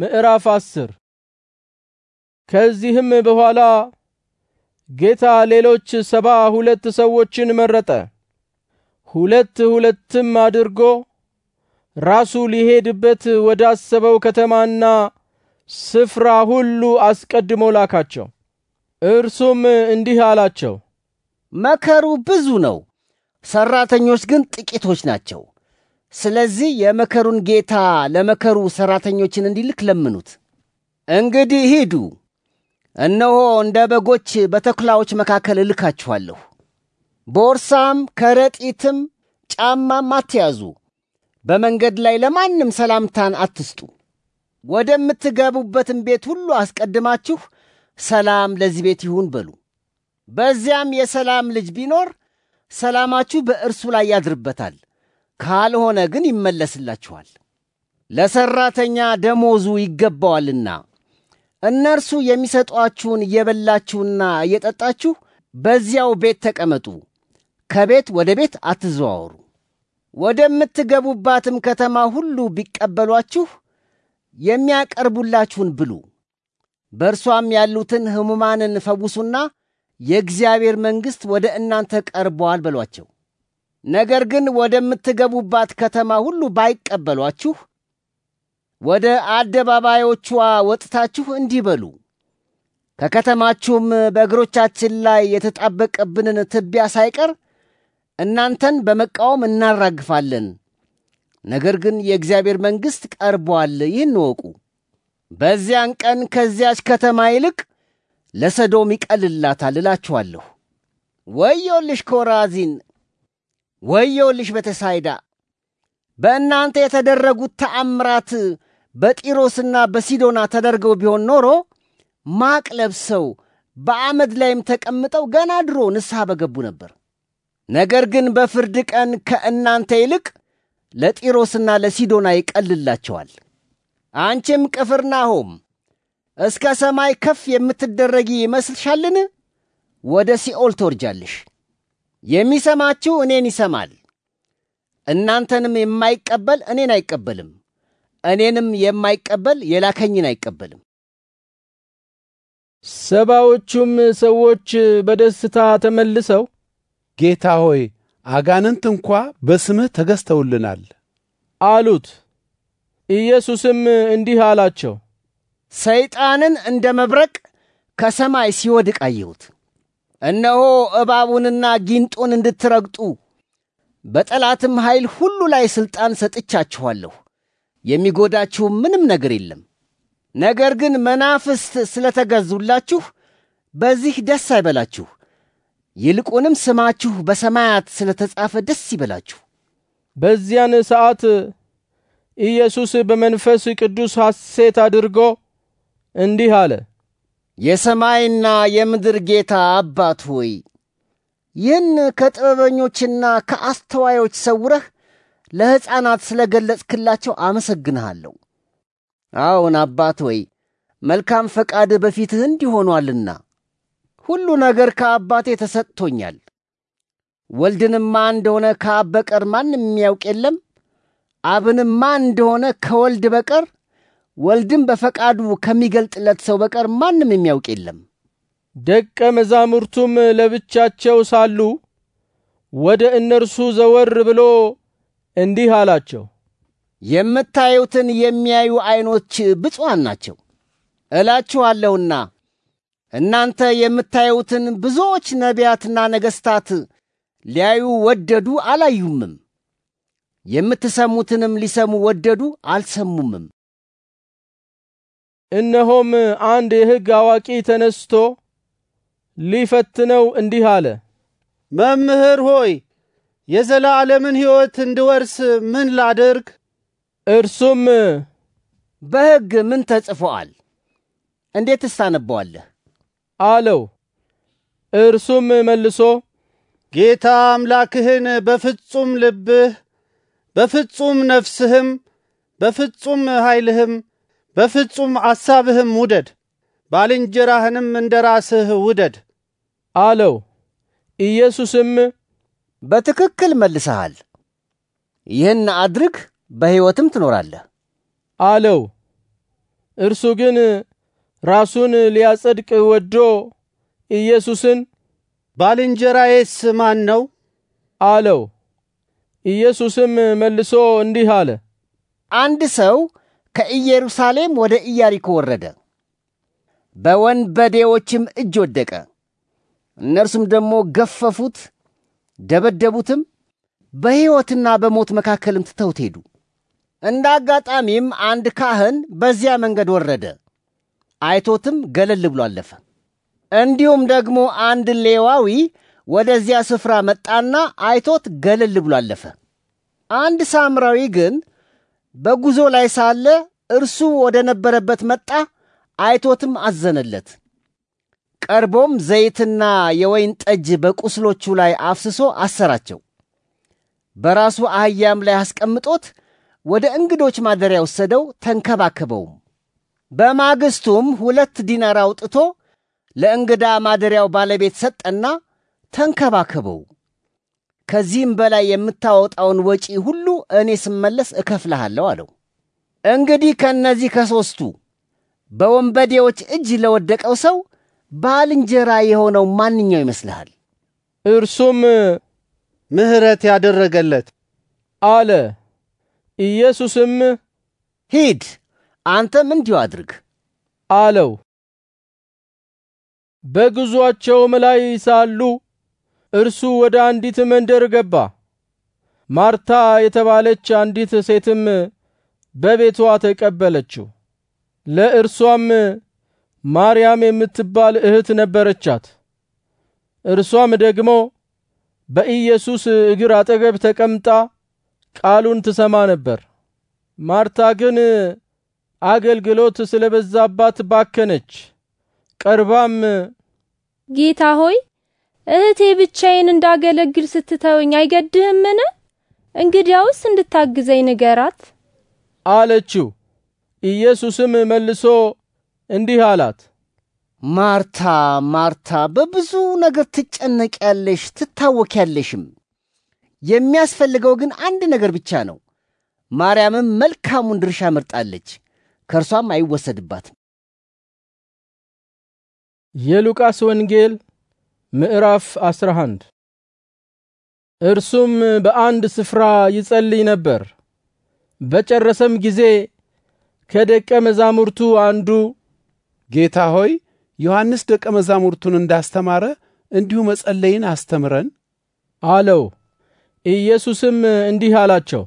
ምዕራፍ አስር ከዚህም በኋላ ጌታ ሌሎች ሰባ ሁለት ሰዎችን መረጠ። ሁለት ሁለትም አድርጎ ራሱ ሊሄድበት ወዳሰበው ከተማና ስፍራ ሁሉ አስቀድሞ ላካቸው። እርሱም እንዲህ አላቸው፣ መከሩ ብዙ ነው፣ ሰራተኞች ግን ጥቂቶች ናቸው። ስለዚህ የመከሩን ጌታ ለመከሩ ሰራተኞችን እንዲልክ ለምኑት። እንግዲህ ሂዱ፣ እነሆ እንደ በጎች በተኩላዎች መካከል እልካችኋለሁ። ቦርሳም ከረጢትም ጫማም አትያዙ። በመንገድ ላይ ለማንም ሰላምታን አትስጡ። ወደምትገቡበትም ቤት ሁሉ አስቀድማችሁ ሰላም ለዚህ ቤት ይሁን በሉ። በዚያም የሰላም ልጅ ቢኖር ሰላማችሁ በእርሱ ላይ ያድርበታል፣ ካልሆነ ግን ይመለስላችኋል። ለሠራተኛ ደሞዙ ይገባዋልና እነርሱ የሚሰጧችሁን እየበላችሁና እየጠጣችሁ በዚያው ቤት ተቀመጡ፣ ከቤት ወደ ቤት አትዘዋወሩ። ወደምትገቡባትም ከተማ ሁሉ ቢቀበሏችሁ የሚያቀርቡላችሁን ብሉ፣ በእርሷም ያሉትን ሕሙማንን ፈውሱና የእግዚአብሔር መንግሥት ወደ እናንተ ቀርበዋል በሏቸው። ነገር ግን ወደምትገቡባት ከተማ ሁሉ ባይቀበሏችሁ ወደ አደባባዮቿ ወጥታችሁ እንዲህ በሉ። ከከተማችሁም በእግሮቻችን ላይ የተጣበቀብንን ትቢያ ሳይቀር እናንተን በመቃወም እናራግፋለን ነገር ግን የእግዚአብሔር መንግሥት ቀርቧል፣ ይህን ወቁ። በዚያን ቀን ከዚያች ከተማ ይልቅ ለሰዶም ይቀልላታል እላችኋለሁ። ወዮልሽ ኮራዚን፣ ወዮልሽ በተሳይዳ። በእናንተ የተደረጉት ተአምራት በጢሮስና በሲዶና ተደርገው ቢሆን ኖሮ ማቅ ለብሰው በአመድ ላይም ተቀምጠው ገና ድሮ ንስሐ በገቡ ነበር። ነገር ግን በፍርድ ቀን ከእናንተ ይልቅ ለጢሮስና ለሲዶና ይቀልላቸዋል። አንቺም ቅፍርናሆም እስከ ሰማይ ከፍ የምትደረጊ ይመስልሻልን? ወደ ሲኦል ትወርጃለሽ። የሚሰማችሁ እኔን ይሰማል፣ እናንተንም የማይቀበል እኔን አይቀበልም፣ እኔንም የማይቀበል የላከኝን አይቀበልም። ሰባዎቹም ሰዎች በደስታ ተመልሰው ጌታ ሆይ አጋንንት እንኳ በስምህ ተገዝተውልናል አሉት። ኢየሱስም እንዲህ አላቸው፣ ሰይጣንን እንደ መብረቅ ከሰማይ ሲወድቅ አየሁት። እነሆ እባቡንና ጊንጡን እንድትረግጡ በጠላትም ኃይል ሁሉ ላይ ሥልጣን ሰጥቻችኋለሁ። የሚጎዳችሁ ምንም ነገር የለም። ነገር ግን መናፍስት ስለተገዙላችሁ በዚህ ደስ አይበላችሁ። ይልቁንም ስማችሁ በሰማያት ስለ ተጻፈ ደስ ይበላችሁ። በዚያን ሰዓት ኢየሱስ በመንፈስ ቅዱስ ሐሴት አድርጎ እንዲህ አለ፣ የሰማይና የምድር ጌታ አባት ሆይ ይህን ከጥበበኞችና ከአስተዋዮች ሰውረህ ለሕፃናት ስለ ገለጽክላቸው አመሰግንሃለሁ። አዎን አባት ሆይ መልካም ፈቃድ በፊትህ እንዲሆኗልና ሁሉ ነገር ከአባቴ ተሰጥቶኛል። ወልድንማ እንደሆነ ከአብ በቀር ማንም የሚያውቅ የለም፣ አብንማ እንደሆነ ከወልድ በቀር ወልድን በፈቃዱ ከሚገልጥለት ሰው በቀር ማንም የሚያውቅ የለም። ደቀ መዛሙርቱም ለብቻቸው ሳሉ ወደ እነርሱ ዘወር ብሎ እንዲህ አላቸው፣ የምታዩትን የሚያዩ ዐይኖች ብፁዓን ናቸው እላችኋለሁና እናንተ የምታዩትን ብዙዎች ነቢያትና ነገሥታት ሊያዩ ወደዱ አላዩምም፣ የምትሰሙትንም ሊሰሙ ወደዱ አልሰሙምም። እነሆም አንድ የሕግ አዋቂ ተነስቶ ሊፈትነው እንዲህ አለ፣ መምህር ሆይ የዘላለምን ሕይወት እንድወርስ ምን ላድርግ? እርሱም በሕግ ምን ተጽፎአል? እንዴትስ ታነበዋለህ? አለው። እርሱም መልሶ ጌታ አምላክህን በፍጹም ልብህ፣ በፍጹም ነፍስህም፣ በፍጹም ኃይልህም፣ በፍጹም አሳብህም ውደድ፣ ባልንጀራህንም እንደ ራስህ ውደድ አለው። ኢየሱስም በትክክል መልሰሃል፣ ይህን አድርግ፣ በሕይወትም ትኖራለህ አለው። እርሱ ግን ራሱን ሊያጸድቅ ወዶ ኢየሱስን ባልንጀራዬስ ማን ነው አለው። ኢየሱስም መልሶ እንዲህ አለ፣ አንድ ሰው ከኢየሩሳሌም ወደ ኢያሪኮ ወረደ፣ በወንበዴዎችም እጅ ወደቀ። እነርሱም ደግሞ ገፈፉት፣ ደበደቡትም፣ በሕይወትና በሞት መካከልም ትተውት ሄዱ። እንደ አጋጣሚም አንድ ካህን በዚያ መንገድ ወረደ። አይቶትም ገለል ብሎ አለፈ። እንዲሁም ደግሞ አንድ ሌዋዊ ወደዚያ ስፍራ መጣና አይቶት ገለል ብሎ አለፈ። አንድ ሳምራዊ ግን በጉዞ ላይ ሳለ እርሱ ወደ ነበረበት መጣ፣ አይቶትም አዘነለት። ቀርቦም ዘይትና የወይን ጠጅ በቁስሎቹ ላይ አፍስሶ አሰራቸው። በራሱ አህያም ላይ አስቀምጦት ወደ እንግዶች ማደሪያ ወሰደው፣ ተንከባከበውም። በማግስቱም ሁለት ዲናር አውጥቶ ለእንግዳ ማደሪያው ባለቤት ሰጠና ተንከባከበው። ከዚህም በላይ የምታወጣውን ወጪ ሁሉ እኔ ስመለስ እከፍልሃለሁ አለው። እንግዲህ ከእነዚህ ከሦስቱ በወንበዴዎች እጅ ለወደቀው ሰው ባልንጀራ የሆነው ማንኛው ይመስልሃል? እርሱም ምሕረት ያደረገለት አለ። ኢየሱስም ሂድ አንተም እንዲሁ አድርግ አለው። በጉዟቸውም ላይ ሳሉ እርሱ ወደ አንዲት መንደር ገባ። ማርታ የተባለች አንዲት ሴትም በቤቷ ተቀበለችው። ለእርሷም ማርያም የምትባል እህት ነበረቻት። እርሷም ደግሞ በኢየሱስ እግር አጠገብ ተቀምጣ ቃሉን ትሰማ ነበር። ማርታ ግን አገልግሎት ስለበዛባት ባከነች። ቀርባም ጌታ ሆይ እህቴ ብቻዬን እንዳገለግል ስትተወኝ አይገድህምን? እንግዲያውስ እንድታግዘኝ ንገራት አለችው። ኢየሱስም መልሶ እንዲህ አላት፣ ማርታ ማርታ፣ በብዙ ነገር ትጨነቂያለሽ ትታወኪያለሽም። የሚያስፈልገው ግን አንድ ነገር ብቻ ነው። ማርያምም መልካሙን ድርሻ መርጣለች። ከእርሷም አይወሰድባትም። የሉቃስ ወንጌል ምዕራፍ 11 እርሱም በአንድ ስፍራ ይጸልይ ነበር። በጨረሰም ጊዜ ከደቀ መዛሙርቱ አንዱ ጌታ ሆይ ዮሐንስ ደቀ መዛሙርቱን እንዳስተማረ እንዲሁ መጸለይን አስተምረን አለው። ኢየሱስም እንዲህ አላቸው፣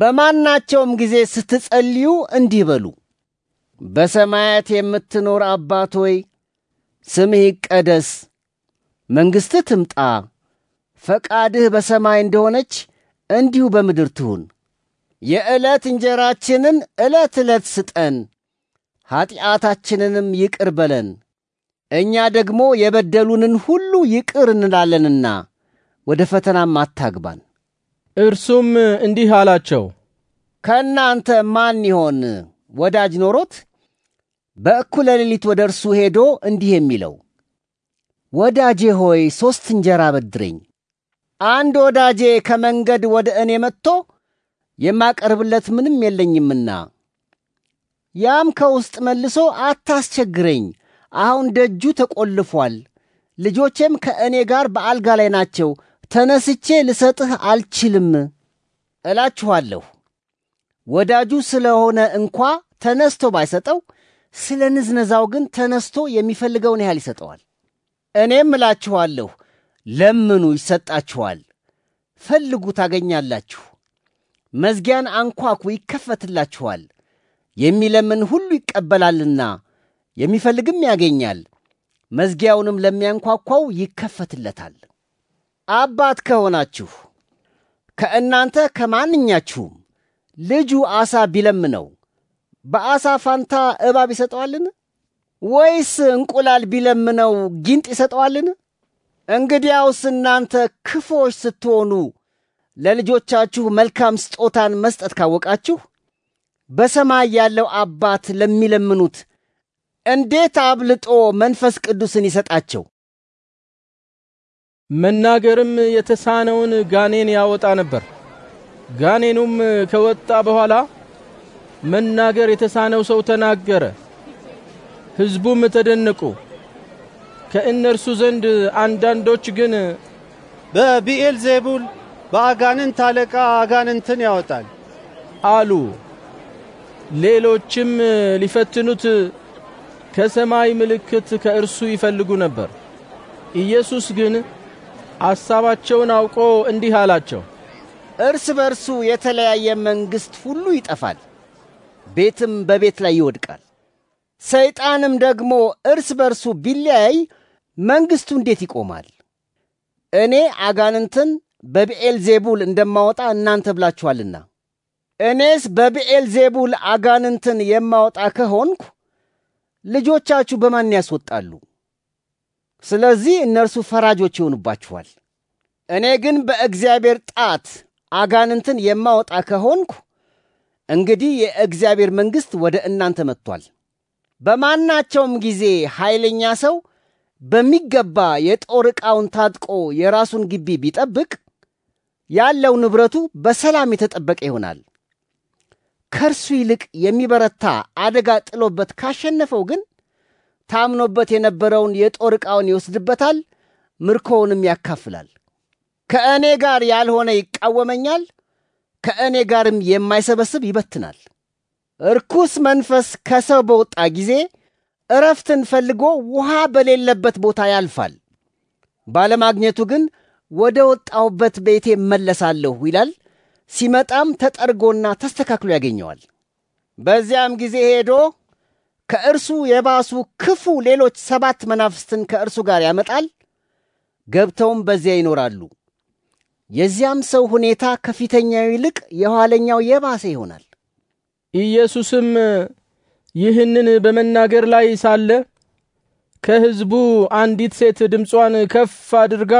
በማናቸውም ጊዜ ስትጸልዩ እንዲህ በሉ። በሰማያት የምትኖር አባት ሆይ ስምህ ይቀደስ፣ መንግሥት ትምጣ፣ ፈቃድህ በሰማይ እንደሆነች እንዲሁ በምድር ትሁን። የዕለት እንጀራችንን ዕለት ዕለት ስጠን፣ ኀጢአታችንንም ይቅር በለን እኛ ደግሞ የበደሉንን ሁሉ ይቅር እንላለንና፣ ወደ ፈተናም አታግባን። እርሱም እንዲህ አላቸው፣ ከእናንተ ማን ይሆን ወዳጅ ኖሮት በእኩለ ሌሊት ወደ እርሱ ሄዶ እንዲህ የሚለው ወዳጄ ሆይ ሦስት እንጀራ በድረኝ። አንድ ወዳጄ ከመንገድ ወደ እኔ መጥቶ የማቀርብለት ምንም የለኝምና፣ ያም ከውስጥ መልሶ አታስቸግረኝ፣ አሁን ደጁ ተቈልፏል፣ ልጆቼም ከእኔ ጋር በአልጋ ላይ ናቸው ተነስቼ ልሰጥህ አልችልም እላችኋለሁ። ወዳጁ ስለሆነ እንኳ ተነስቶ ባይሰጠው ስለ ንዝነዛው ግን ተነስቶ የሚፈልገውን ያህል ይሰጠዋል። እኔም እላችኋለሁ ለምኑ ይሰጣችኋል፣ ፈልጉ ታገኛላችሁ፣ መዝጊያን አንኳኩ ይከፈትላችኋል። የሚለምን ሁሉ ይቀበላልና የሚፈልግም ያገኛል፣ መዝጊያውንም ለሚያንኳኳው ይከፈትለታል። አባት ከሆናችሁ ከእናንተ ከማንኛችሁም ልጁ አሳ ቢለምነው በአሳ ፋንታ እባብ ይሰጠዋልን? ወይስ እንቁላል ቢለምነው ጊንጥ ይሰጠዋልን? እንግዲያውስ እናንተ ክፎች ስትሆኑ ለልጆቻችሁ መልካም ስጦታን መስጠት ካወቃችሁ በሰማይ ያለው አባት ለሚለምኑት እንዴት አብልጦ መንፈስ ቅዱስን ይሰጣቸው! መናገርም የተሳነውን ጋኔን ያወጣ ነበር። ጋኔኑም ከወጣ በኋላ መናገር የተሳነው ሰው ተናገረ። ሕዝቡም ተደነቁ። ከእነርሱ ዘንድ አንዳንዶች ግን በቢኤልዜቡል በአጋንንት አለቃ አጋንንትን ያወጣል አሉ። ሌሎችም ሊፈትኑት ከሰማይ ምልክት ከእርሱ ይፈልጉ ነበር። ኢየሱስ ግን ሐሳባቸውን አውቆ እንዲህ አላቸው፣ እርስ በርሱ የተለያየ መንግሥት ሁሉ ይጠፋል፣ ቤትም በቤት ላይ ይወድቃል። ሰይጣንም ደግሞ እርስ በርሱ ቢለያይ መንግሥቱ እንዴት ይቆማል? እኔ አጋንንትን በብኤል ዜቡል እንደማወጣ እናንተ ብላችኋልና፣ እኔስ በብኤል ዜቡል አጋንንትን የማወጣ ከሆንኩ ልጆቻችሁ በማን ያስወጣሉ? ስለዚህ እነርሱ ፈራጆች ይሆኑባችኋል። እኔ ግን በእግዚአብሔር ጣት አጋንንትን የማወጣ ከሆንኩ እንግዲህ የእግዚአብሔር መንግሥት ወደ እናንተ መጥቷል። በማናቸውም ጊዜ ኃይለኛ ሰው በሚገባ የጦር ዕቃውን ታጥቆ የራሱን ግቢ ቢጠብቅ ያለው ንብረቱ በሰላም የተጠበቀ ይሆናል። ከእርሱ ይልቅ የሚበረታ አደጋ ጥሎበት ካሸነፈው ግን ታምኖበት የነበረውን የጦር ዕቃውን ይወስድበታል፣ ምርኮውንም ያካፍላል። ከእኔ ጋር ያልሆነ ይቃወመኛል፣ ከእኔ ጋርም የማይሰበስብ ይበትናል። ርኩስ መንፈስ ከሰው በወጣ ጊዜ እረፍትን ፈልጎ ውሃ በሌለበት ቦታ ያልፋል፣ ባለማግኘቱ ግን ወደ ወጣውበት ቤቴ መለሳለሁ ይላል። ሲመጣም ተጠርጎና ተስተካክሎ ያገኘዋል። በዚያም ጊዜ ሄዶ ከእርሱ የባሱ ክፉ ሌሎች ሰባት መናፍስትን ከእርሱ ጋር ያመጣል፣ ገብተውም በዚያ ይኖራሉ። የዚያም ሰው ሁኔታ ከፊተኛው ይልቅ የኋለኛው የባሰ ይሆናል። ኢየሱስም ይህንን በመናገር ላይ ሳለ ከሕዝቡ አንዲት ሴት ድምጿን ከፍ አድርጋ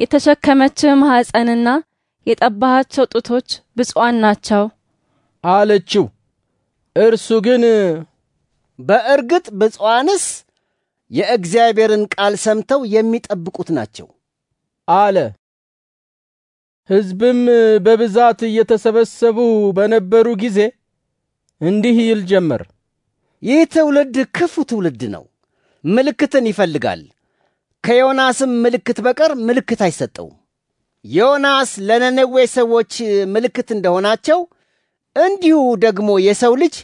የተሸከመች ማኅፀንና የጠባሃቸው ጡቶች ብፁዓን ናቸው አለችው። እርሱ ግን በእርግጥ ብፁዓንስ የእግዚአብሔርን ቃል ሰምተው የሚጠብቁት ናቸው አለ። ሕዝብም በብዛት እየተሰበሰቡ በነበሩ ጊዜ እንዲህ ይል ጀመር። ይህ ትውልድ ክፉ ትውልድ ነው፣ ምልክትን ይፈልጋል። ከዮናስም ምልክት በቀር ምልክት አይሰጠውም። ዮናስ ለነነዌ ሰዎች ምልክት እንደሆናቸው እንዲሁ ደግሞ የሰው ልጅ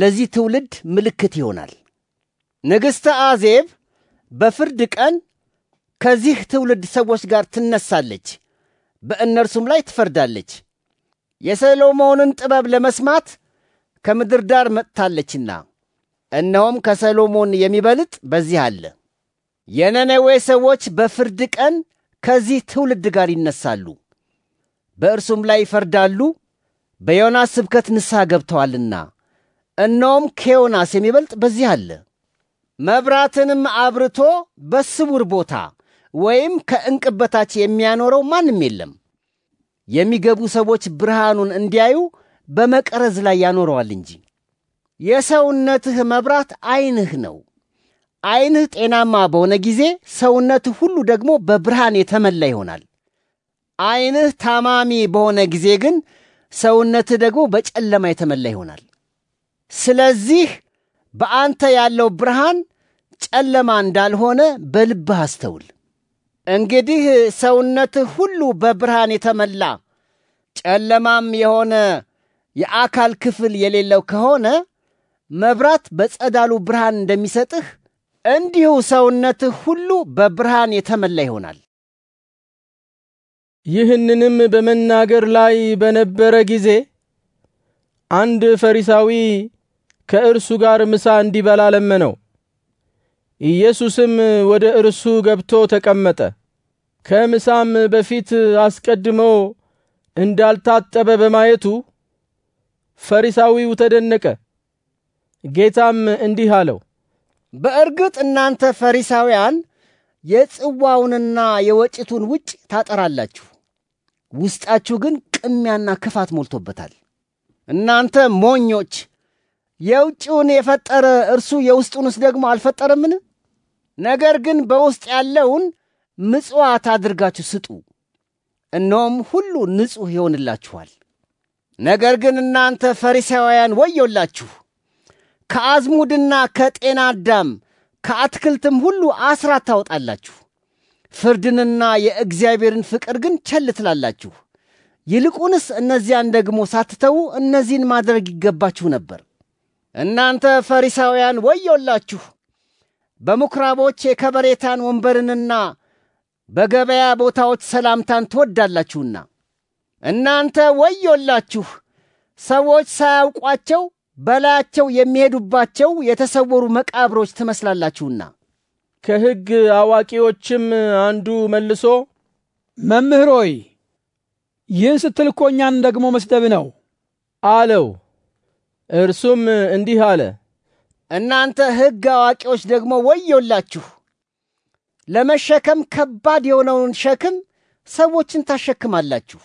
ለዚህ ትውልድ ምልክት ይሆናል። ንግሥተ አዜብ በፍርድ ቀን ከዚህ ትውልድ ሰዎች ጋር ትነሳለች፣ በእነርሱም ላይ ትፈርዳለች። የሰሎሞንን ጥበብ ለመስማት ከምድር ዳር መጥታለችና፣ እነሆም ከሰሎሞን የሚበልጥ በዚህ አለ። የነነዌ ሰዎች በፍርድ ቀን ከዚህ ትውልድ ጋር ይነሳሉ፣ በእርሱም ላይ ይፈርዳሉ፣ በዮናስ ስብከት ንስሐ ገብተዋልና። እነሆም ኬዮናስ የሚበልጥ በዚህ አለ። መብራትንም አብርቶ በስውር ቦታ ወይም ከዕንቅብ በታች የሚያኖረው ማንም የለም። የሚገቡ ሰዎች ብርሃኑን እንዲያዩ በመቀረዝ ላይ ያኖረዋል እንጂ። የሰውነትህ መብራት ዐይንህ ነው። ዐይንህ ጤናማ በሆነ ጊዜ ሰውነትህ ሁሉ ደግሞ በብርሃን የተመላ ይሆናል። ዐይንህ ታማሚ በሆነ ጊዜ ግን ሰውነትህ ደግሞ በጨለማ የተመላ ይሆናል። ስለዚህ በአንተ ያለው ብርሃን ጨለማ እንዳልሆነ በልብህ አስተውል። እንግዲህ ሰውነትህ ሁሉ በብርሃን የተመላ ጨለማም የሆነ የአካል ክፍል የሌለው ከሆነ መብራት በጸዳሉ ብርሃን እንደሚሰጥህ እንዲሁ ሰውነትህ ሁሉ በብርሃን የተመላ ይሆናል። ይህንንም በመናገር ላይ በነበረ ጊዜ አንድ ፈሪሳዊ ከእርሱ ጋር ምሳ እንዲበላ ለመነው። ኢየሱስም ወደ እርሱ ገብቶ ተቀመጠ። ከምሳም በፊት አስቀድሞ እንዳልታጠበ በማየቱ ፈሪሳዊው ተደነቀ። ጌታም እንዲህ አለው፣ በእርግጥ እናንተ ፈሪሳውያን የጽዋውንና የወጭቱን ውጭ ታጠራላችሁ፣ ውስጣችሁ ግን ቅሚያና ክፋት ሞልቶበታል። እናንተ ሞኞች የውጭውን የፈጠረ እርሱ የውስጡንስ ደግሞ አልፈጠረምን? ነገር ግን በውስጥ ያለውን ምጽዋት አድርጋችሁ ስጡ፣ እነሆም ሁሉ ንጹሕ ይሆንላችኋል። ነገር ግን እናንተ ፈሪሳውያን ወዮላችሁ! ከአዝሙድና ከጤና አዳም ከአትክልትም ሁሉ አስራት ታወጣላችሁ፣ ፍርድንና የእግዚአብሔርን ፍቅር ግን ቸል ትላላችሁ። ይልቁንስ እነዚያን ደግሞ ሳትተዉ እነዚህን ማድረግ ይገባችሁ ነበር። እናንተ ፈሪሳውያን ወዮላችሁ! በምኵራቦች የከበሬታን ወንበርንና በገበያ ቦታዎች ሰላምታን ትወዳላችሁና። እናንተ ወዮላችሁ! ሰዎች ሳያውቋቸው በላያቸው የሚሄዱባቸው የተሰወሩ መቃብሮች ትመስላላችሁና። ከሕግ አዋቂዎችም አንዱ መልሶ መምህር ሆይ ይህን ስትል እኮ እኛን ደግሞ መስደብ ነው አለው። እርሱም እንዲህ አለ፣ እናንተ ሕግ አዋቂዎች ደግሞ ወዮላችሁ! ለመሸከም ከባድ የሆነውን ሸክም ሰዎችን ታሸክማላችሁ፣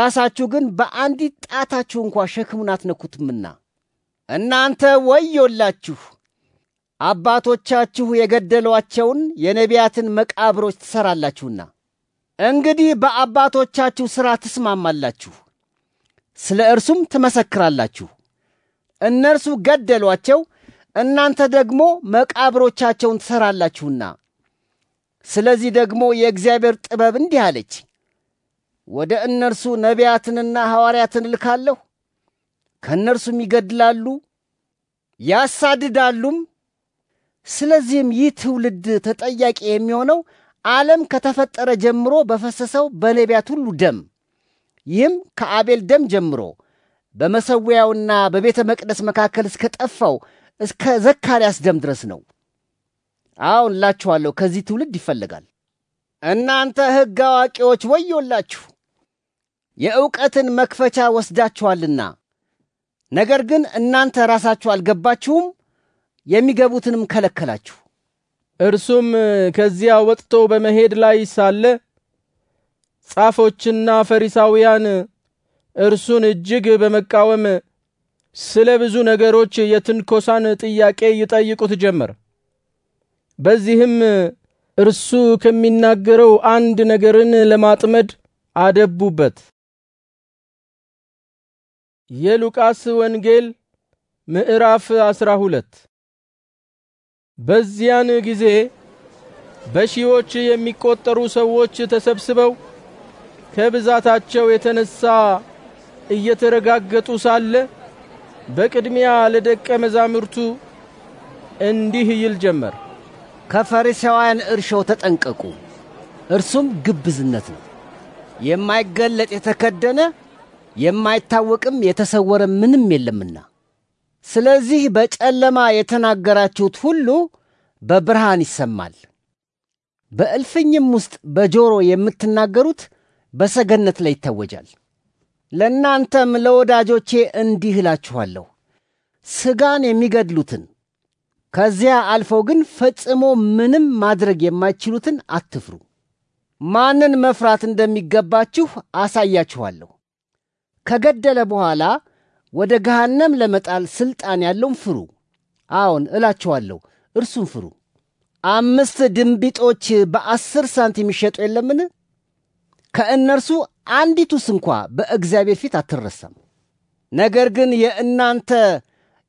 ራሳችሁ ግን በአንዲት ጣታችሁ እንኳ ሸክሙን አትነኩትምና። እናንተ ወዮላችሁ! አባቶቻችሁ የገደሏቸውን የነቢያትን መቃብሮች ትሰራላችሁና። እንግዲህ በአባቶቻችሁ ሥራ ትስማማላችሁ። ስለ እርሱም ትመሰክራላችሁ። እነርሱ ገደሏቸው፣ እናንተ ደግሞ መቃብሮቻቸውን ትሠራላችሁና። ስለዚህ ደግሞ የእግዚአብሔር ጥበብ እንዲህ አለች፣ ወደ እነርሱ ነቢያትንና ሐዋርያትን እልካለሁ። ከእነርሱም ይገድላሉ፣ ያሳድዳሉም። ስለዚህም ይህ ትውልድ ተጠያቂ የሚሆነው ዓለም ከተፈጠረ ጀምሮ በፈሰሰው በነቢያት ሁሉ ደም ይህም ከአቤል ደም ጀምሮ በመሠዊያውና በቤተ መቅደስ መካከል እስከ ጠፋው እስከ ዘካርያስ ደም ድረስ ነው። አዎን እላችኋለሁ ከዚህ ትውልድ ይፈለጋል። እናንተ ሕግ አዋቂዎች ወዮላችሁ፣ የእውቀትን መክፈቻ ወስዳችኋልና። ነገር ግን እናንተ ራሳችሁ አልገባችሁም፣ የሚገቡትንም ከለከላችሁ። እርሱም ከዚያ ወጥቶ በመሄድ ላይ ሳለ ጻፎችና ፈሪሳውያን እርሱን እጅግ በመቃወም ስለ ብዙ ነገሮች የትንኮሳን ጥያቄ ይጠይቁት ጀመር። በዚህም እርሱ ከሚናገረው አንድ ነገርን ለማጥመድ አደቡበት። የሉቃስ ወንጌል ምዕራፍ አስራ ሁለት በዚያን ጊዜ በሺዎች የሚቆጠሩ ሰዎች ተሰብስበው ከብዛታቸው የተነሳ እየተረጋገጡ ሳለ በቅድሚያ ለደቀ መዛሙርቱ እንዲህ ይል ጀመር። ከፈሪሳውያን እርሾ ተጠንቀቁ፣ እርሱም ግብዝነት ነው። የማይገለጥ የተከደነ የማይታወቅም የተሰወረ ምንም የለምና። ስለዚህ በጨለማ የተናገራችሁት ሁሉ በብርሃን ይሰማል፣ በእልፍኝም ውስጥ በጆሮ የምትናገሩት በሰገነት ላይ ይታወጃል። ለእናንተም ለወዳጆቼ እንዲህ እላችኋለሁ፣ ሥጋን የሚገድሉትን ከዚያ አልፈው ግን ፈጽሞ ምንም ማድረግ የማይችሉትን አትፍሩ። ማንን መፍራት እንደሚገባችሁ አሳያችኋለሁ። ከገደለ በኋላ ወደ ገሃነም ለመጣል ሥልጣን ያለውን ፍሩ። አዎን እላችኋለሁ፣ እርሱን ፍሩ። አምስት ድንቢጦች በአስር ሳንቲም ይሸጡ የለምን? ከእነርሱ አንዲቱስ እንኳ በእግዚአብሔር ፊት አትረሳም። ነገር ግን የእናንተ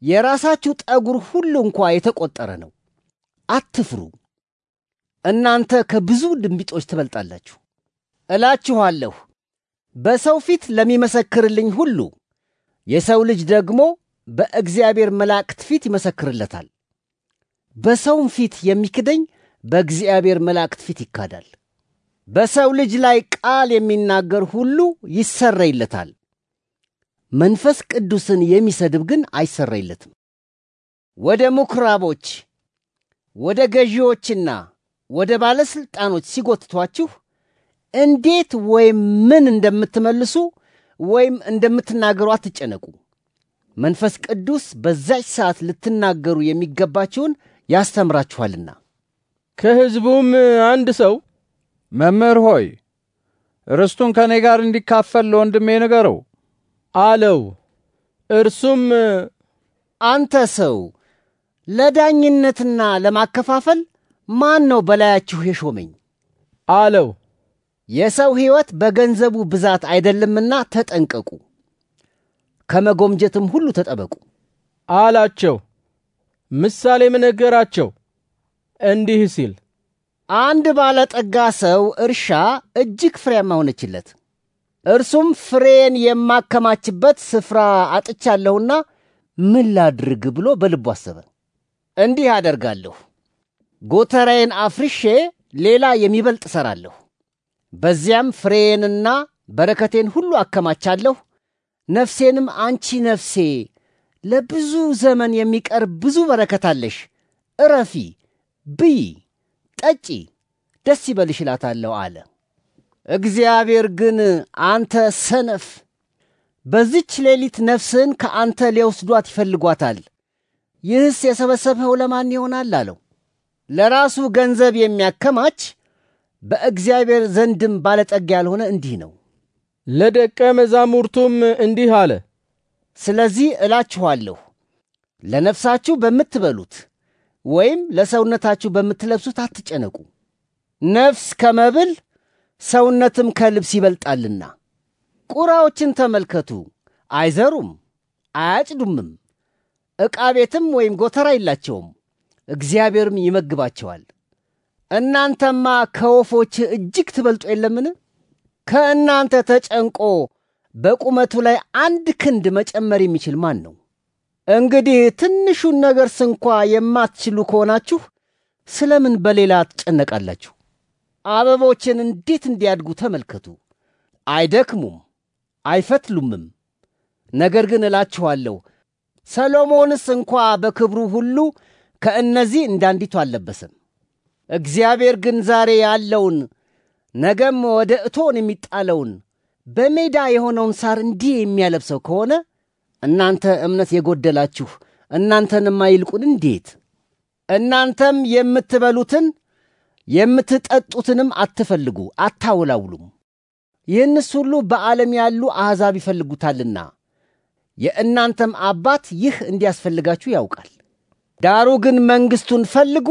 የራሳችሁ ጠጉር ሁሉ እንኳ የተቆጠረ ነው። አትፍሩ፣ እናንተ ከብዙ ድንቢጦች ትበልጣላችሁ። እላችኋለሁ በሰው ፊት ለሚመሰክርልኝ ሁሉ የሰው ልጅ ደግሞ በእግዚአብሔር መላእክት ፊት ይመሰክርለታል። በሰውም ፊት የሚክደኝ በእግዚአብሔር መላእክት ፊት ይካዳል። በሰው ልጅ ላይ ቃል የሚናገር ሁሉ ይሰረይለታል፣ መንፈስ ቅዱስን የሚሰድብ ግን አይሰረይለትም። ወደ ምኵራቦች ወደ ገዢዎችና ወደ ባለሥልጣኖች ሲጎትቷችሁ እንዴት ወይም ምን እንደምትመልሱ ወይም እንደምትናገሩ አትጨነቁ። መንፈስ ቅዱስ በዛች ሰዓት ልትናገሩ የሚገባችሁን ያስተምራችኋልና። ከሕዝቡም አንድ ሰው መምህር ሆይ ርስቱን ከኔ ጋር እንዲካፈል ለወንድሜ ንገረው አለው። እርሱም አንተ ሰው ለዳኝነትና ለማከፋፈል ማን ነው በላያችሁ የሾመኝ? አለው። የሰው ሕይወት በገንዘቡ ብዛት አይደለምና ተጠንቀቁ፣ ከመጎምጀትም ሁሉ ተጠበቁ አላቸው። ምሳሌም ነገራቸው እንዲህ ሲል አንድ ባለጠጋ ሰው እርሻ እጅግ ፍሬያማ ሆነችለት። እርሱም ፍሬን የማከማችበት ስፍራ አጥቻለሁና ምን ላድርግ ብሎ በልቡ አሰበ። እንዲህ አደርጋለሁ፣ ጎተራዬን አፍርሼ ሌላ የሚበልጥ እሠራለሁ። በዚያም ፍሬዬንና በረከቴን ሁሉ አከማቻለሁ። ነፍሴንም አንቺ ነፍሴ ለብዙ ዘመን የሚቀርብ ብዙ በረከት አለሽ፣ እረፊ ብይ ጠጪ፣ ደስ ይበልሽ እላታለሁ አለ። እግዚአብሔር ግን አንተ ሰነፍ፣ በዚች ሌሊት ነፍስን ከአንተ ሊወስዷት ይፈልጓታል፣ ይህስ የሰበሰብኸው ለማን ይሆናል አለው። ለራሱ ገንዘብ የሚያከማች በእግዚአብሔር ዘንድም ባለጠጋ ያልሆነ እንዲህ ነው። ለደቀ መዛሙርቱም እንዲህ አለ፣ ስለዚህ እላችኋለሁ ለነፍሳችሁ በምትበሉት ወይም ለሰውነታችሁ በምትለብሱት አትጨነቁ። ነፍስ ከመብል ሰውነትም ከልብስ ይበልጣልና። ቁራዎችን ተመልከቱ፣ አይዘሩም አያጭዱምም፣ ዕቃ ቤትም ወይም ጎተራ የላቸውም፣ እግዚአብሔርም ይመግባቸዋል። እናንተማ ከወፎች እጅግ ትበልጡ የለምን? ከእናንተ ተጨንቆ በቁመቱ ላይ አንድ ክንድ መጨመር የሚችል ማን ነው? እንግዲህ ትንሹን ነገር ስንኳ የማትችሉ ከሆናችሁ ስለምን በሌላ ትጨነቃላችሁ? አበቦችን እንዴት እንዲያድጉ ተመልከቱ። አይደክሙም፣ አይፈትሉምም። ነገር ግን እላችኋለሁ ሰሎሞንስ እንኳ በክብሩ ሁሉ ከእነዚህ እንዳንዲቱ አልለበሰም። እግዚአብሔር ግን ዛሬ ያለውን ነገም ወደ እቶን የሚጣለውን በሜዳ የሆነውን ሳር እንዲህ የሚያለብሰው ከሆነ እናንተ እምነት የጎደላችሁ እናንተን ማይልቁን እንዴት? እናንተም የምትበሉትን የምትጠጡትንም አትፈልጉ፣ አታውላውሉም። ይህንስ ሁሉ በዓለም ያሉ አሕዛብ ይፈልጉታልና የእናንተም አባት ይህ እንዲያስፈልጋችሁ ያውቃል። ዳሩ ግን መንግሥቱን ፈልጉ፣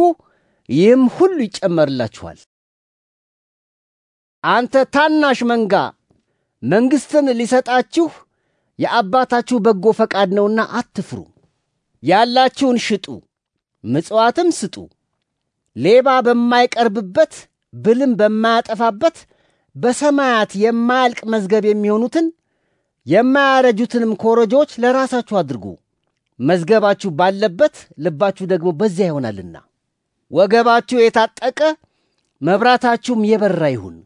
ይህም ሁሉ ይጨመርላችኋል። አንተ ታናሽ መንጋ መንግሥትን ሊሰጣችሁ የአባታችሁ በጎ ፈቃድ ነውና አትፍሩ። ያላችሁን ሽጡ፣ ምጽዋትም ስጡ። ሌባ በማይቀርብበት ብልም በማያጠፋበት በሰማያት የማያልቅ መዝገብ የሚሆኑትን የማያረጁትንም ኮረጆዎች ለራሳችሁ አድርጉ። መዝገባችሁ ባለበት ልባችሁ ደግሞ በዚያ ይሆናልና። ወገባችሁ የታጠቀ መብራታችሁም የበራ ይሁን።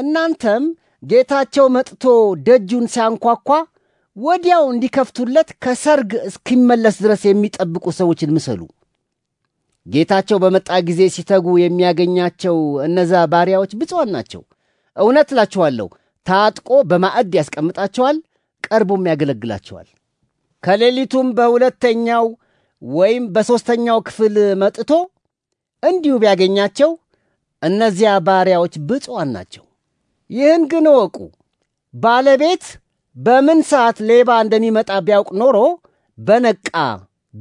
እናንተም ጌታቸው መጥቶ ደጁን ሲያንኳኳ ወዲያው እንዲከፍቱለት ከሰርግ እስኪመለስ ድረስ የሚጠብቁ ሰዎችን ምሰሉ። ጌታቸው በመጣ ጊዜ ሲተጉ የሚያገኛቸው እነዛ ባሪያዎች ብፁዓን ናቸው። እውነት እላችኋለሁ፣ ታጥቆ በማዕድ ያስቀምጣቸዋል፣ ቀርቦም ያገለግላቸዋል። ከሌሊቱም በሁለተኛው ወይም በሦስተኛው ክፍል መጥቶ እንዲሁ ቢያገኛቸው እነዚያ ባሪያዎች ብፁዓን ናቸው። ይህን ግን እወቁ፣ ባለቤት በምን ሰዓት ሌባ እንደሚመጣ ቢያውቅ ኖሮ በነቃ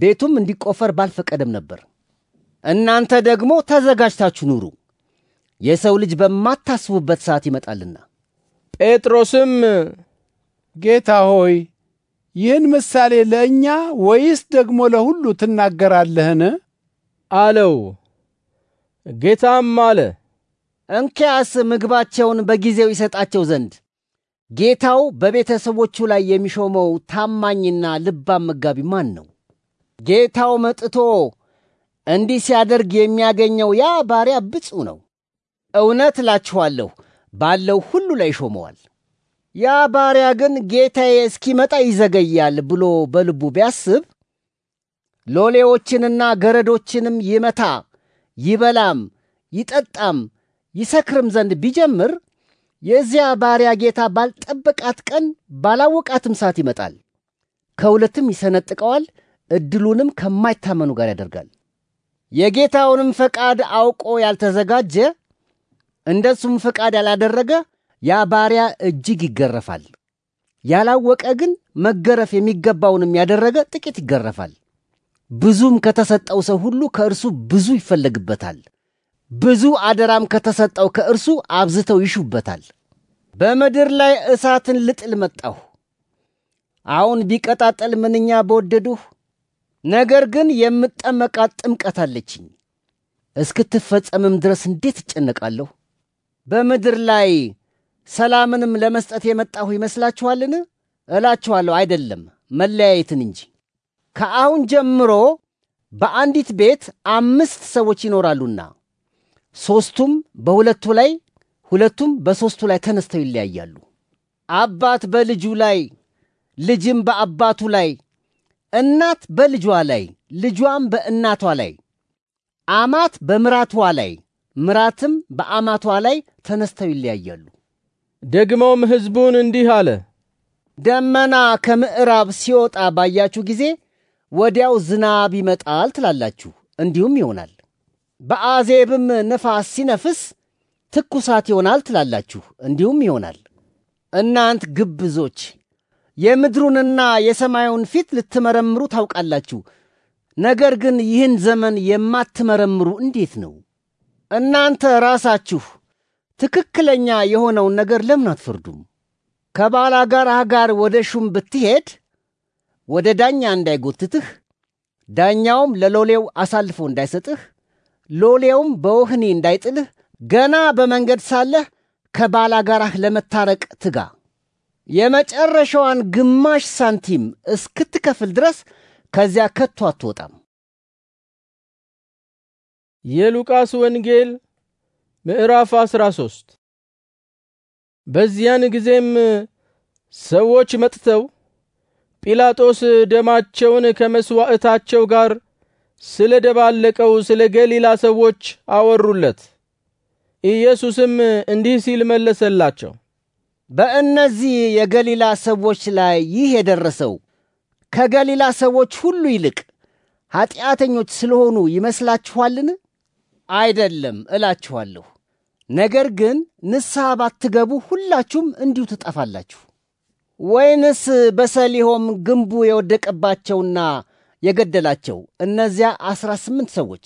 ቤቱም እንዲቆፈር ባልፈቀደም ነበር። እናንተ ደግሞ ተዘጋጅታችሁ ኑሩ፣ የሰው ልጅ በማታስቡበት ሰዓት ይመጣልና። ጴጥሮስም ጌታ ሆይ ይህን ምሳሌ ለእኛ ወይስ ደግሞ ለሁሉ ትናገራለህን? አለው። ጌታም አለ እንኪያስ ምግባቸውን በጊዜው ይሰጣቸው ዘንድ ጌታው በቤተሰቦቹ ላይ የሚሾመው ታማኝና ልባም መጋቢ ማን ነው? ጌታው መጥቶ እንዲህ ሲያደርግ የሚያገኘው ያ ባሪያ ብፁ ነው። እውነት እላችኋለሁ ባለው ሁሉ ላይ ሾመዋል። ያ ባሪያ ግን ጌታዬ እስኪመጣ ይዘገያል ብሎ በልቡ ቢያስብ ሎሌዎችንና ገረዶችንም ይመታ፣ ይበላም፣ ይጠጣም፣ ይሰክርም ዘንድ ቢጀምር የዚያ ባሪያ ጌታ ባልጠበቃት ቀን ባላወቃትም ሰዓት ይመጣል፣ ከሁለትም ይሰነጥቀዋል፣ እድሉንም ከማይታመኑ ጋር ያደርጋል። የጌታውንም ፈቃድ አውቆ ያልተዘጋጀ እንደሱም ፈቃድ ያላደረገ ያ ባሪያ እጅግ ይገረፋል። ያላወቀ ግን መገረፍ የሚገባውንም ያደረገ ጥቂት ይገረፋል። ብዙም ከተሰጠው ሰው ሁሉ ከእርሱ ብዙ ይፈለግበታል። ብዙ አደራም ከተሰጠው ከእርሱ አብዝተው ይሹበታል። በምድር ላይ እሳትን ልጥል መጣሁ። አሁን ቢቀጣጠል ምንኛ በወደዱሁ ነገር ግን የምጠመቃት ጥምቀት አለችኝ። እስክትፈጸምም ድረስ እንዴት እጨነቃለሁ። በምድር ላይ ሰላምንም ለመስጠት የመጣሁ ይመስላችኋልን? እላችኋለሁ አይደለም፣ መለያየትን እንጂ። ከአሁን ጀምሮ በአንዲት ቤት አምስት ሰዎች ይኖራሉና ሶስቱም በሁለቱ ላይ ሁለቱም በሶስቱ ላይ ተነስተው ይለያያሉ። አባት በልጁ ላይ፣ ልጅም በአባቱ ላይ፣ እናት በልጇ ላይ፣ ልጇም በእናቷ ላይ፣ አማት በምራቷ ላይ፣ ምራትም በአማቷ ላይ ተነስተው ይለያያሉ። ደግሞም ሕዝቡን እንዲህ አለ፣ ደመና ከምዕራብ ሲወጣ ባያችሁ ጊዜ ወዲያው ዝናብ ይመጣል ትላላችሁ፣ እንዲሁም ይሆናል። በአዜብም ነፋስ ሲነፍስ ትኩሳት ይሆናል ትላላችሁ፣ እንዲሁም ይሆናል። እናንት ግብዞች የምድሩንና የሰማዩን ፊት ልትመረምሩ ታውቃላችሁ። ነገር ግን ይህን ዘመን የማትመረምሩ እንዴት ነው? እናንተ ራሳችሁ ትክክለኛ የሆነውን ነገር ለምን አትፈርዱም? ከባላጋራህ ጋር ወደ ሹም ብትሄድ ወደ ዳኛ እንዳይጎትትህ፣ ዳኛውም ለሎሌው አሳልፎ እንዳይሰጥህ ሎሌውም በወህኒ እንዳይጥልህ ገና በመንገድ ሳለህ ከባላጋራህ ለመታረቅ ትጋ። የመጨረሻዋን ግማሽ ሳንቲም እስክትከፍል ድረስ ከዚያ ከቶ አትወጣም። የሉቃስ ወንጌል ምዕራፍ 13 በዚያን ጊዜም ሰዎች መጥተው ጲላጦስ ደማቸውን ከመስዋዕታቸው ጋር ስለ ደባለቀው ስለ ገሊላ ሰዎች አወሩለት። ኢየሱስም እንዲህ ሲል መለሰላቸው፣ በእነዚህ የገሊላ ሰዎች ላይ ይህ የደረሰው ከገሊላ ሰዎች ሁሉ ይልቅ ኀጢአተኞች ስለሆኑ ይመስላችኋልን? አይደለም እላችኋለሁ። ነገር ግን ንስሐ ባትገቡ ሁላችሁም እንዲሁ ትጠፋላችሁ። ወይንስ በሰሊሆም ግንቡ የወደቀባቸውና የገደላቸው እነዚያ አስራ ስምንት ሰዎች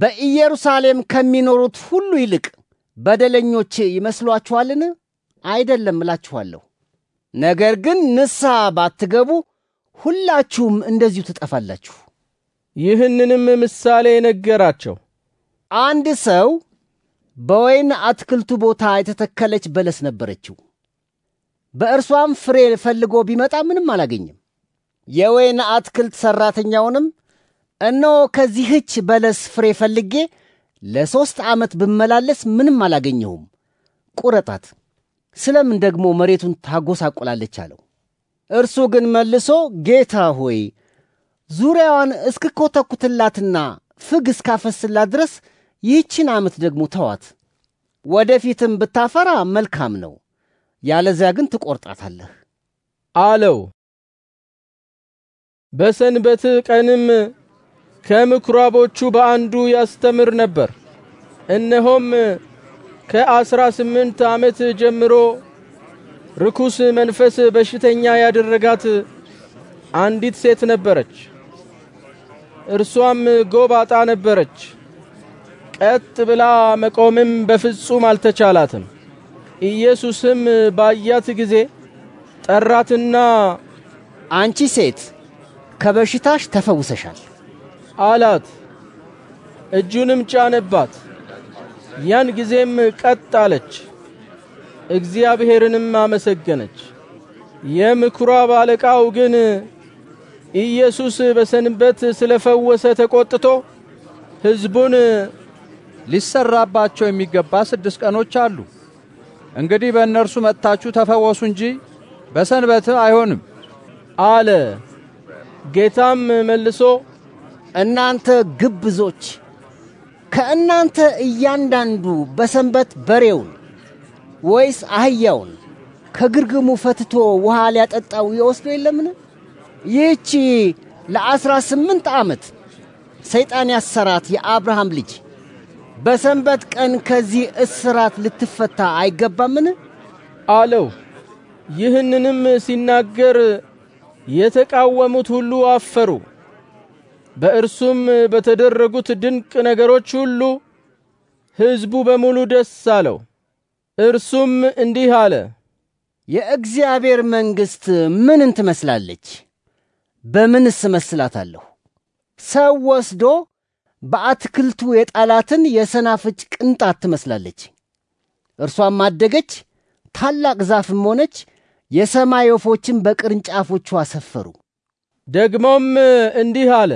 በኢየሩሳሌም ከሚኖሩት ሁሉ ይልቅ በደለኞች ይመስሏችኋልን? አይደለም እላችኋለሁ። ነገር ግን ንስሐ ባትገቡ ሁላችሁም እንደዚሁ ትጠፋላችሁ። ይህንንም ምሳሌ ነገራቸው። አንድ ሰው በወይን አትክልቱ ቦታ የተተከለች በለስ ነበረችው። በእርሷም ፍሬ ፈልጎ ቢመጣ ምንም አላገኘም። የወይን አትክልት ሠራተኛውንም እነሆ ከዚህች በለስ ፍሬ ፈልጌ ለሦስት ዓመት ብመላለስ ምንም አላገኘሁም፣ ቁረጣት፣ ስለምን ደግሞ መሬቱን ታጎሳቁላለች አለው። እርሱ ግን መልሶ ጌታ ሆይ ዙሪያዋን እስክኮተኩትላትና ፍግ እስካፈስላት ድረስ ይህችን ዓመት ደግሞ ተዋት። ወደፊትም ብታፈራ መልካም ነው፣ ያለዚያ ግን ትቈርጣታለህ አለው። በሰንበት ቀንም ከምኩራቦቹ በአንዱ ያስተምር ነበር። እነሆም ከአስራ ስምንት ዓመት ጀምሮ ርኩስ መንፈስ በሽተኛ ያደረጋት አንዲት ሴት ነበረች። እርሷም ጎባጣ ነበረች። ቀጥ ብላ መቆምም በፍጹም አልተቻላትም። ኢየሱስም ባያት ጊዜ ጠራትና አንቺ ሴት ከበሽታሽ ተፈውሰሻል አላት። እጁንም ጫነባት። ያን ጊዜም ቀጥ አለች፣ እግዚአብሔርንም አመሰገነች። የምኩራብ አለቃው ግን ኢየሱስ በሰንበት ስለፈወሰ ተቆጥቶ ሕዝቡን ሊሰራባቸው የሚገባ ስድስት ቀኖች አሉ፣ እንግዲህ በእነርሱ መጥታችሁ ተፈወሱ እንጂ በሰንበት አይሆንም አለ። ጌታም መልሶ እናንተ ግብዞች፣ ከእናንተ እያንዳንዱ በሰንበት በሬውን ወይስ አህያውን ከግርግሙ ፈትቶ ውሃ ሊያጠጣው የወስዶ የለምን? ይህቺ ለአስራ ስምንት ዓመት ሰይጣን ያሰራት የአብርሃም ልጅ በሰንበት ቀን ከዚህ እስራት ልትፈታ አይገባምን? አለው። ይህንንም ሲናገር የተቃወሙት ሁሉ አፈሩ። በእርሱም በተደረጉት ድንቅ ነገሮች ሁሉ ሕዝቡ በሙሉ ደስ አለው። እርሱም እንዲህ አለ፣ የእግዚአብሔር መንግሥት ምንን ትመስላለች? በምንስ እመስላታለሁ? ሰው ወስዶ በአትክልቱ የጣላትን የሰናፍጭ ቅንጣት ትመስላለች። እርሷም አደገች፣ ታላቅ ዛፍም ሆነች፣ የሰማይ ወፎችን በቅርንጫፎቹ አሰፈሩ። ደግሞም እንዲህ አለ፣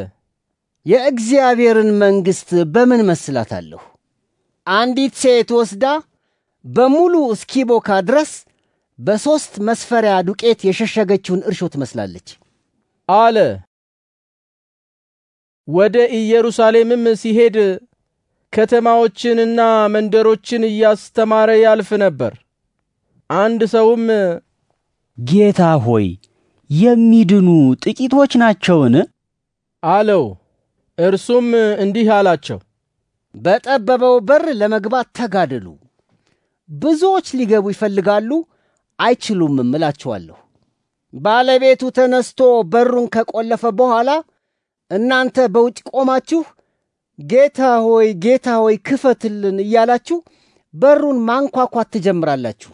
የእግዚአብሔርን መንግሥት በምን መስላታለሁ? አንዲት ሴት ወስዳ በሙሉ እስኪቦካ ድረስ በሦስት መስፈሪያ ዱቄት የሸሸገችውን እርሾ ትመስላለች አለ። ወደ ኢየሩሳሌምም ሲሄድ ከተማዎችንና መንደሮችን እያስተማረ ያልፍ ነበር። አንድ ሰውም ጌታ ሆይ የሚድኑ ጥቂቶች ናቸውን? አለው። እርሱም እንዲህ አላቸው፣ በጠበበው በር ለመግባት ተጋደሉ። ብዙዎች ሊገቡ ይፈልጋሉ፣ አይችሉም እላችኋለሁ። ባለቤቱ ተነስቶ በሩን ከቆለፈ በኋላ እናንተ በውጭ ቆማችሁ ጌታ ሆይ ጌታ ሆይ ክፈትልን እያላችሁ በሩን ማንኳኳት ትጀምራላችሁ።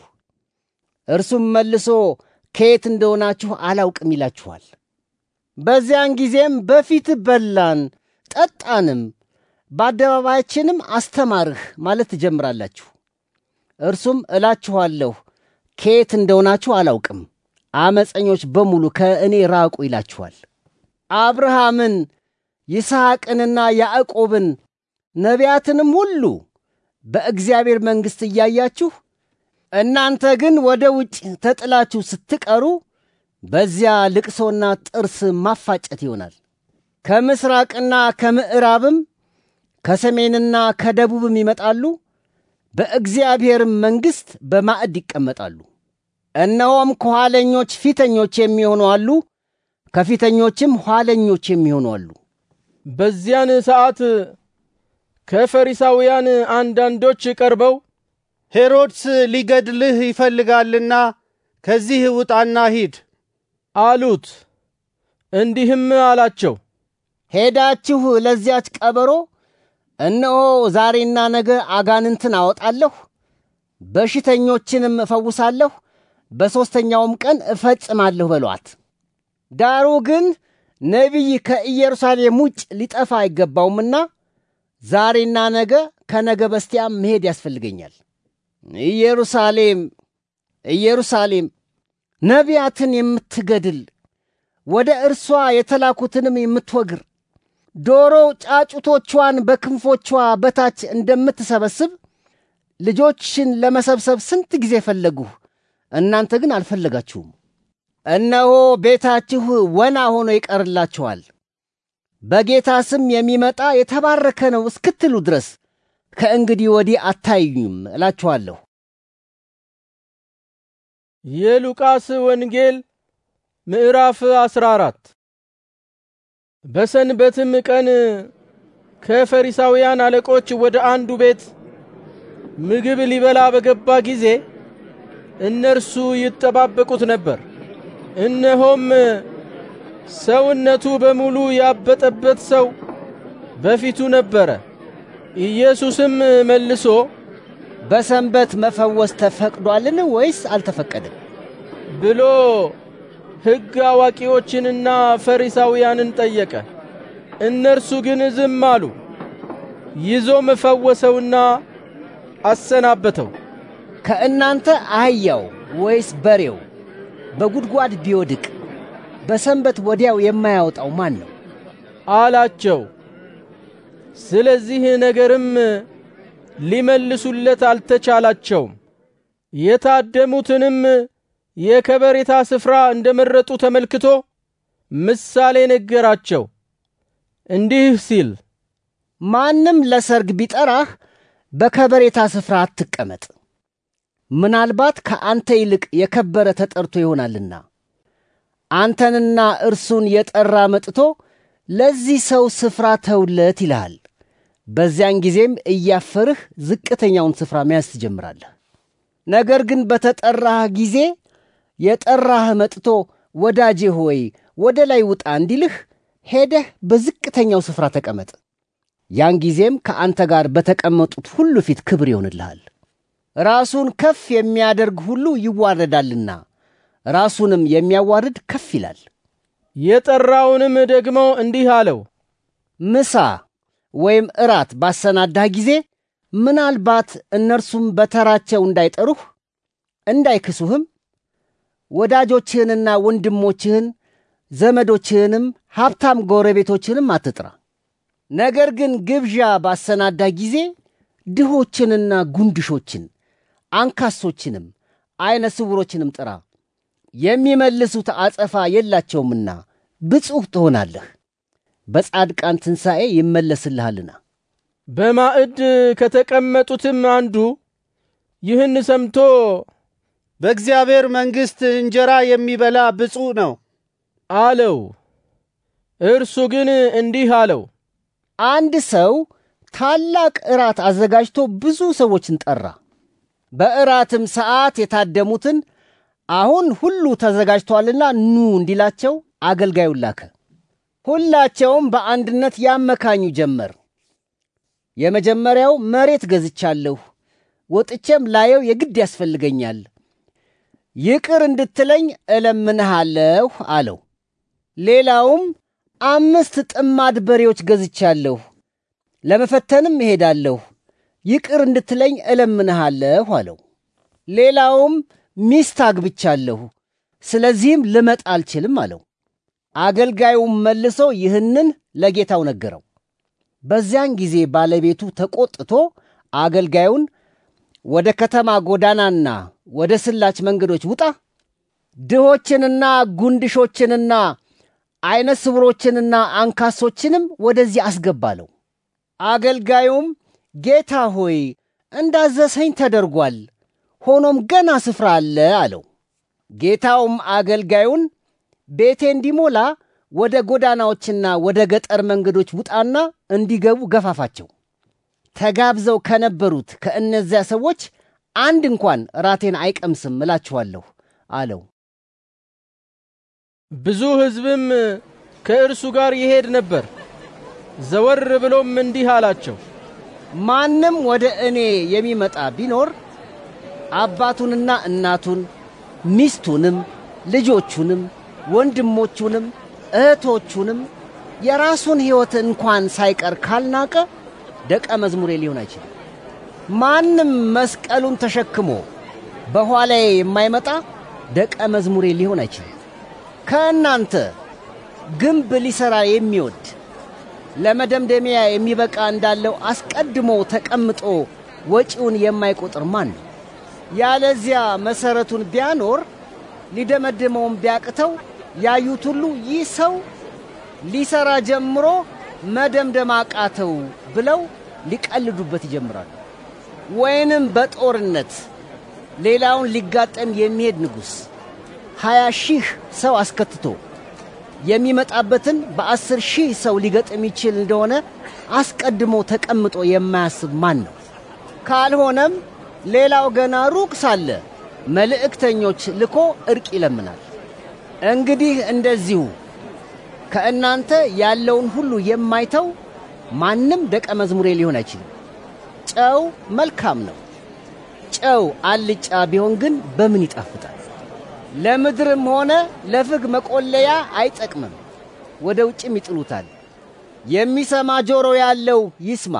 እርሱም መልሶ ከየት እንደሆናችሁ አላውቅም ይላችኋል። በዚያን ጊዜም በፊት በላን ጠጣንም፣ በአደባባያችንም አስተማርህ ማለት ትጀምራላችሁ። እርሱም እላችኋለሁ ከየት እንደሆናችሁ አላውቅም፣ አመፀኞች በሙሉ ከእኔ ራቁ ይላችኋል። አብርሃምን ይስሐቅንና ያዕቆብን ነቢያትንም ሁሉ በእግዚአብሔር መንግሥት እያያችሁ እናንተ ግን ወደ ውጭ ተጥላችሁ ስትቀሩ በዚያ ልቅሶና ጥርስ ማፋጨት ይሆናል። ከምስራቅና ከምዕራብም ከሰሜንና ከደቡብም ይመጣሉ፣ በእግዚአብሔርም መንግሥት በማዕድ ይቀመጣሉ። እነሆም ከኋለኞች ፊተኞች የሚሆኑ አሉ፣ ከፊተኞችም ኋለኞች የሚሆኑ አሉ። በዚያን ሰዓት ከፈሪሳውያን አንዳንዶች ቀርበው ሄሮድስ ሊገድልህ ይፈልጋልና ከዚህ ውጣና ሂድ አሉት። እንዲህም አላቸው፣ ሄዳችሁ ለዚያች ቀበሮ እነሆ ዛሬና ነገ አጋንንትን አወጣለሁ፣ በሽተኞችንም እፈውሳለሁ፣ በሦስተኛውም ቀን እፈጽማለሁ በሏት። ዳሩ ግን ነቢይ ከኢየሩሳሌም ውጭ ሊጠፋ አይገባውምና ዛሬና ነገ ከነገ በስቲያም መሄድ ያስፈልገኛል። ኢየሩሳሌም ኢየሩሳሌም ነቢያትን የምትገድል ወደ እርሷ የተላኩትንም የምትወግር ዶሮ ጫጩቶቿን በክንፎቿ በታች እንደምትሰበስብ ልጆችን ለመሰብሰብ ስንት ጊዜ ፈለግሁ፣ እናንተ ግን አልፈለጋችሁም። እነሆ ቤታችሁ ወና ሆኖ ይቀርላችኋል። በጌታ ስም የሚመጣ የተባረከ ነው እስክትሉ ድረስ ከእንግዲህ ወዲህ አታዩኝም እላችኋለሁ። የሉቃስ ወንጌል ምዕራፍ አስራ አራት በሰንበትም ቀን ከፈሪሳውያን አለቆች ወደ አንዱ ቤት ምግብ ሊበላ በገባ ጊዜ እነርሱ ይጠባበቁት ነበር። እነሆም ሰውነቱ በሙሉ ያበጠበት ሰው በፊቱ ነበረ። ኢየሱስም መልሶ በሰንበት መፈወስ ተፈቅዷልን ወይስ አልተፈቀደም ብሎ ሕግ አዋቂዎችንና ፈሪሳውያንን ጠየቀ። እነርሱ ግን ዝም አሉ። ይዞ መፈወሰውና አሰናበተው። ከእናንተ አህያው ወይስ በሬው በጉድጓድ ቢወድቅ በሰንበት ወዲያው የማያወጣው ማን ነው? አላቸው። ስለዚህ ነገርም ሊመልሱለት አልተቻላቸውም። የታደሙትንም የከበሬታ ስፍራ እንደመረጡ ተመልክቶ ምሳሌ ነገራቸው እንዲህ ሲል፣ ማንም ለሰርግ ቢጠራህ በከበሬታ ስፍራ አትቀመጥ፣ ምናልባት ከአንተ ይልቅ የከበረ ተጠርቶ ይሆናልና። አንተንና እርሱን የጠራ መጥቶ ለዚህ ሰው ስፍራ ተውለት ይልሃል። በዚያን ጊዜም እያፈርህ ዝቅተኛውን ስፍራ መያዝ ትጀምራለህ። ነገር ግን በተጠራህ ጊዜ የጠራህ መጥቶ ወዳጄ ሆይ ወደ ላይ ውጣ እንዲልህ ሄደህ በዝቅተኛው ስፍራ ተቀመጥ። ያን ጊዜም ከአንተ ጋር በተቀመጡት ሁሉ ፊት ክብር ይሆንልሃል። ራሱን ከፍ የሚያደርግ ሁሉ ይዋረዳልና ራሱንም የሚያዋርድ ከፍ ይላል። የጠራውንም ደግሞ እንዲህ አለው ምሳ ወይም እራት ባሰናዳህ ጊዜ ምናልባት እነርሱም በተራቸው እንዳይጠሩህ እንዳይክሱህም ወዳጆችህንና ወንድሞችህን ዘመዶችህንም ሀብታም ጎረቤቶችንም አትጥራ። ነገር ግን ግብዣ ባሰናዳህ ጊዜ ድሆችንና ጉንድሾችን አንካሶችንም ዐይነ ስውሮችንም ጥራ፤ የሚመልሱት አጸፋ የላቸውምና ብፁህ ትሆናለህ። በጻድቃን ትንሣኤ ይመለስልሃልና። በማዕድ ከተቀመጡትም አንዱ ይህን ሰምቶ በእግዚአብሔር መንግሥት እንጀራ የሚበላ ብፁዕ ነው አለው። እርሱ ግን እንዲህ አለው፣ አንድ ሰው ታላቅ እራት አዘጋጅቶ ብዙ ሰዎችን ጠራ። በእራትም ሰዓት የታደሙትን አሁን ሁሉ ተዘጋጅቶአልና ኑ እንዲላቸው አገልጋዩን ላከ። ሁላቸውም በአንድነት ያመካኙ ጀመር። የመጀመሪያው መሬት ገዝቻለሁ፣ ወጥቼም ላየው የግድ ያስፈልገኛል፣ ይቅር እንድትለኝ እለምንሃለሁ አለው። ሌላውም አምስት ጥማድ በሬዎች ገዝቻለሁ፣ ለመፈተንም እሄዳለሁ፣ ይቅር እንድትለኝ እለምንሃለሁ አለው። ሌላውም ሚስት አግብቻለሁ፣ ስለዚህም ልመጣ አልችልም አለው። አገልጋዩም መልሶ ይህንን ለጌታው ነገረው። በዚያን ጊዜ ባለቤቱ ተቆጥቶ አገልጋዩን ወደ ከተማ ጎዳናና ወደ ስላች መንገዶች ውጣ፣ ድሆችንና ጉንድሾችንና አይነ ስውሮችንና አንካሶችንም ወደዚህ አስገባለው። አገልጋዩም ጌታ ሆይ እንዳዘሰኝ ተደርጓል፣ ሆኖም ገና ስፍራ አለ አለው። ጌታውም አገልጋዩን ቤቴ እንዲሞላ ወደ ጎዳናዎችና ወደ ገጠር መንገዶች ውጣና እንዲገቡ ገፋፋቸው። ተጋብዘው ከነበሩት ከእነዚያ ሰዎች አንድ እንኳን ራቴን አይቀምስም እላችኋለሁ አለው። ብዙ ሕዝብም ከእርሱ ጋር ይሄድ ነበር። ዘወር ብሎም እንዲህ አላቸው፣ ማንም ወደ እኔ የሚመጣ ቢኖር አባቱንና እናቱን ሚስቱንም ልጆቹንም ወንድሞቹንም እህቶቹንም የራሱን ሕይወት እንኳን ሳይቀር ካልናቀ ደቀ መዝሙሬ ሊሆን አይችልም። ማንም መስቀሉን ተሸክሞ በኋላዬ የማይመጣ ደቀ መዝሙሬ ሊሆን አይችልም። ከእናንተ ግንብ ሊሠራ የሚወድ ለመደምደሚያ የሚበቃ እንዳለው አስቀድሞ ተቀምጦ ወጪውን የማይቆጥር ማን ነው? ያለዚያ መሠረቱን ቢያኖር ሊደመድመውም ቢያቅተው ያዩት ሁሉ ይህ ሰው ሊሰራ ጀምሮ መደምደም አቃተው ብለው ሊቀልዱበት ይጀምራሉ። ወይንም በጦርነት ሌላውን ሊጋጠም የሚሄድ ንጉሥ ሃያ ሺህ ሰው አስከትቶ የሚመጣበትን በአስር ሺህ ሰው ሊገጥም ይችል እንደሆነ አስቀድሞ ተቀምጦ የማያስብ ማን ነው? ካልሆነም ሌላው ገና ሩቅ ሳለ መልእክተኞች ልኮ እርቅ ይለምናል። እንግዲህ እንደዚሁ ከእናንተ ያለውን ሁሉ የማይተው ማንም ደቀ መዝሙሬ ሊሆን አይችልም። ጨው መልካም ነው። ጨው አልጫ ቢሆን ግን በምን ይጣፍጣል? ለምድርም ሆነ ለፍግ መቆለያ አይጠቅምም፣ ወደ ውጭም ይጥሉታል። የሚሰማ ጆሮ ያለው ይስማ።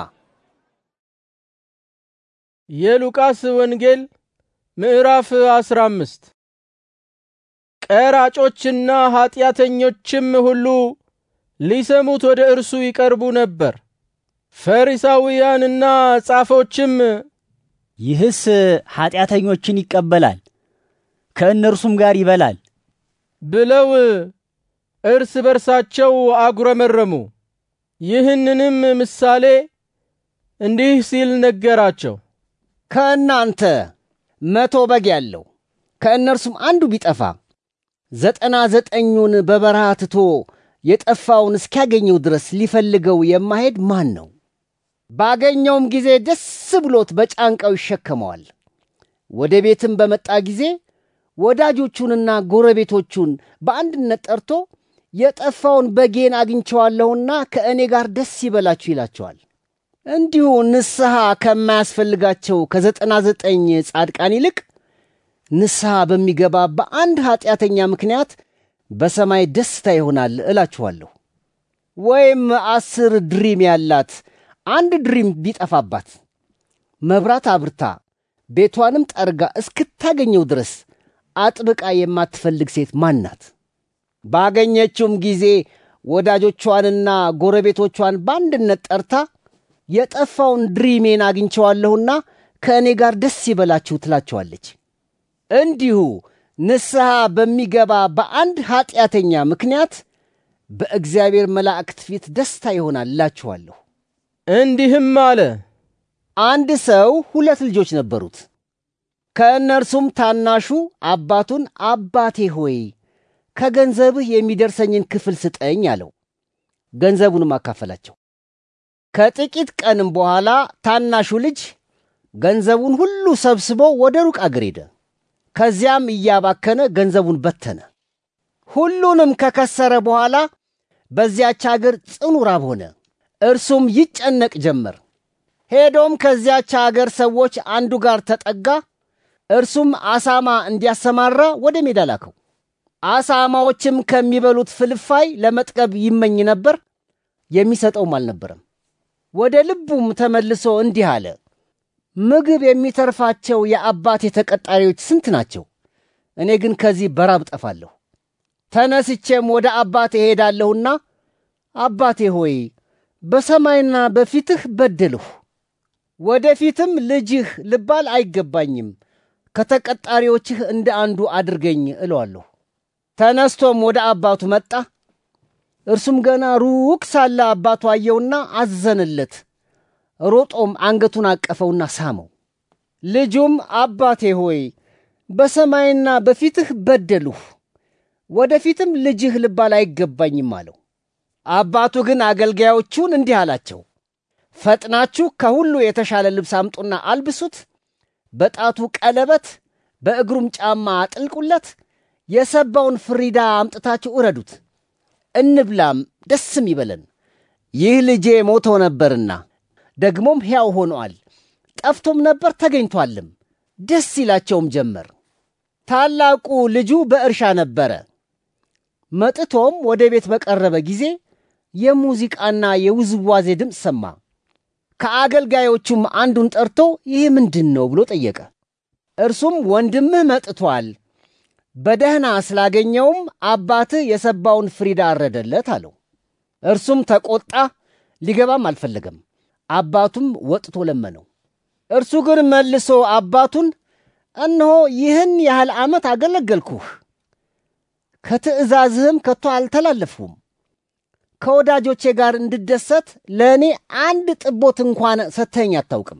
የሉቃስ ወንጌል ምዕራፍ አስራ አምስት ቀራጮችና ኀጢአተኞችም ሁሉ ሊሰሙት ወደ እርሱ ይቀርቡ ነበር። ፈሪሳውያንና ጻፎችም ይህስ ኀጢአተኞችን ይቀበላል፣ ከእነርሱም ጋር ይበላል ብለው እርስ በርሳቸው አጉረመረሙ። ይህንንም ምሳሌ እንዲህ ሲል ነገራቸው። ከእናንተ መቶ በግ ያለው ከእነርሱም አንዱ ቢጠፋ ዘጠና ዘጠኙን በበረሃ ትቶ የጠፋውን እስኪያገኘው ድረስ ሊፈልገው የማሄድ ማን ነው? ባገኘውም ጊዜ ደስ ብሎት በጫንቃው ይሸከመዋል። ወደ ቤትም በመጣ ጊዜ ወዳጆቹንና ጎረቤቶቹን በአንድነት ጠርቶ የጠፋውን በጌን አግኝቸዋለሁና ከእኔ ጋር ደስ ይበላችሁ ይላቸዋል። እንዲሁ ንስሐ ከማያስፈልጋቸው ከዘጠና ዘጠኝ ጻድቃን ይልቅ ንስሐ በሚገባ በአንድ ኀጢአተኛ ምክንያት በሰማይ ደስታ ይሆናል እላችኋለሁ። ወይም አስር ድሪም ያላት አንድ ድሪም ቢጠፋባት መብራት አብርታ ቤቷንም ጠርጋ እስክታገኘው ድረስ አጥብቃ የማትፈልግ ሴት ማን ናት? ባገኘችውም ጊዜ ወዳጆቿንና ጎረቤቶቿን በአንድነት ጠርታ የጠፋውን ድሪሜን አግኝቸዋለሁና ከእኔ ጋር ደስ ይበላችሁ ትላቸዋለች። እንዲሁ ንስሐ በሚገባ በአንድ ኀጢአተኛ ምክንያት በእግዚአብሔር መላእክት ፊት ደስታ ይሆናላችኋለሁ። እንዲህም አለ፣ አንድ ሰው ሁለት ልጆች ነበሩት። ከእነርሱም ታናሹ አባቱን አባቴ ሆይ ከገንዘብህ የሚደርሰኝን ክፍል ስጠኝ አለው። ገንዘቡንም አካፈላቸው። ከጥቂት ቀንም በኋላ ታናሹ ልጅ ገንዘቡን ሁሉ ሰብስቦ ወደ ሩቅ አገር ሄደ። ከዚያም እያባከነ ገንዘቡን በተነ። ሁሉንም ከከሰረ በኋላ በዚያች አገር ጽኑ ራብ ሆነ። እርሱም ይጨነቅ ጀመር። ሄዶም ከዚያች አገር ሰዎች አንዱ ጋር ተጠጋ። እርሱም አሳማ እንዲያሰማራ ወደ ሜዳ ላከው። አሳማዎችም ከሚበሉት ፍልፋይ ለመጥቀብ ይመኝ ነበር፣ የሚሰጠውም አልነበረም። ወደ ልቡም ተመልሶ እንዲህ አለ፦ ምግብ የሚተርፋቸው የአባቴ ተቀጣሪዎች ስንት ናቸው? እኔ ግን ከዚህ በራብ ጠፋለሁ። ተነስቼም ወደ አባቴ እሄዳለሁና አባቴ ሆይ በሰማይና በፊትህ በደልሁ፣ ወደፊትም ልጅህ ልባል አይገባኝም፣ ከተቀጣሪዎችህ እንደ አንዱ አድርገኝ እለዋለሁ። ተነስቶም ወደ አባቱ መጣ። እርሱም ገና ሩቅ ሳለ አባቱ አየውና አዘነለት። ሮጦም አንገቱን አቀፈውና ሳመው። ልጁም አባቴ ሆይ በሰማይና በፊትህ በደሉህ፣ ወደፊትም ልጅህ ልባል አይገባኝም አለው። አባቱ ግን አገልጋዮቹን እንዲህ አላቸው፣ ፈጥናችሁ ከሁሉ የተሻለ ልብስ አምጡና አልብሱት፣ በጣቱ ቀለበት፣ በእግሩም ጫማ አጥልቁለት፣ የሰባውን ፍሪዳ አምጥታችሁ እረዱት፣ እንብላም ደስም ይበለን። ይህ ልጄ ሞቶ ነበርና ደግሞም ሕያው ሆኗል፣ ጠፍቶም ነበር ተገኝቷልም። ደስ ይላቸውም ጀመር። ታላቁ ልጁ በእርሻ ነበረ። መጥቶም ወደ ቤት በቀረበ ጊዜ የሙዚቃና የውዝዋዜ ድምፅ ሰማ። ከአገልጋዮቹም አንዱን ጠርቶ ይህ ምንድን ነው ብሎ ጠየቀ። እርሱም ወንድምህ መጥቶአል፣ በደህና ስላገኘውም አባትህ የሰባውን ፍሪዳ አረደለት አለው። እርሱም ተቆጣ፣ ሊገባም አልፈለገም። አባቱም ወጥቶ ለመነው። እርሱ ግን መልሶ አባቱን እነሆ ይህን ያህል ዓመት አገለገልኩህ፣ ከትእዛዝህም ከቶ አልተላለፍሁም። ከወዳጆቼ ጋር እንድደሰት ለእኔ አንድ ጥቦት እንኳን ሰተኝ አታውቅም።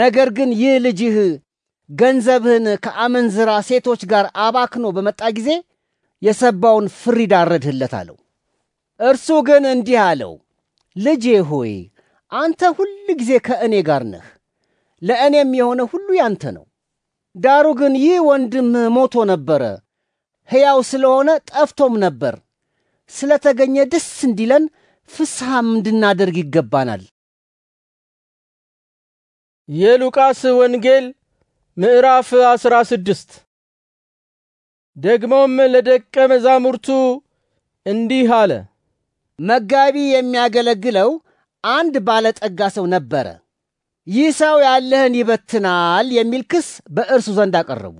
ነገር ግን ይህ ልጅህ ገንዘብህን ከአመንዝራ ሴቶች ጋር አባክኖ በመጣ ጊዜ የሰባውን ፍሪዳ አረድህለት አለው። እርሱ ግን እንዲህ አለው፣ ልጄ ሆይ አንተ ሁል ጊዜ ከእኔ ጋር ነህ፣ ለእኔም የሆነ ሁሉ ያንተ ነው። ዳሩ ግን ይህ ወንድም ሞቶ ነበረ፣ ሕያው ስለሆነ ጠፍቶም ነበር፣ ስለተገኘ ደስ እንዲለን ፍስሐም እንድናደርግ ይገባናል። የሉቃስ ወንጌል ምዕራፍ አስራ ስድስት ደግሞም ለደቀ መዛሙርቱ እንዲህ አለ፣ መጋቢ የሚያገለግለው አንድ ባለጠጋ ሰው ነበረ። ይህ ሰው ያለህን ይበትናል የሚል ክስ በእርሱ ዘንድ አቀረቡ።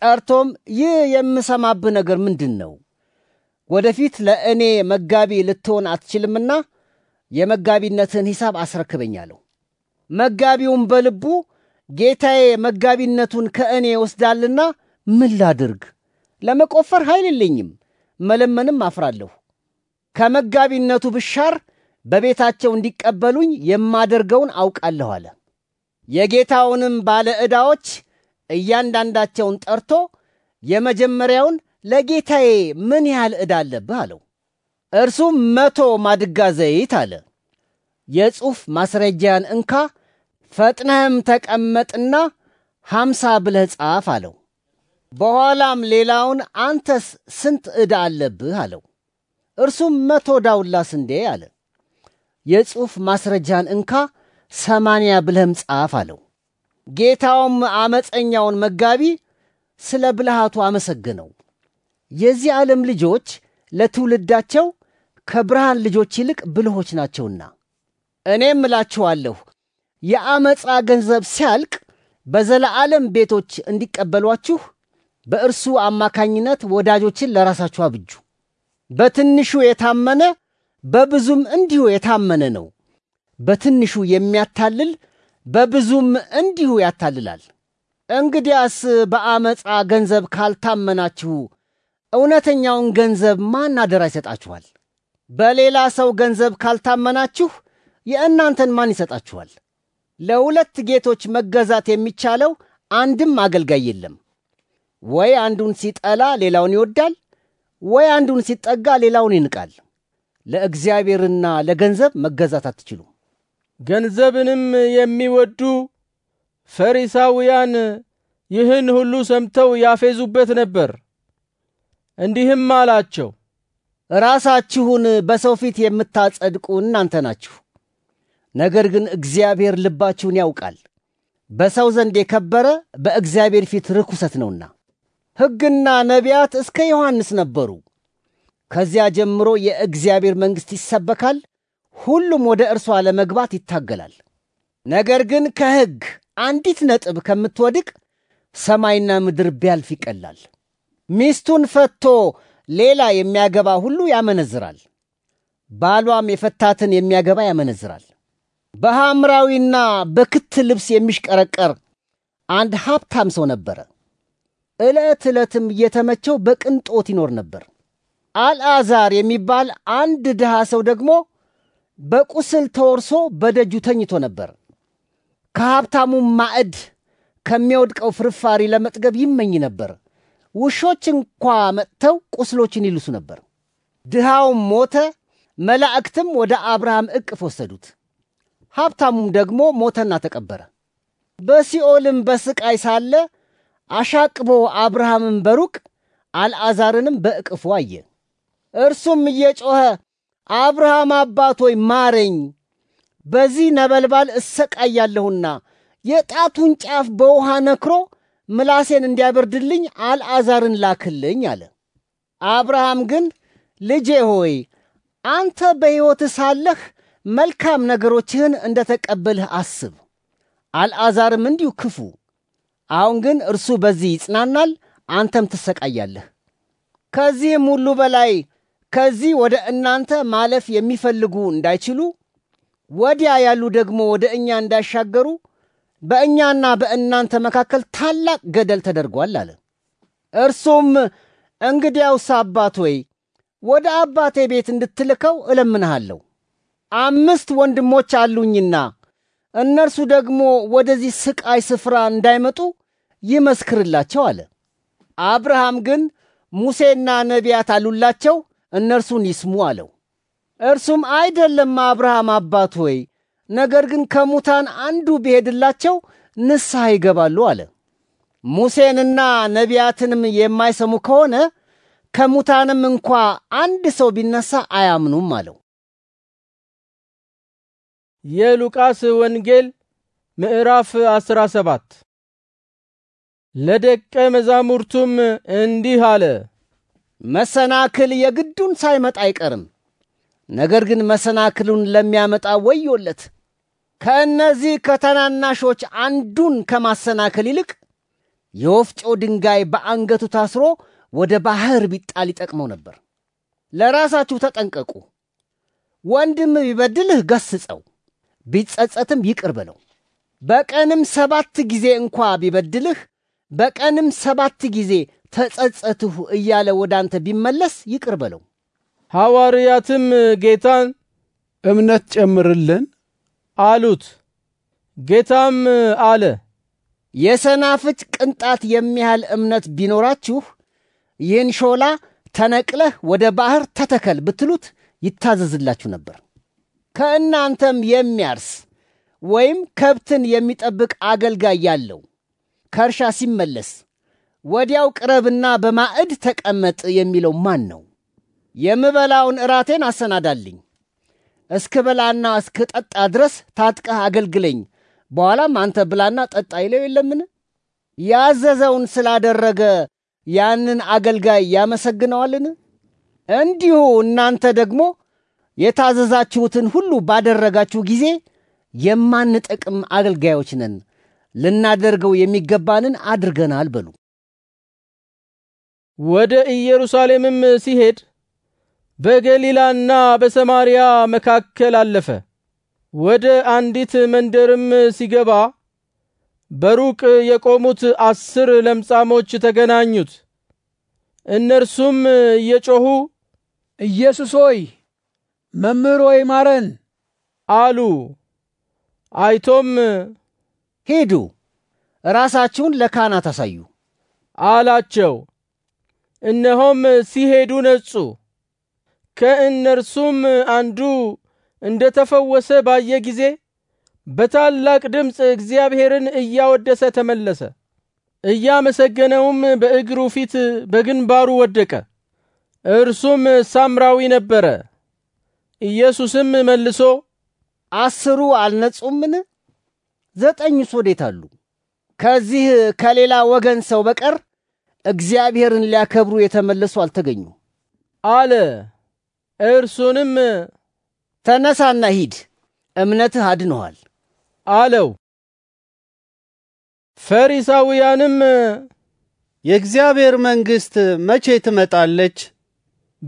ጠርቶም ይህ የምሰማብህ ነገር ምንድን ነው? ወደፊት ለእኔ መጋቢ ልትሆን አትችልምና የመጋቢነትን ሂሳብ አስረክበኝ አለው። መጋቢውም በልቡ ጌታዬ መጋቢነቱን ከእኔ ወስዳልና ምን ላድርግ? ለመቆፈር ኃይል የለኝም፣ መለመንም አፍራለሁ። ከመጋቢነቱ ብሻር በቤታቸው እንዲቀበሉኝ የማደርገውን አውቃለሁ አለ። የጌታውንም ባለ ዕዳዎች እያንዳንዳቸውን ጠርቶ የመጀመሪያውን ለጌታዬ ምን ያህል ዕዳ አለብህ አለው። እርሱም መቶ ማድጋ ዘይት አለ። የጽሑፍ ማስረጃን እንካ፣ ፈጥነህም ተቀመጥና ሀምሳ ብለህ ጻፍ አለው። በኋላም ሌላውን አንተስ ስንት ዕዳ አለብህ አለው። እርሱም መቶ ዳውላ ስንዴ አለ። የጽሑፍ ማስረጃን እንካ ሰማንያ ብለህም ጻፍ አለው። ጌታውም አመፀኛውን መጋቢ ስለ ብልሃቱ አመሰገነው። የዚህ ዓለም ልጆች ለትውልዳቸው ከብርሃን ልጆች ይልቅ ብልሆች ናቸውና እኔም እላችኋለሁ የአመፃ ገንዘብ ሲያልቅ በዘላዓለም ቤቶች እንዲቀበሏችሁ በእርሱ አማካኝነት ወዳጆችን ለራሳችሁ አብጁ። በትንሹ የታመነ በብዙም እንዲሁ የታመነ ነው። በትንሹ የሚያታልል በብዙም እንዲሁ ያታልላል። እንግዲያስ በአመፃ ገንዘብ ካልታመናችሁ እውነተኛውን ገንዘብ ማን አደራ ይሰጣችኋል? በሌላ ሰው ገንዘብ ካልታመናችሁ የእናንተን ማን ይሰጣችኋል? ለሁለት ጌቶች መገዛት የሚቻለው አንድም አገልጋይ የለም። ወይ አንዱን ሲጠላ ሌላውን ይወዳል፣ ወይ አንዱን ሲጠጋ ሌላውን ይንቃል። ለእግዚአብሔርና ለገንዘብ መገዛት አትችሉም። ገንዘብንም የሚወዱ ፈሪሳውያን ይህን ሁሉ ሰምተው ያፌዙበት ነበር። እንዲህም አላቸው፣ ራሳችሁን በሰው ፊት የምታጸድቁ እናንተ ናችሁ። ነገር ግን እግዚአብሔር ልባችሁን ያውቃል። በሰው ዘንድ የከበረ በእግዚአብሔር ፊት ርኩሰት ነውና። ሕግና ነቢያት እስከ ዮሐንስ ነበሩ። ከዚያ ጀምሮ የእግዚአብሔር መንግሥት ይሰበካል፣ ሁሉም ወደ እርሷ ለመግባት ይታገላል። ነገር ግን ከሕግ አንዲት ነጥብ ከምትወድቅ ሰማይና ምድር ቢያልፍ ይቀላል። ሚስቱን ፈቶ ሌላ የሚያገባ ሁሉ ያመነዝራል፣ ባሏም የፈታትን የሚያገባ ያመነዝራል። በሐምራዊና በክት ልብስ የሚሽቀረቀር አንድ ሀብታም ሰው ነበረ። ዕለት ዕለትም እየተመቸው በቅንጦት ይኖር ነበር። አልአዛር የሚባል አንድ ድሃ ሰው ደግሞ በቁስል ተወርሶ በደጁ ተኝቶ ነበር። ከሀብታሙም ማዕድ ከሚወድቀው ፍርፋሪ ለመጥገብ ይመኝ ነበር። ውሾች እንኳ መጥተው ቁስሎችን ይልሱ ነበር። ድሃውም ሞተ፣ መላእክትም ወደ አብርሃም እቅፍ ወሰዱት። ሀብታሙም ደግሞ ሞተና ተቀበረ። በሲኦልም በስቃይ ሳለ አሻቅቦ አብርሃምን በሩቅ አልአዛርንም በእቅፉ አየ። እርሱም እየጮኸ አብርሃም አባት ሆይ ማረኝ፣ በዚህ ነበልባል እሰቃያለሁና የጣቱን ጫፍ በውሃ ነክሮ ምላሴን እንዲያበርድልኝ አልአዛርን ላክልኝ አለ። አብርሃም ግን ልጄ ሆይ አንተ በሕይወት ሳለህ መልካም ነገሮችህን እንደ ተቀበልህ አስብ፣ አልአዛርም እንዲሁ ክፉ። አሁን ግን እርሱ በዚህ ይጽናናል፣ አንተም ትሰቃያለህ። ከዚህም ሁሉ በላይ ከዚህ ወደ እናንተ ማለፍ የሚፈልጉ እንዳይችሉ፣ ወዲያ ያሉ ደግሞ ወደ እኛ እንዳይሻገሩ በእኛና በእናንተ መካከል ታላቅ ገደል ተደርጓል አለ። እርሱም እንግዲያውስ አባት ወይ ወደ አባቴ ቤት እንድትልከው እለምንሃለሁ። አምስት ወንድሞች አሉኝና እነርሱ ደግሞ ወደዚህ ስቃይ ስፍራ እንዳይመጡ ይመስክርላቸው አለ። አብርሃም ግን ሙሴና ነቢያት አሉላቸው እነርሱን ይስሙ አለው። እርሱም አይደለም አብርሃም አባት ሆይ፣ ነገር ግን ከሙታን አንዱ ቢሄድላቸው ንስሐ ይገባሉ አለ። ሙሴንና ነቢያትንም የማይሰሙ ከሆነ ከሙታንም እንኳ አንድ ሰው ቢነሳ አያምኑም አለው። የሉቃስ ወንጌል ምዕራፍ አስራ ሰባት ለደቀ መዛሙርቱም እንዲህ አለ መሰናክል የግዱን ሳይመጣ አይቀርም። ነገር ግን መሰናክሉን ለሚያመጣ ወዮለት። ከእነዚህ ከተናናሾች አንዱን ከማሰናከል ይልቅ የወፍጮ ድንጋይ በአንገቱ ታስሮ ወደ ባህር ቢጣል ይጠቅመው ነበር። ለራሳችሁ ተጠንቀቁ። ወንድም ቢበድልህ ገስጸው፣ ቢጸጸትም ይቅር በለው። በቀንም ሰባት ጊዜ እንኳ ቢበድልህ በቀንም ሰባት ጊዜ ተጸጸትሁ እያለ ወደ አንተ ቢመለስ ይቅር በለው። ሐዋርያትም ጌታን እምነት ጨምርልን አሉት። ጌታም አለ የሰናፍጭ ቅንጣት የሚያህል እምነት ቢኖራችሁ ይህን ሾላ ተነቅለህ ወደ ባሕር ተተከል ብትሉት ይታዘዝላችሁ ነበር። ከእናንተም የሚያርስ ወይም ከብትን የሚጠብቅ አገልጋይ ያለው ከእርሻ ሲመለስ ወዲያው ቅረብና በማዕድ ተቀመጥ የሚለው ማን ነው? የምበላውን እራቴን አሰናዳልኝ፣ እስክ ጠጣ ድረስ ታጥቀህ አገልግለኝ፣ በኋላም አንተ ብላና ጠጣ ይለው የለምን? ያዘዘውን ስላደረገ ያንን አገልጋይ ያመሰግነዋልን? እንዲሁ እናንተ ደግሞ የታዘዛችሁትን ሁሉ ባደረጋችሁ ጊዜ የማንጠቅም አገልጋዮች ነን፣ ልናደርገው የሚገባንን አድርገናል በሉ። ወደ ኢየሩሳሌምም ሲሄድ በገሊላና በሰማርያ መካከል አለፈ። ወደ አንዲት መንደርም ሲገባ በሩቅ የቆሙት አስር ለምጻሞች ተገናኙት። እነርሱም እየጮኹ ኢየሱስ ሆይ መምህር ሆይ ማረን አሉ። አይቶም ሂዱ ራሳችሁን ለካህናት አሳዩ አላቸው። እነሆም ሲሄዱ ነጹ። ከእነርሱም አንዱ እንደ ተፈወሰ ባየ ጊዜ በታላቅ ድምፅ እግዚአብሔርን እያወደሰ ተመለሰ። እያመሰገነውም በእግሩ ፊት በግንባሩ ወደቀ። እርሱም ሳምራዊ ነበረ። ኢየሱስም መልሶ አስሩ አልነጹምን? ዘጠኙስ ወዴት አሉ? ከዚህ ከሌላ ወገን ሰው በቀር እግዚአብሔርን ሊያከብሩ የተመለሱ አልተገኙ አለ። እርሱንም ተነሳና ሂድ፣ እምነትህ አድኖሃል አለው። ፈሪሳውያንም የእግዚአብሔር መንግሥት መቼ ትመጣለች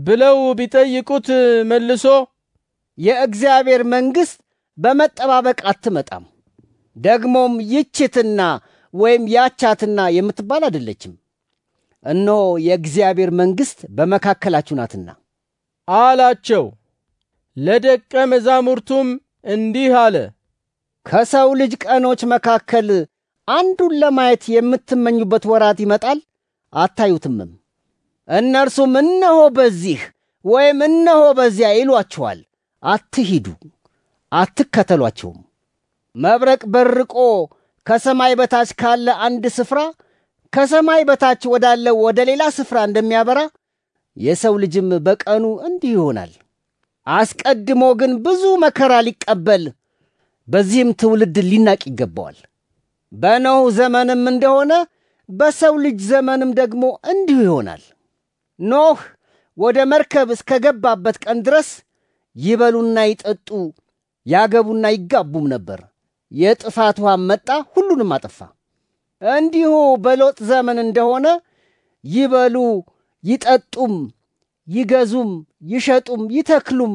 ብለው ቢጠይቁት መልሶ የእግዚአብሔር መንግሥት በመጠባበቅ አትመጣም፣ ደግሞም ይችትና ወይም ያቻትና የምትባል አይደለችም። እነሆ የእግዚአብሔር መንግሥት በመካከላችሁ ናትና አላቸው። ለደቀ መዛሙርቱም እንዲህ አለ፣ ከሰው ልጅ ቀኖች መካከል አንዱን ለማየት የምትመኙበት ወራት ይመጣል፣ አታዩትምም። እነርሱም እነሆ በዚህ ወይም እነሆ በዚያ ይሏችኋል። አትሂዱ፣ አትከተሏቸውም። መብረቅ በርቆ ከሰማይ በታች ካለ አንድ ስፍራ ከሰማይ በታች ወዳለው ወደ ሌላ ስፍራ እንደሚያበራ የሰው ልጅም በቀኑ እንዲህ ይሆናል። አስቀድሞ ግን ብዙ መከራ ሊቀበል በዚህም ትውልድ ሊናቅ ይገባዋል። በኖኅ ዘመንም እንደሆነ በሰው ልጅ ዘመንም ደግሞ እንዲሁ ይሆናል። ኖኅ ወደ መርከብ እስከገባበት ቀን ድረስ ይበሉና ይጠጡ ያገቡና ይጋቡም ነበር። የጥፋት ውሃም መጣ፣ ሁሉንም አጠፋ። እንዲሁ በሎጥ ዘመን እንደሆነ ይበሉ ይጠጡም፣ ይገዙም፣ ይሸጡም፣ ይተክሉም፣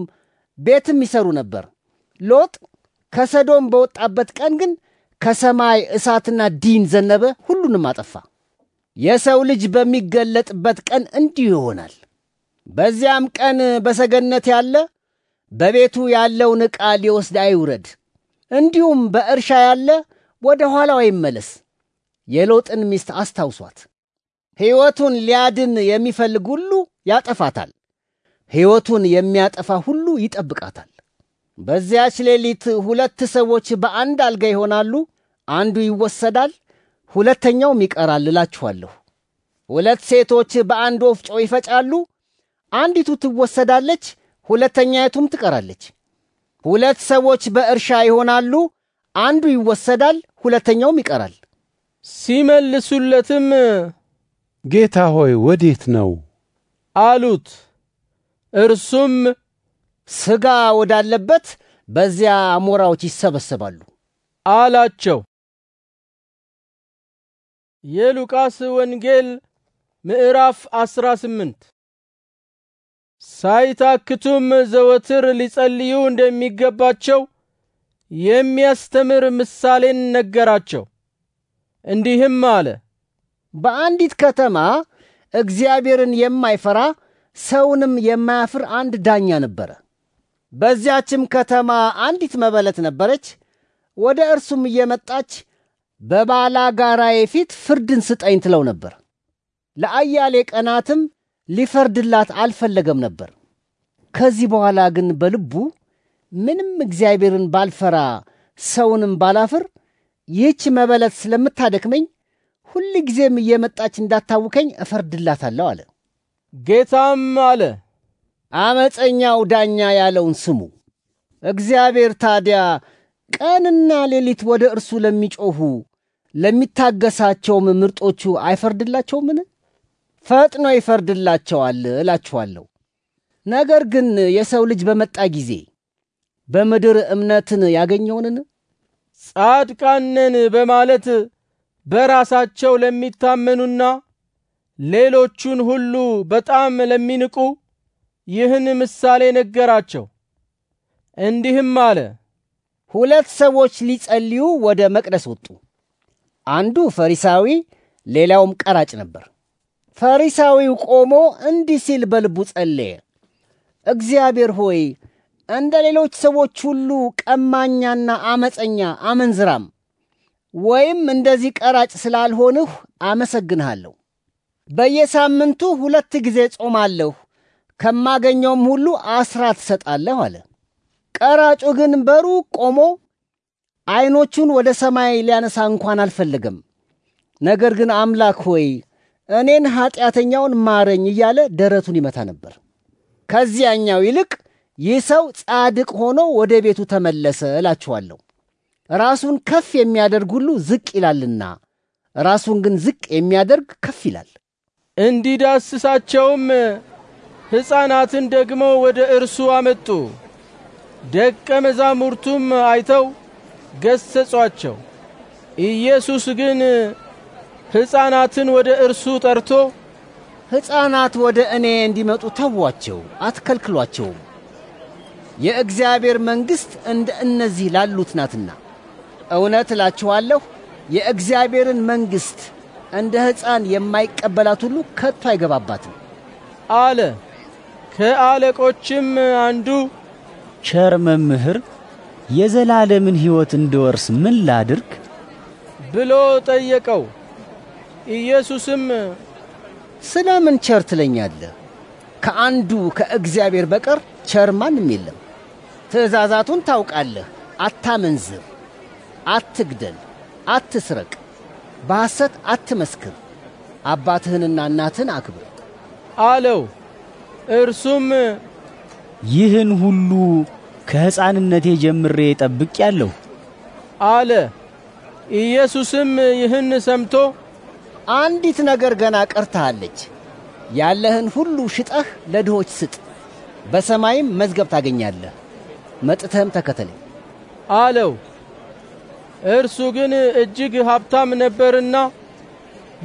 ቤትም ይሰሩ ነበር። ሎጥ ከሰዶም በወጣበት ቀን ግን ከሰማይ እሳትና ዲን ዘነበ፣ ሁሉንም አጠፋ። የሰው ልጅ በሚገለጥበት ቀን እንዲሁ ይሆናል። በዚያም ቀን በሰገነት ያለ በቤቱ ያለውን ዕቃ ሊወስድ አይውረድ፣ እንዲሁም በእርሻ ያለ ወደ ኋላው አይመለስ። የሎጥን ሚስት አስታውሷት። ሕይወቱን ሊያድን የሚፈልግ ሁሉ ያጠፋታል፣ ሕይወቱን የሚያጠፋ ሁሉ ይጠብቃታል። በዚያች ሌሊት ሁለት ሰዎች በአንድ አልጋ ይሆናሉ፣ አንዱ ይወሰዳል፣ ሁለተኛውም ይቀራል እላችኋለሁ። ሁለት ሴቶች በአንድ ወፍጮ ይፈጫሉ፣ አንዲቱ ትወሰዳለች፣ ሁለተኛይቱም ትቀራለች። ሁለት ሰዎች በእርሻ ይሆናሉ፣ አንዱ ይወሰዳል፣ ሁለተኛውም ይቀራል። ሲመልሱለትም ጌታ ሆይ ወዴት ነው አሉት። እርሱም ሥጋ ወዳለበት በዚያ አሞራዎች ይሰበሰባሉ አላቸው። የሉቃስ ወንጌል ምዕራፍ አስራ ስምንት ሳይታክቱም ዘወትር ሊጸልዩ እንደሚገባቸው የሚያስተምር ምሳሌን ነገራቸው። እንዲህም አለ፣ በአንዲት ከተማ እግዚአብሔርን የማይፈራ ሰውንም የማያፍር አንድ ዳኛ ነበረ። በዚያችም ከተማ አንዲት መበለት ነበረች። ወደ እርሱም እየመጣች በባላጋራዬ ፊት ፍርድን ስጠኝ ትለው ነበር። ለአያሌ ቀናትም ሊፈርድላት አልፈለገም ነበር። ከዚህ በኋላ ግን በልቡ ምንም እግዚአብሔርን ባልፈራ ሰውንም ባላፍር ይህች መበለት ስለምታደክመኝ ሁል ጊዜም እየመጣች እንዳታውከኝ እፈርድላታለሁ አለ። ጌታም አለ አመፀኛው ዳኛ ያለውን ስሙ። እግዚአብሔር ታዲያ ቀንና ሌሊት ወደ እርሱ ለሚጮኹ ለሚታገሳቸውም ምርጦቹ አይፈርድላቸውምን? ፈጥኖ ይፈርድላቸዋል እላችኋለሁ። ነገር ግን የሰው ልጅ በመጣ ጊዜ በምድር እምነትን ያገኘውንን ጻድቃነን በማለት በራሳቸው ለሚታመኑና ሌሎቹን ሁሉ በጣም ለሚንቁ ይህን ምሳሌ ነገራቸው። እንዲህም አለ። ሁለት ሰዎች ሊጸልዩ ወደ መቅደስ ወጡ። አንዱ ፈሪሳዊ፣ ሌላውም ቀራጭ ነበር። ፈሪሳዊው ቆሞ እንዲህ ሲል በልቡ ጸለየ፣ እግዚአብሔር ሆይ እንደ ሌሎች ሰዎች ሁሉ ቀማኛና አመፀኛ አመንዝራም ወይም እንደዚህ ቀራጭ ስላልሆንሁ አመሰግንሃለሁ። በየሳምንቱ ሁለት ጊዜ ጾማለሁ፣ ከማገኘውም ሁሉ አስራት ትሰጣለሁ አለ። ቀራጩ ግን በሩቅ ቆሞ ዐይኖቹን ወደ ሰማይ ሊያነሳ እንኳን አልፈለገም። ነገር ግን አምላክ ሆይ እኔን ኀጢአተኛውን ማረኝ እያለ ደረቱን ይመታ ነበር። ከዚያኛው ይልቅ ይህ ሰው ጻድቅ ሆኖ ወደ ቤቱ ተመለሰ እላችኋለሁ። ራሱን ከፍ የሚያደርግ ሁሉ ዝቅ ይላልና፣ ራሱን ግን ዝቅ የሚያደርግ ከፍ ይላል። እንዲዳስሳቸውም ሕፃናትን ደግሞ ወደ እርሱ አመጡ። ደቀ መዛሙርቱም አይተው ገሰጿቸው። ኢየሱስ ግን ሕፃናትን ወደ እርሱ ጠርቶ ሕፃናት ወደ እኔ እንዲመጡ ተዋቸው፣ አትከልክሏቸውም የእግዚአብሔር መንግሥት እንደ እነዚህ ላሉት ናትና። እውነት እላችኋለሁ የእግዚአብሔርን መንግሥት እንደ ሕፃን የማይቀበላት ሁሉ ከቶ አይገባባትም አለ። ከአለቆችም አንዱ ቸር መምህር፣ የዘላለምን ሕይወት እንድወርስ ምን ላድርግ ብሎ ጠየቀው። ኢየሱስም ስለምን ቸር ትለኛለህ? ከአንዱ ከእግዚአብሔር በቀር ቸር ማንም የለም። ትእዛዛቱን ታውቃለህ። አታመንዝር፣ አትግደል፣ አትስረቅ፣ በሐሰት አትመስክር፣ አባትህንና እናትህን አክብር አለው። እርሱም ይህን ሁሉ ከሕፃንነቴ ጀምሬ ጠብቄአለሁ አለ። ኢየሱስም ይህን ሰምቶ አንዲት ነገር ገና ቀርታሃለች፣ ያለህን ሁሉ ሽጠህ ለድሆች ስጥ፣ በሰማይም መዝገብ ታገኛለህ መጥተም ተከተለኝ አለው። እርሱ ግን እጅግ ሀብታም ነበርና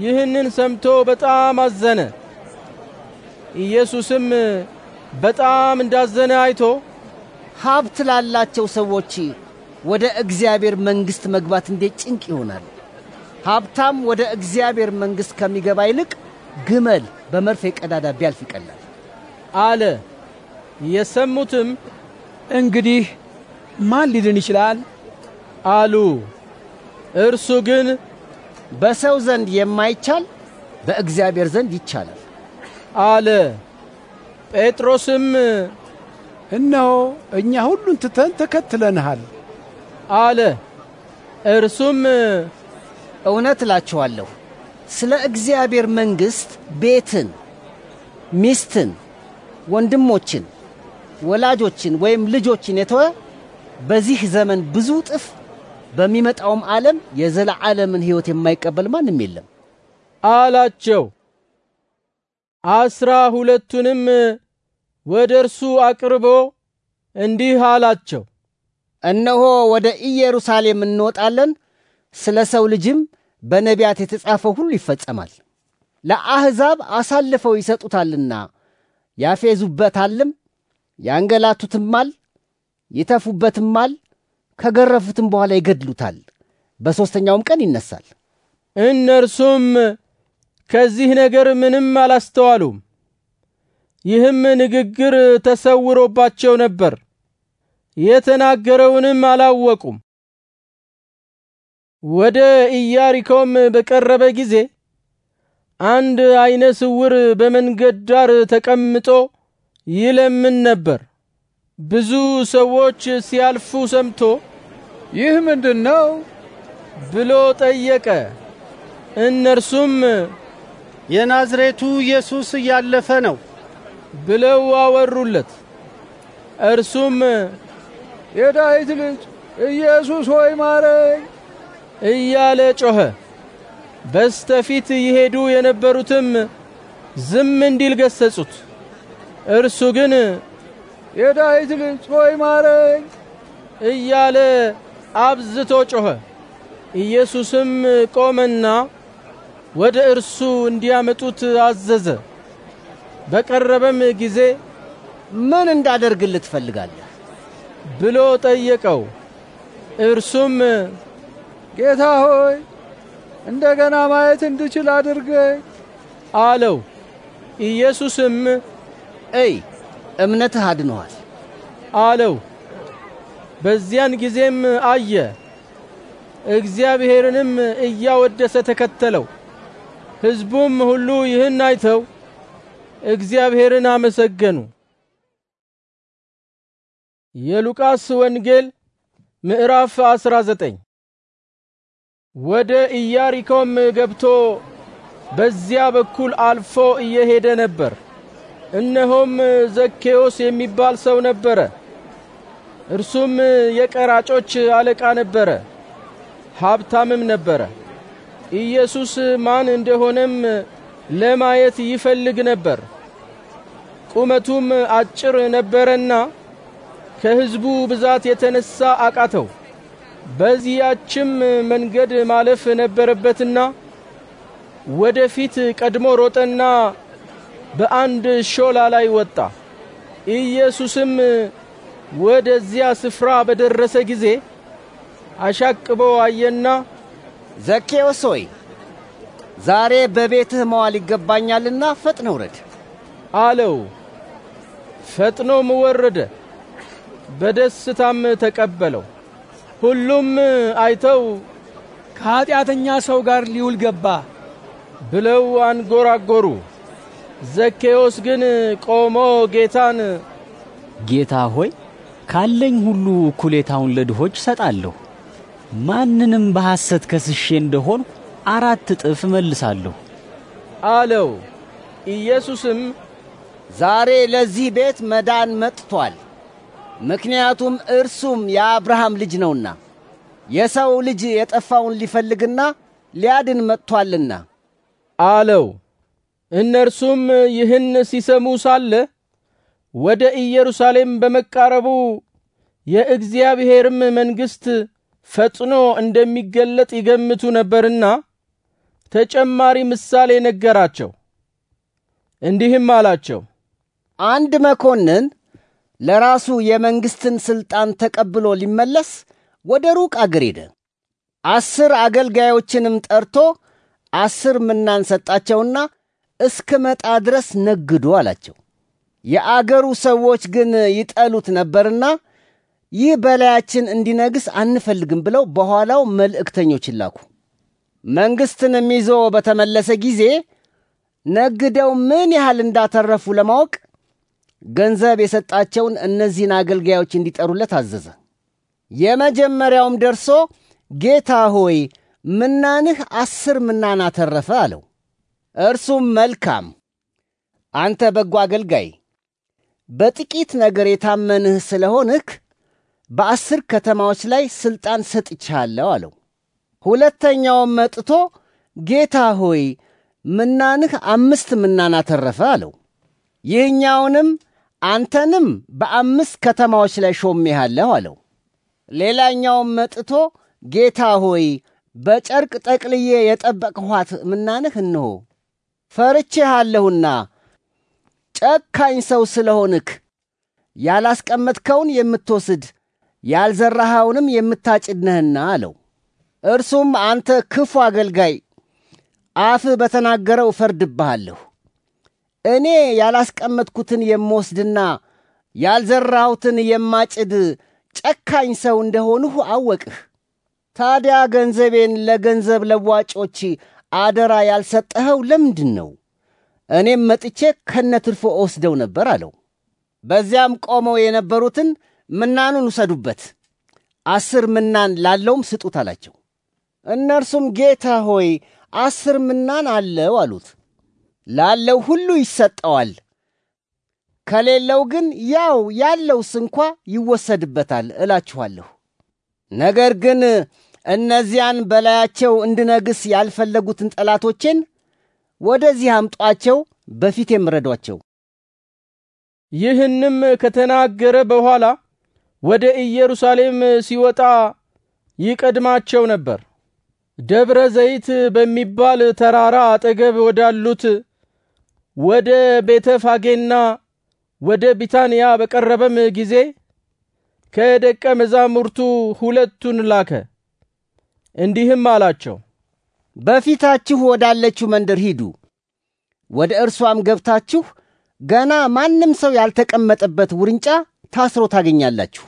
ይህንን ሰምቶ በጣም አዘነ። ኢየሱስም በጣም እንዳዘነ አይቶ ሀብት ላላቸው ሰዎች ወደ እግዚአብሔር መንግሥት መግባት እንዴት ጭንቅ ይሆናል! ሀብታም ወደ እግዚአብሔር መንግሥት ከሚገባ ይልቅ ግመል በመርፌ ቀዳዳ ቢያልፍ ይቀላል አለ። የሰሙትም እንግዲህ ማን ሊድን ይችላል አሉ። እርሱ ግን በሰው ዘንድ የማይቻል በእግዚአብሔር ዘንድ ይቻላል አለ። ጴጥሮስም እነሆ እኛ ሁሉን ትተን ተከትለንሃል አለ። እርሱም እውነት እላችኋለሁ ስለ እግዚአብሔር መንግሥት ቤትን፣ ሚስትን፣ ወንድሞችን፣ ወላጆችን ወይም ልጆችን የተወ በዚህ ዘመን ብዙ ጥፍ በሚመጣውም ዓለም የዘላለምን ሕይወት የማይቀበል ማንም የለም አላቸው። አስራ ሁለቱንም ወደ እርሱ አቅርቦ እንዲህ አላቸው፣ እነሆ ወደ ኢየሩሳሌም እንወጣለን፣ ስለ ሰው ልጅም በነቢያት የተጻፈው ሁሉ ይፈጸማል፣ ለአሕዛብ አሳልፈው ይሰጡታልና ያፌዙበታልም ያንገላቱትማል፣ ይተፉበትማል፣ ከገረፉትም በኋላ ይገድሉታል፣ በሦስተኛውም ቀን ይነሳል። እነርሱም ከዚህ ነገር ምንም አላስተዋሉም። ይህም ንግግር ተሰውሮባቸው ነበር፣ የተናገረውንም አላወቁም። ወደ ኢያሪኮም በቀረበ ጊዜ አንድ አይነ ስውር በመንገድ ዳር ተቀምጦ ይለምን ነበር። ብዙ ሰዎች ሲያልፉ ሰምቶ ይህ ምንድን ነው ብሎ ጠየቀ። እነርሱም የናዝሬቱ ኢየሱስ እያለፈ ነው ብለው አወሩለት። እርሱም የዳዊት ልጅ ኢየሱስ ሆይ ማረኝ እያለ ጮኸ። በስተፊት ይሄዱ የነበሩትም ዝም እንዲል ገሰጹት። እርሱ ግን የዳዊት ልጅ ሆይ ማረኝ እያለ አብዝቶ ጮኸ። ኢየሱስም ቆመና ወደ እርሱ እንዲያመጡት አዘዘ። በቀረበም ጊዜ ምን እንዳደርግልህ ትፈልጋለህ ብሎ ጠየቀው። እርሱም ጌታ ሆይ እንደገና ማየት እንድችል አድርገኝ አለው። ኢየሱስም እይ እምነትህ አድነዋል አለው። በዚያን ጊዜም አየ፣ እግዚአብሔርንም እያወደሰ ተከተለው። ሕዝቡም ሁሉ ይህን አይተው እግዚአብሔርን አመሰገኑ። የሉቃስ ወንጌል ምዕራፍ 19 ወደ ኢያሪኮም ገብቶ በዚያ በኩል አልፎ እየሄደ ነበር። እነሆም ዘኬዎስ የሚባል ሰው ነበረ። እርሱም የቀራጮች አለቃ ነበረ፣ ሀብታምም ነበረ። ኢየሱስ ማን እንደሆነም ለማየት ይፈልግ ነበር። ቁመቱም አጭር ነበረና ከሕዝቡ ብዛት የተነሳ አቃተው። በዚያችም መንገድ ማለፍ ነበረበትና ወደፊት ቀድሞ ሮጠና በአንድ ሾላ ላይ ወጣ። ኢየሱስም ወደዚያ ስፍራ በደረሰ ጊዜ አሻቅቦ አየና ዘኬዎስ ሆይ ዛሬ በቤትህ መዋል ይገባኛልና ፈጥነ ውረድ አለው። ፈጥኖም ወረደ፣ በደስታም ተቀበለው። ሁሉም አይተው ከኀጢአተኛ ሰው ጋር ሊውል ገባ ብለው አንጎራጎሩ። ዘኬዎስ ግን ቆሞ ጌታን ጌታ ሆይ ካለኝ ሁሉ እኩሌታውን ለድሆች እሰጣለሁ፣ ማንንም በሐሰት ከስሼ እንደሆን አራት እጥፍ እመልሳለሁ አለው። ኢየሱስም ዛሬ ለዚህ ቤት መዳን መጥቷል፣ ምክንያቱም እርሱም የአብርሃም ልጅ ነውና የሰው ልጅ የጠፋውን ሊፈልግና ሊያድን መጥቷልና አለው። እነርሱም ይህን ሲሰሙ ሳለ ወደ ኢየሩሳሌም በመቃረቡ የእግዚአብሔርም መንግሥት ፈጥኖ እንደሚገለጥ ይገምቱ ነበርና ተጨማሪ ምሳሌ ነገራቸው። እንዲህም አላቸው፣ አንድ መኮንን ለራሱ የመንግሥትን ሥልጣን ተቀብሎ ሊመለስ ወደ ሩቅ አገር ሄደ። አስር አገልጋዮችንም ጠርቶ አስር ምናን ሰጣቸውና እስከ መጣ ድረስ ነግዱ አላቸው። የአገሩ ሰዎች ግን ይጠሉት ነበርና ይህ በላያችን እንዲነግስ አንፈልግም ብለው በኋላው መልእክተኞችን ላኩ። መንግሥትንም ይዞ በተመለሰ ጊዜ ነግደው ምን ያህል እንዳተረፉ ለማወቅ ገንዘብ የሰጣቸውን እነዚህን አገልጋዮች እንዲጠሩለት አዘዘ። የመጀመሪያውም ደርሶ ጌታ ሆይ ምናንህ አስር ምናን አተረፈ አለው። እርሱም መልካም አንተ በጎ አገልጋይ፣ በጥቂት ነገር የታመንህ ስለሆንክ በአስር ከተማዎች ላይ ሥልጣን ሰጥቻለሁ አለው። ሁለተኛውም መጥቶ ጌታ ሆይ ምናንህ አምስት ምናን አተረፈ አለው። ይህኛውንም አንተንም በአምስት ከተማዎች ላይ ሾሜሃለሁ አለው። ሌላኛውም መጥቶ ጌታ ሆይ በጨርቅ ጠቅልዬ የጠበቅኋት ምናንህ እንሆ ፈርቼሃለሁና ጨካኝ ሰው ስለሆንክ ያላስቀመጥከውን የምትወስድ ያልዘራኸውንም የምታጭድ ነህና አለው። እርሱም አንተ ክፉ አገልጋይ፣ አፍህ በተናገረው እፈርድብሃለሁ። እኔ ያላስቀመጥኩትን የምወስድና ያልዘራሁትን የማጭድ ጨካኝ ሰው እንደሆንሁ አወቅህ። ታዲያ ገንዘቤን ለገንዘብ ለዋጮች አደራ ያልሰጠኸው ለምንድን ነው? እኔም መጥቼ ከነ ትርፎ ወስደው ነበር አለው። በዚያም ቆመው የነበሩትን ምናኑን ውሰዱበት፣ አስር ምናን ላለውም ስጡት አላቸው። እነርሱም ጌታ ሆይ አስር ምናን አለው አሉት። ላለው ሁሉ ይሰጠዋል፣ ከሌለው ግን ያው ያለው ስንኳ ይወሰድበታል እላችኋለሁ። ነገር ግን እነዚያን በላያቸው እንድነግስ ያልፈለጉትን ጠላቶቼን ወደዚህ አምጧቸው፣ በፊቴም ረዷቸው። ይህንም ከተናገረ በኋላ ወደ ኢየሩሳሌም ሲወጣ ይቀድማቸው ነበር። ደብረ ዘይት በሚባል ተራራ አጠገብ ወዳሉት ወደ ቤተ ፋጌና ወደ ቢታንያ በቀረበም ጊዜ ከደቀ መዛሙርቱ ሁለቱን ላከ። እንዲህም አላቸው፣ በፊታችሁ ወዳለችው መንደር ሂዱ። ወደ እርሷም ገብታችሁ ገና ማንም ሰው ያልተቀመጠበት ውርንጫ ታስሮ ታገኛላችሁ።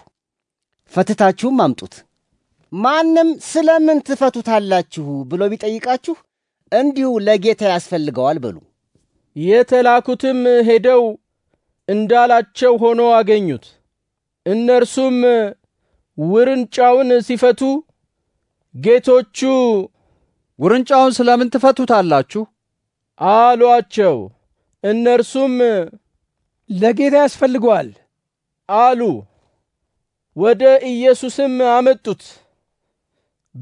ፈትታችሁም አምጡት። ማንም ስለምን ትፈቱታላችሁ ብሎ ቢጠይቃችሁ እንዲሁ ለጌታ ያስፈልገዋል በሉ። የተላኩትም ሄደው እንዳላቸው ሆኖ አገኙት። እነርሱም ውርንጫውን ሲፈቱ ጌቶቹ ውርንጫውን ስለምን ትፈቱታላችሁ አሏቸው። እነርሱም ለጌታ ያስፈልገዋል አሉ። ወደ ኢየሱስም አመጡት።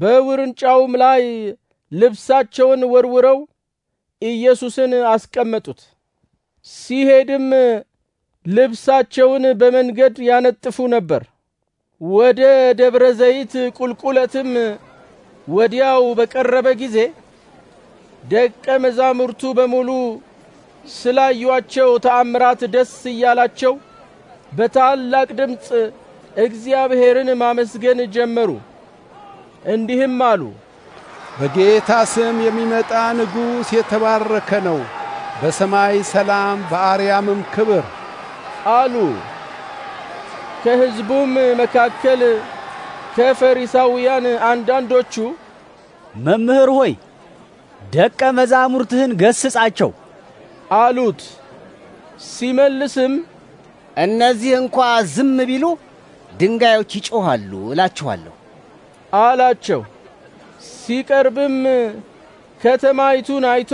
በውርንጫውም ላይ ልብሳቸውን ወርውረው ኢየሱስን አስቀመጡት። ሲሄድም ልብሳቸውን በመንገድ ያነጥፉ ነበር። ወደ ደብረ ዘይት ቁልቁለትም ወዲያው በቀረበ ጊዜ ደቀ መዛሙርቱ በሙሉ ስላዩአቸው ተአምራት ደስ እያላቸው በታላቅ ድምፅ እግዚአብሔርን ማመስገን ጀመሩ። እንዲህም አሉ፣ በጌታ ስም የሚመጣ ንጉሥ የተባረከ ነው። በሰማይ ሰላም፣ በአርያምም ክብር አሉ። ከሕዝቡም መካከል ከፈሪሳውያን አንዳንዶቹ መምህር ሆይ ደቀ መዛሙርትህን ገስጻቸው አሉት። ሲመልስም እነዚህ እንኳ ዝም ቢሉ ድንጋዮች ይጮኻሉ እላችኋለሁ አላቸው። ሲቀርብም ከተማይቱን አይቶ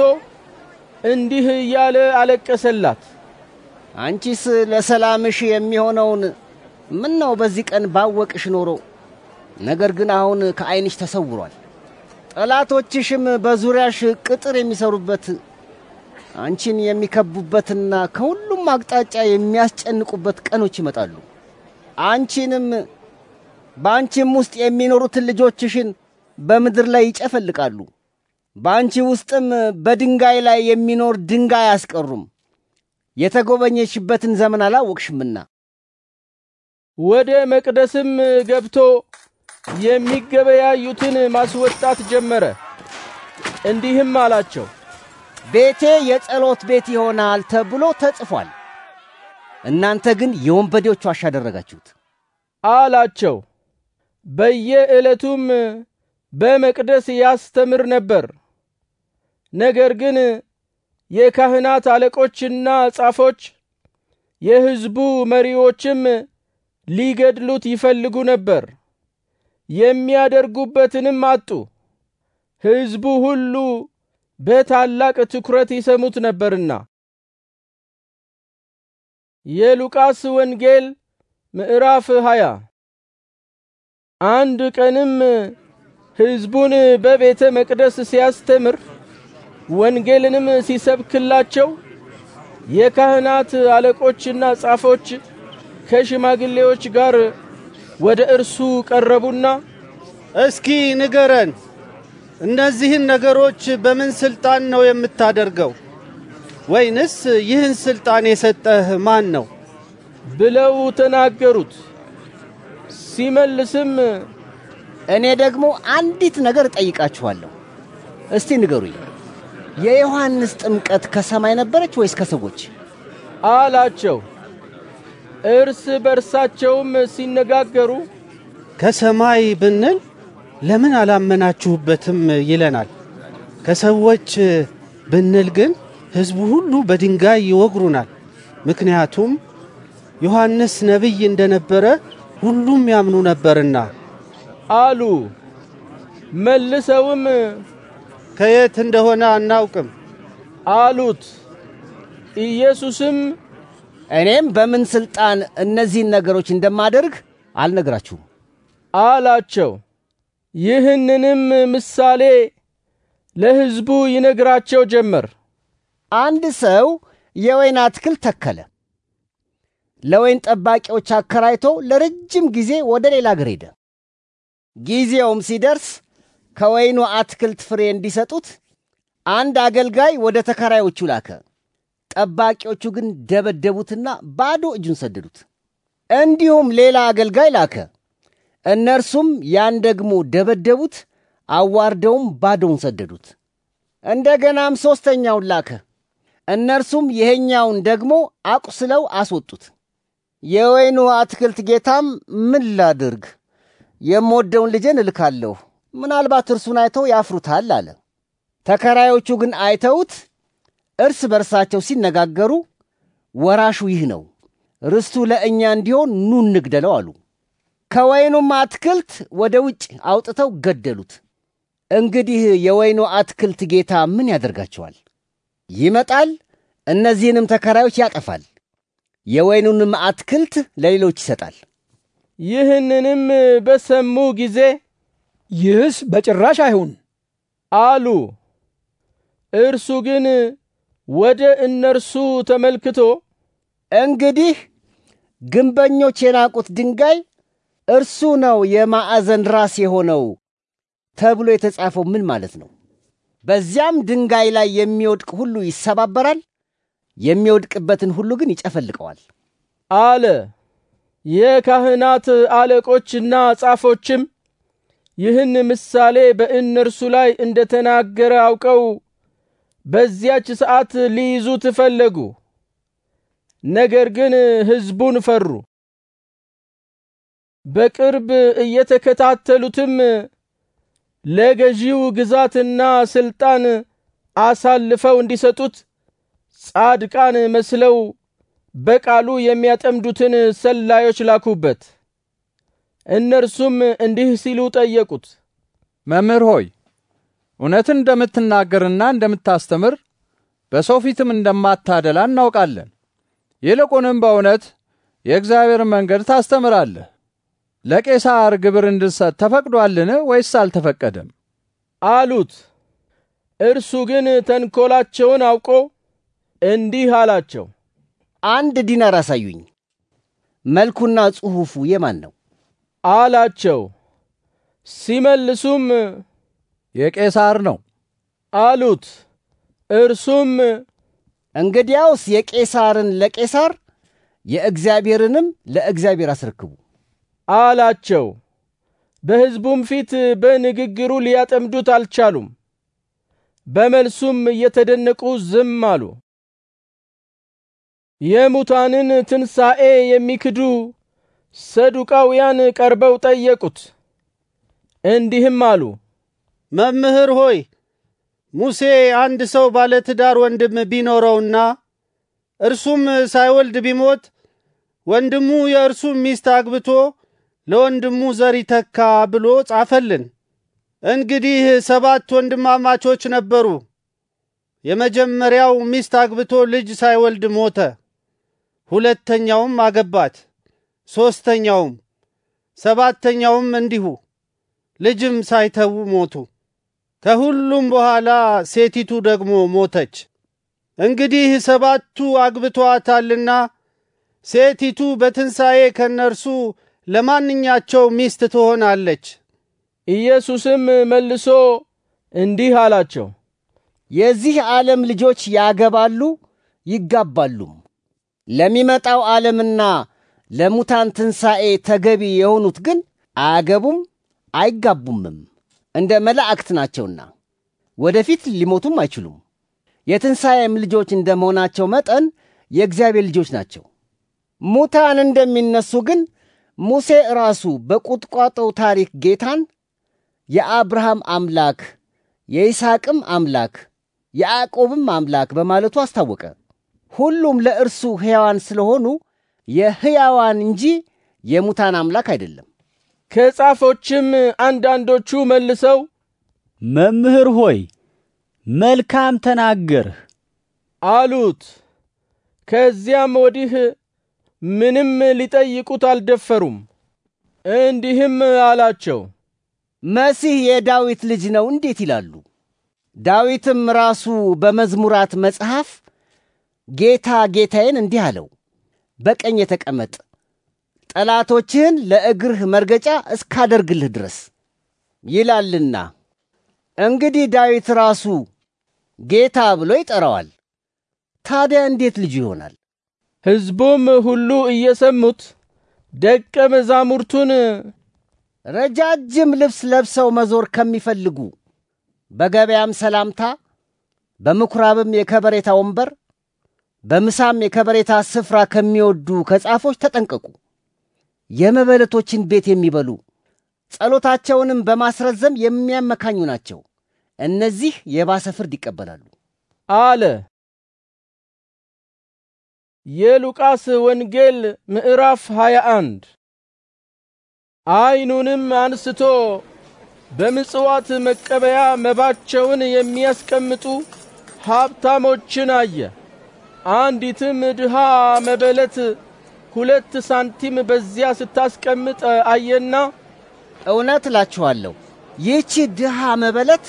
እንዲህ እያለ አለቀሰላት። አንቺስ ለሰላምሽ የሚሆነውን ምን ነው በዚህ ቀን ባወቅሽ ኖሮ ነገር ግን አሁን ከዓይንሽ ተሰውሯል። ጠላቶችሽም በዙሪያሽ ቅጥር የሚሰሩበት አንቺን የሚከቡበትና ከሁሉም አቅጣጫ የሚያስጨንቁበት ቀኖች ይመጣሉ። አንቺንም በአንቺም ውስጥ የሚኖሩትን ልጆችሽን በምድር ላይ ይጨፈልቃሉ። በአንቺ ውስጥም በድንጋይ ላይ የሚኖር ድንጋይ አያስቀሩም። የተጎበኘሽበትን ዘመን አላወቅሽምና ወደ መቅደስም ገብቶ የሚገበያዩትን ማስወጣት ጀመረ። እንዲህም አላቸው፣ ቤቴ የጸሎት ቤት ይሆናል ተብሎ ተጽፏል፣ እናንተ ግን የወንበዴዎች ዋሻ አደረጋችሁት አላቸው። በየዕለቱም በመቅደስ ያስተምር ነበር። ነገር ግን የካህናት አለቆችና ጻፎች የሕዝቡ መሪዎችም ሊገድሉት ይፈልጉ ነበር። የሚያደርጉበትንም አጡ። ሕዝቡ ሁሉ በታላቅ ትኩረት ይሰሙት ነበርና። የሉቃስ ወንጌል ምዕራፍ ሃያ አንድ ቀንም ሕዝቡን በቤተ መቅደስ ሲያስተምር ወንጌልንም ሲሰብክላቸው የካህናት አለቆችና ጻፎች ከሽማግሌዎች ጋር ወደ እርሱ ቀረቡና እስኪ ንገረን፣ እነዚህን ነገሮች በምን ስልጣን ነው የምታደርገው? ወይንስ ይህን ስልጣን የሰጠህ ማን ነው? ብለው ተናገሩት። ሲመልስም እኔ ደግሞ አንዲት ነገር ጠይቃችኋለሁ፣ እስቲ ንገሩኝ፣ የዮሐንስ ጥምቀት ከሰማይ ነበረች ወይስ ከሰዎች አላቸው። እርስ በርሳቸውም ሲነጋገሩ ከሰማይ ብንል ለምን አላመናችሁበትም ይለናል፣ ከሰዎች ብንል ግን ሕዝቡ ሁሉ በድንጋይ ይወግሩናል። ምክንያቱም ዮሐንስ ነቢይ እንደነበረ ሁሉም ያምኑ ነበርና አሉ። መልሰውም ከየት እንደሆነ አናውቅም አሉት። ኢየሱስም እኔም በምን ሥልጣን እነዚህን ነገሮች እንደማደርግ አልነግራችሁም አላቸው። ይህንንም ምሳሌ ለሕዝቡ ይነግራቸው ጀመር። አንድ ሰው የወይን አትክልት ተከለ። ለወይን ጠባቂዎች አከራይቶ ለረጅም ጊዜ ወደ ሌላ አገር ሄደ። ጊዜውም ሲደርስ ከወይኑ አትክልት ፍሬ እንዲሰጡት አንድ አገልጋይ ወደ ተከራዮቹ ላከ። ጠባቂዎቹ ግን ደበደቡትና ባዶ እጁን ሰደዱት። እንዲሁም ሌላ አገልጋይ ላከ። እነርሱም ያን ደግሞ ደበደቡት፣ አዋርደውም ባዶውን ሰደዱት። እንደገናም ሦስተኛውን ላከ። እነርሱም ይሄኛውን ደግሞ አቁስለው አስወጡት። የወይኑ አትክልት ጌታም ምን ላድርግ? የምወደውን ልጄን እልካለሁ፣ ምናልባት እርሱን አይተው ያፍሩታል አለ። ተከራዮቹ ግን አይተውት እርስ በርሳቸው ሲነጋገሩ ወራሹ ይህ ነው፣ ርስቱ ለእኛ እንዲሆን ኑ እንግደለው አሉ። ከወይኑም አትክልት ወደ ውጭ አውጥተው ገደሉት። እንግዲህ የወይኑ አትክልት ጌታ ምን ያደርጋቸዋል? ይመጣል፣ እነዚህንም ተከራዮች ያጠፋል፣ የወይኑንም አትክልት ለሌሎች ይሰጣል። ይህንንም በሰሙ ጊዜ ይህስ በጭራሽ አይሁን አሉ። እርሱ ግን ወደ እነርሱ ተመልክቶ እንግዲህ ግንበኞች የናቁት ድንጋይ እርሱ ነው የማዕዘን ራስ የሆነው ተብሎ የተጻፈው ምን ማለት ነው? በዚያም ድንጋይ ላይ የሚወድቅ ሁሉ ይሰባበራል፣ የሚወድቅበትን ሁሉ ግን ይጨፈልቀዋል አለ። የካህናት አለቆችና ጻፎችም ይህን ምሳሌ በእነርሱ ላይ እንደተናገረ አውቀው በዚያች ሰዓት ሊይዙት ፈለጉ፣ ነገር ግን ሕዝቡን ፈሩ። በቅርብ እየተከታተሉትም ለገዢው ግዛትና ስልጣን አሳልፈው እንዲሰጡት ጻድቃን መስለው በቃሉ የሚያጠምዱትን ሰላዮች ላኩበት። እነርሱም እንዲህ ሲሉ ጠየቁት፣ መምህር ሆይ እውነትን እንደምትናገርና እንደምታስተምር በሰው ፊትም እንደማታደላ እናውቃለን። ይልቁንም በእውነት የእግዚአብሔር መንገድ ታስተምራለህ። ለቄሳር ግብር እንድሰጥ ተፈቅዷልን ወይስ አልተፈቀደም? አሉት። እርሱ ግን ተንኮላቸውን አውቆ እንዲህ አላቸው፣ አንድ ዲናር አሳዩኝ፣ መልኩና ጽሑፉ የማን ነው? አላቸው። ሲመልሱም የቄሳር ነው አሉት። እርሱም እንግዲያውስ የቄሳርን ለቄሳር የእግዚአብሔርንም ለእግዚአብሔር አስረክቡ አላቸው። በሕዝቡም ፊት በንግግሩ ሊያጠምዱት አልቻሉም። በመልሱም እየተደነቁ ዝም አሉ። የሙታንን ትንሣኤ የሚክዱ ሰዱቃውያን ቀርበው ጠየቁት፣ እንዲህም አሉ፦ መምህር ሆይ ሙሴ አንድ ሰው ባለትዳር ወንድም ቢኖረውና እርሱም ሳይወልድ ቢሞት ወንድሙ የእርሱ ሚስት አግብቶ ለወንድሙ ዘር ይተካ ብሎ ጻፈልን። እንግዲህ ሰባት ወንድማማቾች ነበሩ። የመጀመሪያው ሚስት አግብቶ ልጅ ሳይወልድ ሞተ። ሁለተኛውም አገባት፣ ሶስተኛውም፣ ሰባተኛውም እንዲሁ ልጅም ሳይተዉ ሞቱ። ከሁሉም በኋላ ሴቲቱ ደግሞ ሞተች። እንግዲህ ሰባቱ አግብተዋታልና ሴቲቱ በትንሣኤ ከነርሱ ለማንኛቸው ሚስት ትሆናለች? ኢየሱስም መልሶ እንዲህ አላቸው፣ የዚህ ዓለም ልጆች ያገባሉ ይጋባሉም። ለሚመጣው ዓለምና ለሙታን ትንሣኤ ተገቢ የሆኑት ግን አያገቡም አይጋቡምም። እንደ መላእክት ናቸውና ወደፊት ሊሞቱም አይችሉም። የትንሣኤም ልጆች እንደ መሆናቸው መጠን የእግዚአብሔር ልጆች ናቸው። ሙታን እንደሚነሱ ግን ሙሴ ራሱ በቁጥቋጦው ታሪክ ጌታን የአብርሃም አምላክ የይስሐቅም አምላክ የያዕቆብም አምላክ በማለቱ አስታወቀ። ሁሉም ለእርሱ ሕያዋን ስለሆኑ የሕያዋን እንጂ የሙታን አምላክ አይደለም። ከጻፎችም አንዳንዶቹ መልሰው መምህር ሆይ መልካም ተናገርህ አሉት። ከዚያም ወዲህ ምንም ሊጠይቁት አልደፈሩም። እንዲህም አላቸው፣ መሲህ የዳዊት ልጅ ነው እንዴት ይላሉ? ዳዊትም ራሱ በመዝሙራት መጽሐፍ ጌታ ጌታዬን እንዲህ አለው፣ በቀኝ የተቀመጥ ጠላቶችህን ለእግርህ መርገጫ እስካደርግልህ ድረስ ይላልና። እንግዲህ ዳዊት ራሱ ጌታ ብሎ ይጠራዋል። ታዲያ እንዴት ልጁ ይሆናል? ሕዝቡም ሁሉ እየሰሙት ደቀ መዛሙርቱን ረጃጅም ልብስ ለብሰው መዞር ከሚፈልጉ በገበያም ሰላምታ፣ በምኵራብም የከበሬታ ወንበር፣ በምሳም የከበሬታ ስፍራ ከሚወዱ ከጻፎች ተጠንቀቁ። የመበለቶችን ቤት የሚበሉ ጸሎታቸውንም በማስረዘም የሚያመካኙ ናቸው። እነዚህ የባሰ ፍርድ ይቀበላሉ አለ። የሉቃስ ወንጌል ምዕራፍ 21 አይኑንም አንስቶ በምጽዋት መቀበያ መባቸውን የሚያስቀምጡ ሀብታሞችን አየ። አንዲትም ድሃ መበለት ሁለት ሳንቲም በዚያ ስታስቀምጥ አየና፣ እውነት እላችኋለሁ ይህቺ ድሃ መበለት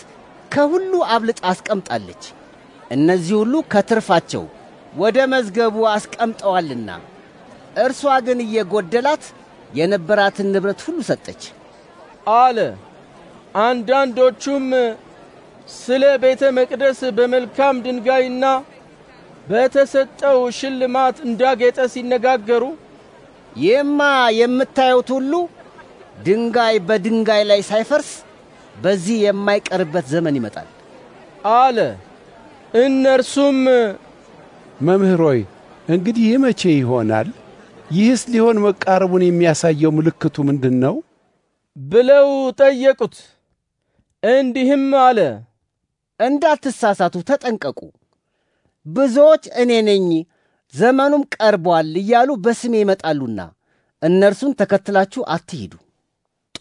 ከሁሉ አብልጣ አስቀምጣለች። እነዚህ ሁሉ ከትርፋቸው ወደ መዝገቡ አስቀምጠዋልና፣ እርሷ ግን እየጎደላት የነበራትን ንብረት ሁሉ ሰጠች አለ። አንዳንዶቹም ስለ ቤተ መቅደስ በመልካም ድንጋይና በተሰጠው ሽልማት እንዳጌጠ ሲነጋገሩ ይህማ የምታዩት ሁሉ ድንጋይ በድንጋይ ላይ ሳይፈርስ በዚህ የማይቀርበት ዘመን ይመጣል አለ። እነርሱም መምህር ሆይ እንግዲህ ይህ መቼ ይሆናል? ይህስ ሊሆን መቃረቡን የሚያሳየው ምልክቱ ምንድን ነው? ብለው ጠየቁት። እንዲህም አለ፣ እንዳትሳሳቱ ተጠንቀቁ። ብዙዎች እኔ ነኝ ዘመኑም ቀርቧል እያሉ በስሜ ይመጣሉና እነርሱን ተከትላችሁ አትሂዱ።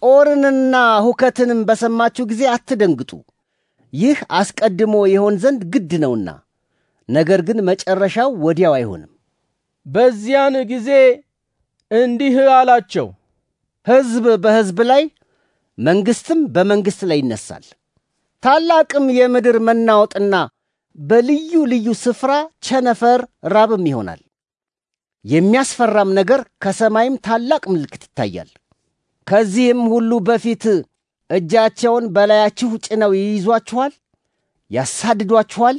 ጦርንና ሁከትንም በሰማችሁ ጊዜ አትደንግጡ፣ ይህ አስቀድሞ የሆን ዘንድ ግድ ነውና። ነገር ግን መጨረሻው ወዲያው አይሆንም። በዚያን ጊዜ እንዲህ አላቸው፣ ሕዝብ በሕዝብ ላይ መንግሥትም በመንግሥት ላይ ይነሳል። ታላቅም የምድር መናወጥና በልዩ ልዩ ስፍራ ቸነፈር፣ ራብም ይሆናል። የሚያስፈራም ነገር ከሰማይም ታላቅ ምልክት ይታያል። ከዚህም ሁሉ በፊት እጃቸውን በላያችሁ ጭነው ይይዟችኋል፣ ያሳድዷችኋል፣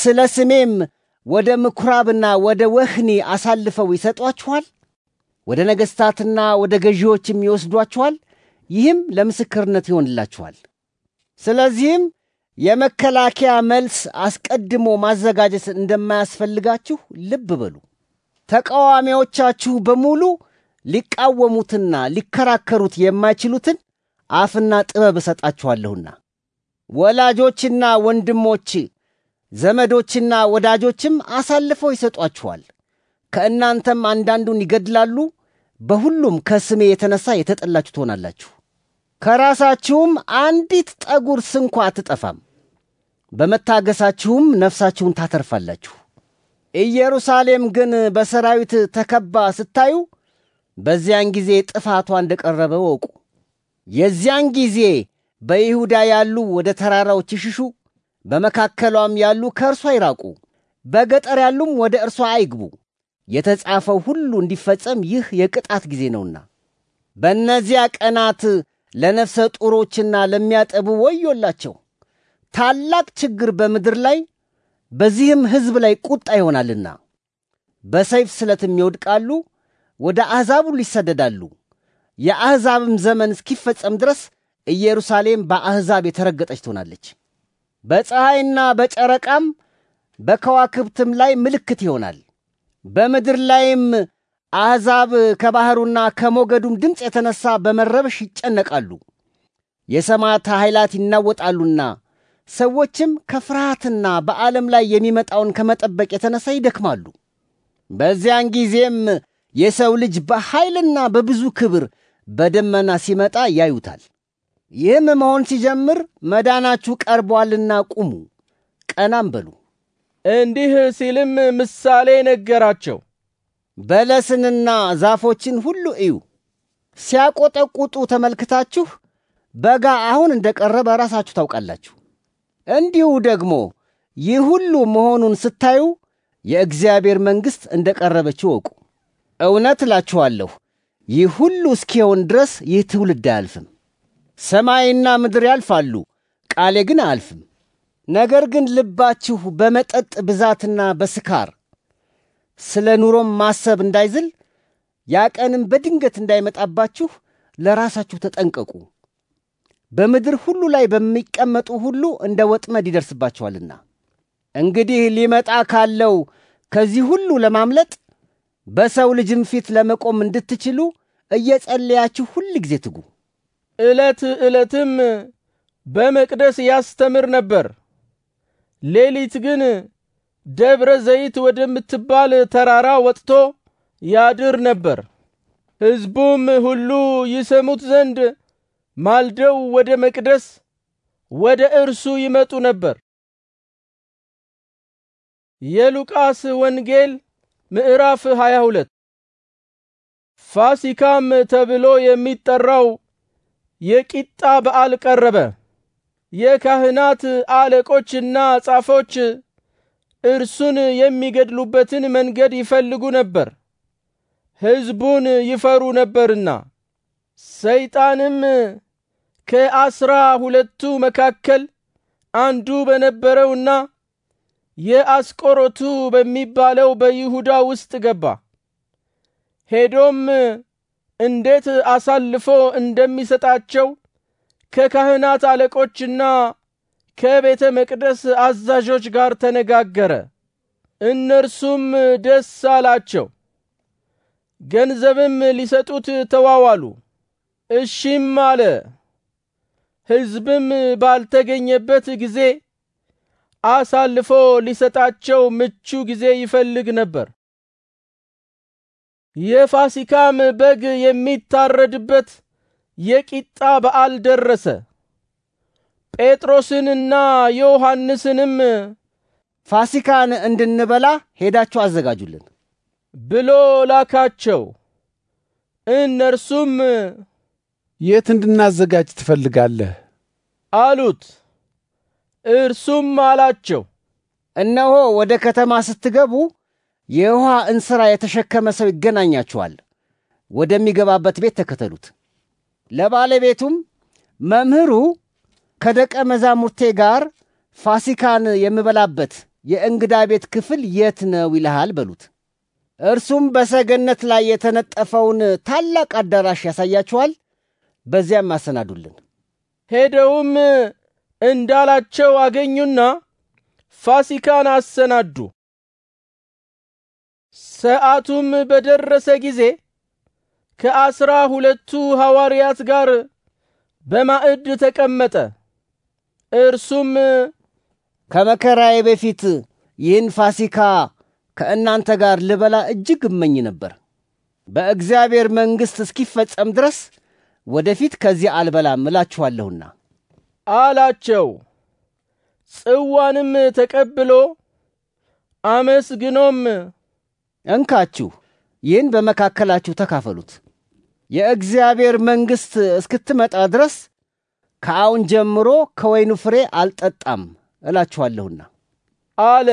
ስለ ስሜም ወደ ምኵራብና ወደ ወህኒ አሳልፈው ይሰጧችኋል፣ ወደ ነገሥታትና ወደ ገዢዎችም ይወስዷችኋል። ይህም ለምስክርነት ይሆንላችኋል። ስለዚህም የመከላከያ መልስ አስቀድሞ ማዘጋጀት እንደማያስፈልጋችሁ ልብ በሉ። ተቃዋሚዎቻችሁ በሙሉ ሊቃወሙትና ሊከራከሩት የማይችሉትን አፍና ጥበብ እሰጣችኋለሁና። ወላጆችና ወንድሞች፣ ዘመዶችና ወዳጆችም አሳልፈው ይሰጧችኋል። ከእናንተም አንዳንዱን ይገድላሉ። በሁሉም ከስሜ የተነሳ የተጠላችሁ ትሆናላችሁ። ከራሳችሁም አንዲት ጠጉር ስንኳ አትጠፋም። በመታገሳችሁም ነፍሳችሁን ታተርፋላችሁ። ኢየሩሳሌም ግን በሰራዊት ተከባ ስታዩ በዚያን ጊዜ ጥፋቷ እንደ ቀረበ ወቁ። የዚያን ጊዜ በይሁዳ ያሉ ወደ ተራራዎች ይሽሹ፣ በመካከሏም ያሉ ከእርሷ ይራቁ፣ በገጠር ያሉም ወደ እርሷ አይግቡ። የተጻፈው ሁሉ እንዲፈጸም ይህ የቅጣት ጊዜ ነውና። በእነዚያ ቀናት ለነፍሰ ጡሮችና ለሚያጠቡ ወዮላቸው። ታላቅ ችግር በምድር ላይ በዚህም ሕዝብ ላይ ቁጣ ይሆናልና በሰይፍ ስለትም ይወድቃሉ፣ ወደ አሕዛብ ሁሉ ይሰደዳሉ። የአሕዛብም ዘመን እስኪፈጸም ድረስ ኢየሩሳሌም በአሕዛብ የተረገጠች ትሆናለች። በፀሐይና በጨረቃም በከዋክብትም ላይ ምልክት ይሆናል። በምድር ላይም አሕዛብ ከባሕሩና ከሞገዱም ድምፅ የተነሣ በመረበሽ ይጨነቃሉ። የሰማያት ኃይላት ይናወጣሉና ሰዎችም ከፍርሃትና በዓለም ላይ የሚመጣውን ከመጠበቅ የተነሳ ይደክማሉ። በዚያን ጊዜም የሰው ልጅ በኃይልና በብዙ ክብር በደመና ሲመጣ ያዩታል። ይህም መሆን ሲጀምር መዳናችሁ ቀርቧልና ቁሙ፣ ቀናም በሉ። እንዲህ ሲልም ምሳሌ ነገራቸው። በለስንና ዛፎችን ሁሉ እዩ። ሲያቆጠቁጡ ተመልክታችሁ በጋ አሁን እንደ ቀረበ ራሳችሁ ታውቃላችሁ። እንዲሁ ደግሞ ይህ ሁሉ መሆኑን ስታዩ የእግዚአብሔር መንግሥት እንደ ቀረበች ወቁ። እውነት እላችኋለሁ ይህ ሁሉ እስኪሆን ድረስ ይህ ትውልድ አያልፍም። ሰማይና ምድር ያልፋሉ፣ ቃሌ ግን አያልፍም። ነገር ግን ልባችሁ በመጠጥ ብዛትና በስካር ስለ ኑሮም ማሰብ እንዳይዝል ያ ቀንም በድንገት እንዳይመጣባችሁ ለራሳችሁ ተጠንቀቁ። በምድር ሁሉ ላይ በሚቀመጡ ሁሉ እንደ ወጥመድ ይደርስባቸዋልና። እንግዲህ ሊመጣ ካለው ከዚህ ሁሉ ለማምለጥ በሰው ልጅም ፊት ለመቆም እንድትችሉ እየጸለያችሁ ሁል ጊዜ ትጉ። ዕለት ዕለትም በመቅደስ ያስተምር ነበር። ሌሊት ግን ደብረ ዘይት ወደምትባል ተራራ ወጥቶ ያድር ነበር። ሕዝቡም ሁሉ ይሰሙት ዘንድ ማልደው ወደ መቅደስ ወደ እርሱ ይመጡ ነበር። የሉቃስ ወንጌል ምዕራፍ 22 ፋሲካም ተብሎ የሚጠራው የቂጣ በዓል ቀረበ። የካህናት አለቆችና ጻፎች እርሱን የሚገድሉበትን መንገድ ይፈልጉ ነበር፣ ሕዝቡን ይፈሩ ነበርና። ሰይጣንም ከአስራ ሁለቱ መካከል አንዱ በነበረውና የአስቆሮቱ በሚባለው በይሁዳ ውስጥ ገባ። ሄዶም እንዴት አሳልፎ እንደሚሰጣቸው ከካህናት አለቆችና ከቤተ መቅደስ አዛዦች ጋር ተነጋገረ። እነርሱም ደስ አላቸው፣ ገንዘብም ሊሰጡት ተዋዋሉ። እሺም አለ። ሕዝብም ባልተገኘበት ጊዜ አሳልፎ ሊሰጣቸው ምቹ ጊዜ ይፈልግ ነበር። የፋሲካም በግ የሚታረድበት የቂጣ በዓል ደረሰ። ጴጥሮስንና ዮሐንስንም ፋሲካን እንድንበላ ሄዳችሁ አዘጋጁልን ብሎ ላካቸው። እነርሱም የት እንድናዘጋጅ ትፈልጋለህ? አሉት። እርሱም አላቸው፣ እነሆ ወደ ከተማ ስትገቡ የውሃ እንስራ የተሸከመ ሰው ይገናኛችኋል። ወደሚገባበት ቤት ተከተሉት። ለባለቤቱም መምህሩ ከደቀ መዛሙርቴ ጋር ፋሲካን የምበላበት የእንግዳ ቤት ክፍል የት ነው ይልሃል በሉት። እርሱም በሰገነት ላይ የተነጠፈውን ታላቅ አዳራሽ ያሳያችኋል። በዚያም አሰናዱልን። ሄደውም እንዳላቸው አገኙና ፋሲካን አሰናዱ። ሰዓቱም በደረሰ ጊዜ ከአስራ ሁለቱ ሐዋርያት ጋር በማዕድ ተቀመጠ። እርሱም ከመከራዬ በፊት ይህን ፋሲካ ከእናንተ ጋር ልበላ እጅግ እመኝ ነበር፣ በእግዚአብሔር መንግሥት እስኪፈጸም ድረስ ወደፊት ከዚህ አልበላም እላችኋለሁና አላቸው። ጽዋንም ተቀብሎ አመስግኖም እንካችሁ ይህን በመካከላችሁ ተካፈሉት፣ የእግዚአብሔር መንግሥት እስክትመጣ ድረስ ከአሁን ጀምሮ ከወይኑ ፍሬ አልጠጣም እላችኋለሁና አለ።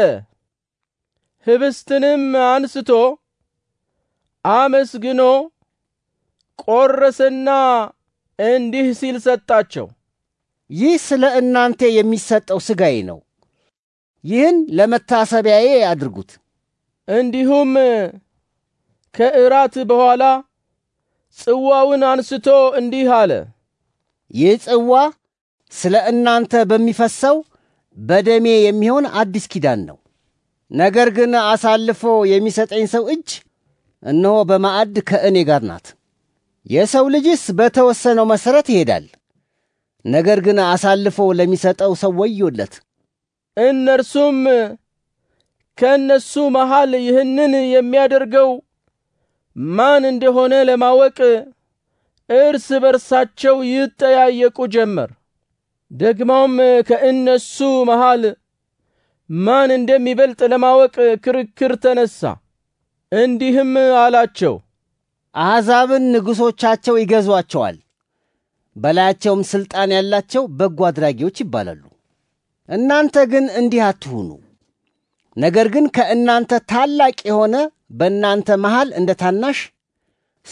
ህብስትንም አንስቶ አመስግኖ ቆረሰና እንዲህ ሲል ሰጣቸው፣ ይህ ስለ እናንተ የሚሰጠው ሥጋዬ ነው። ይህን ለመታሰቢያዬ አድርጉት። እንዲሁም ከእራት በኋላ ጽዋውን አንስቶ እንዲህ አለ፣ ይህ ጽዋ ስለ እናንተ በሚፈሰው በደሜ የሚሆን አዲስ ኪዳን ነው። ነገር ግን አሳልፎ የሚሰጠኝ ሰው እጅ እነሆ በማዕድ ከእኔ ጋር ናት። የሰው ልጅስ በተወሰነው መሠረት ይሄዳል። ነገር ግን አሳልፎ ለሚሰጠው ሰው ወዮለት። እነርሱም ከእነሱ መሃል ይህንን የሚያደርገው ማን እንደሆነ ለማወቅ እርስ በርሳቸው ይጠያየቁ ጀመር። ደግሞም ከእነሱ መሃል ማን እንደሚበልጥ ለማወቅ ክርክር ተነሳ። እንዲህም አላቸው አሕዛብን ንጉሶቻቸው ይገዟቸዋል፣ በላያቸውም ሥልጣን ያላቸው በጎ አድራጊዎች ይባላሉ። እናንተ ግን እንዲህ አትሁኑ። ነገር ግን ከእናንተ ታላቅ የሆነ በእናንተ መሃል እንደ ታናሽ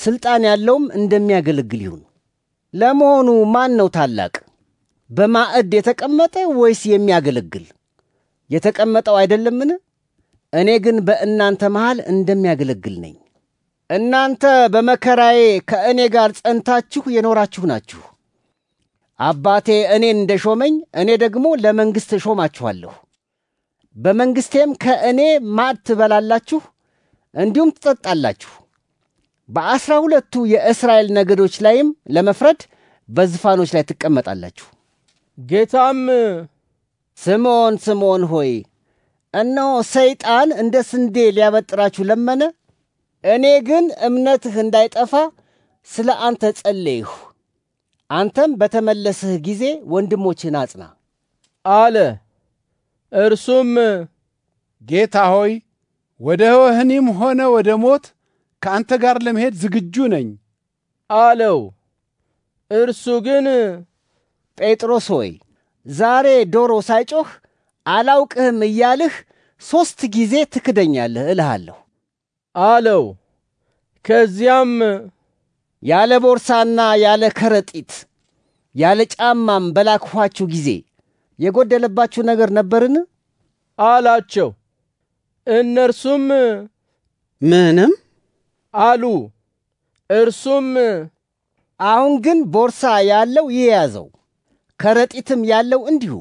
ሥልጣን ያለውም እንደሚያገለግል ይሁን። ለመሆኑ ማን ነው ታላቅ? በማዕድ የተቀመጠ ወይስ የሚያገለግል? የተቀመጠው አይደለምን? እኔ ግን በእናንተ መሃል እንደሚያገለግል ነኝ። እናንተ በመከራዬ ከእኔ ጋር ጸንታችሁ የኖራችሁ ናችሁ። አባቴ እኔን እንደ ሾመኝ እኔ ደግሞ ለመንግሥት እሾማችኋለሁ። በመንግሥቴም ከእኔ ማድ ትበላላችሁ፣ እንዲሁም ትጠጣላችሁ። በአስራ ሁለቱ የእስራኤል ነገዶች ላይም ለመፍረድ በዝፋኖች ላይ ትቀመጣላችሁ። ጌታም ስምዖን ስምዖን ሆይ እነሆ ሰይጣን እንደ ስንዴ ሊያበጥራችሁ ለመነ እኔ ግን እምነትህ እንዳይጠፋ ስለ አንተ ጸለይሁ። አንተም በተመለስህ ጊዜ ወንድሞችን አጽና አለ። እርሱም ጌታ ሆይ ወደ ወህኒም ሆነ ወደ ሞት ከአንተ ጋር ለመሄድ ዝግጁ ነኝ አለው። እርሱ ግን ጴጥሮስ ሆይ ዛሬ ዶሮ ሳይጮህ አላውቅህም እያልህ ሦስት ጊዜ ትክደኛለህ እልሃለሁ አለው። ከዚያም ያለ ቦርሳና ያለ ከረጢት ያለ ጫማም በላክኋችሁ ጊዜ የጎደለባችሁ ነገር ነበርን? አላቸው። እነርሱም ምንም አሉ። እርሱም አሁን ግን ቦርሳ ያለው ይያዘው፣ ከረጢትም ያለው እንዲሁ፣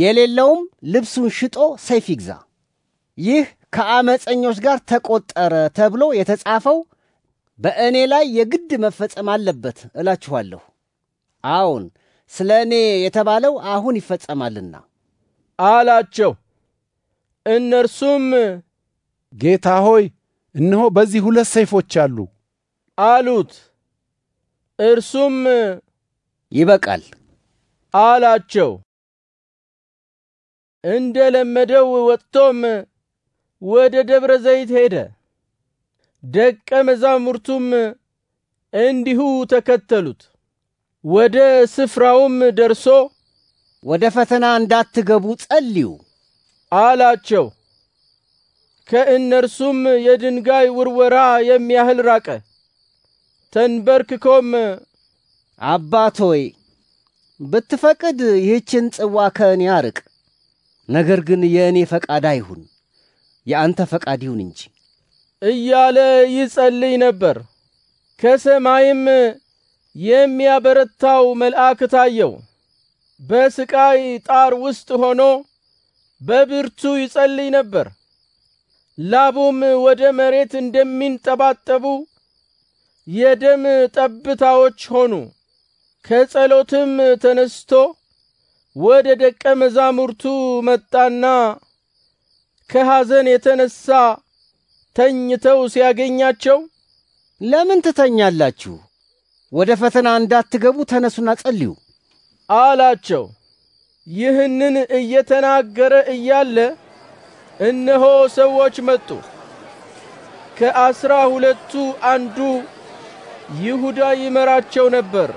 የሌለውም ልብሱን ሽጦ ሰይፍ ይግዛ። ይህ ከአመፀኞች ጋር ተቆጠረ ተብሎ የተጻፈው በእኔ ላይ የግድ መፈጸም አለበት እላችኋለሁ። አዎን ስለ እኔ የተባለው አሁን ይፈጸማልና አላቸው። እነርሱም ጌታ ሆይ፣ እነሆ በዚህ ሁለት ሰይፎች አሉ አሉት። እርሱም ይበቃል አላቸው። እንደ ለመደው ወጥቶም ወደ ደብረ ዘይት ሄደ። ደቀ መዛሙርቱም እንዲሁ ተከተሉት። ወደ ስፍራውም ደርሶ ወደ ፈተና እንዳትገቡ ጸልዩ አላቸው። ከእነርሱም የድንጋይ ውርወራ የሚያህል ራቀ። ተንበርክኮም አባት ሆይ ብትፈቅድ ይህችን ጽዋ ከእኔ አርቅ፣ ነገር ግን የእኔ ፈቃድ አይሁን የአንተ ፈቃድ ይሁን እንጂ እያለ ይጸልይ ነበር። ከሰማይም የሚያበረታው መልአክ ታየው። በስቃይ ጣር ውስጥ ሆኖ በብርቱ ይጸልይ ነበር። ላቡም ወደ መሬት እንደሚንጠባጠቡ የደም ጠብታዎች ሆኑ። ከጸሎትም ተነስቶ ወደ ደቀ መዛሙርቱ መጣና ከሐዘን የተነሳ ተኝተው ሲያገኛቸው ለምን ትተኛላችሁ? ወደ ፈተና እንዳትገቡ ተነሱና ጸልዩ አላቸው። ይህንን እየተናገረ እያለ እነሆ ሰዎች መጡ። ከአስራ ሁለቱ አንዱ ይሁዳ ይመራቸው ነበር።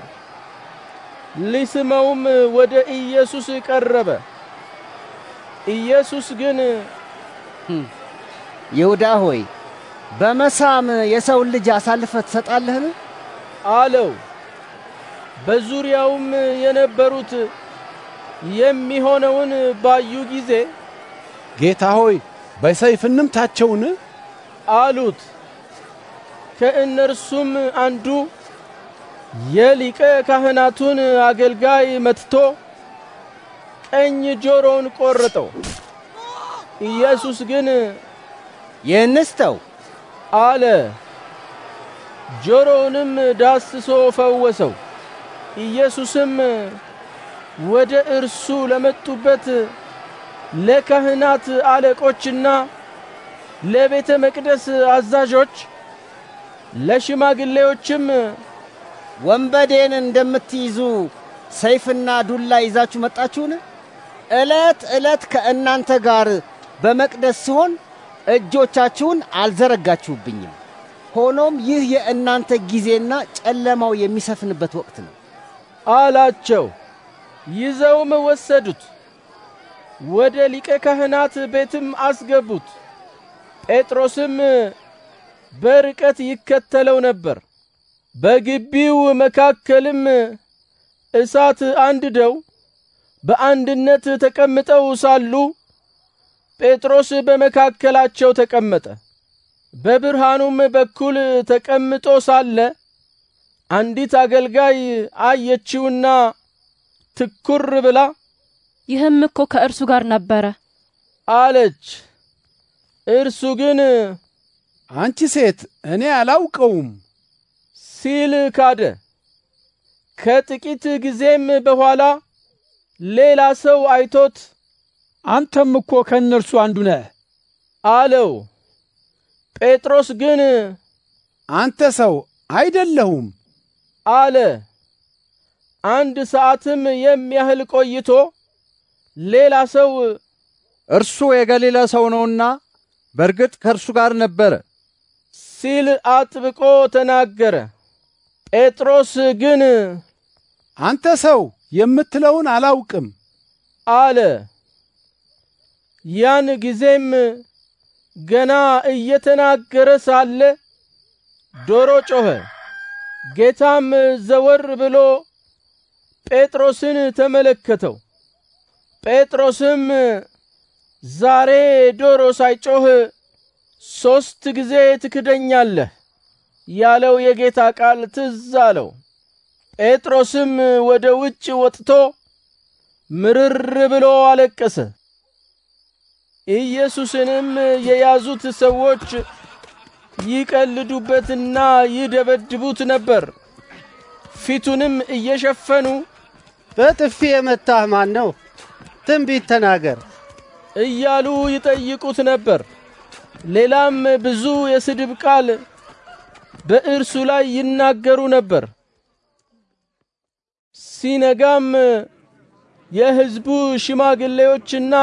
ሊስመውም ወደ ኢየሱስ ቀረበ። ኢየሱስ ግን ይሁዳ ሆይ በመሳም የሰውን ልጅ አሳልፈ ትሰጣለህን? አለው። በዙሪያውም የነበሩት የሚሆነውን ባዩ ጊዜ ጌታ ሆይ በሰይፍ እንምታቸውን አሉት። ከእነርሱም አንዱ የሊቀ ካህናቱን አገልጋይ መትቶ ቀኝ ጆሮውን ቆረጠው። ኢየሱስ ግን የንስተው አለ። ጆሮውንም ዳስሶ ፈወሰው። ኢየሱስም ወደ እርሱ ለመጡበት ለካህናት አለቆችና ለቤተ መቅደስ አዛዦች ለሽማግሌዎችም ወንበዴን እንደምትይዙ ሰይፍና ዱላ ይዛችሁ መጣችሁን? ዕለት ዕለት ከእናንተ ጋር በመቅደስ ሲሆን እጆቻችሁን አልዘረጋችሁብኝም። ሆኖም ይህ የእናንተ ጊዜና ጨለማው የሚሰፍንበት ወቅት ነው አላቸው። ይዘውም ወሰዱት፣ ወደ ሊቀ ካህናት ቤትም አስገቡት። ጴጥሮስም በርቀት ይከተለው ነበር። በግቢው መካከልም እሳት አንድደው በአንድነት ተቀምጠው ሳሉ ጴጥሮስ በመካከላቸው ተቀመጠ። በብርሃኑም በኩል ተቀምጦ ሳለ አንዲት አገልጋይ አየችውና ትኩር ብላ ይህም እኮ ከእርሱ ጋር ነበረ አለች። እርሱ ግን አንቺ ሴት እኔ አላውቀውም ሲል ካደ። ከጥቂት ጊዜም በኋላ ሌላ ሰው አይቶት አንተም እኮ ከእነርሱ አንዱ ነህ አለው። ጴጥሮስ ግን አንተ ሰው አይደለሁም አለ። አንድ ሰዓትም የሚያህል ቆይቶ ሌላ ሰው እርሱ የገሊላ ሰው ነውና በርግጥ ከእርሱ ጋር ነበረ ሲል አጥብቆ ተናገረ። ጴጥሮስ ግን አንተ ሰው የምትለውን አላውቅም አለ። ያን ጊዜም ገና እየተናገረ ሳለ ዶሮ ጮኸ። ጌታም ዘወር ብሎ ጴጥሮስን ተመለከተው። ጴጥሮስም ዛሬ ዶሮ ሳይጮህ ሶስት ጊዜ ትክደኛለህ ያለው የጌታ ቃል ትዝ አለው። ጴጥሮስም ወደ ውጭ ወጥቶ ምርር ብሎ አለቀሰ። ኢየሱስንም የያዙት ሰዎች ይቀልዱበትና ይደበድቡት ነበር። ፊቱንም እየሸፈኑ በጥፊ የመታህ ማን ነው? ትንቢት ተናገር እያሉ ይጠይቁት ነበር። ሌላም ብዙ የስድብ ቃል በእርሱ ላይ ይናገሩ ነበር። ሲነጋም የሕዝቡ ሽማግሌዎችና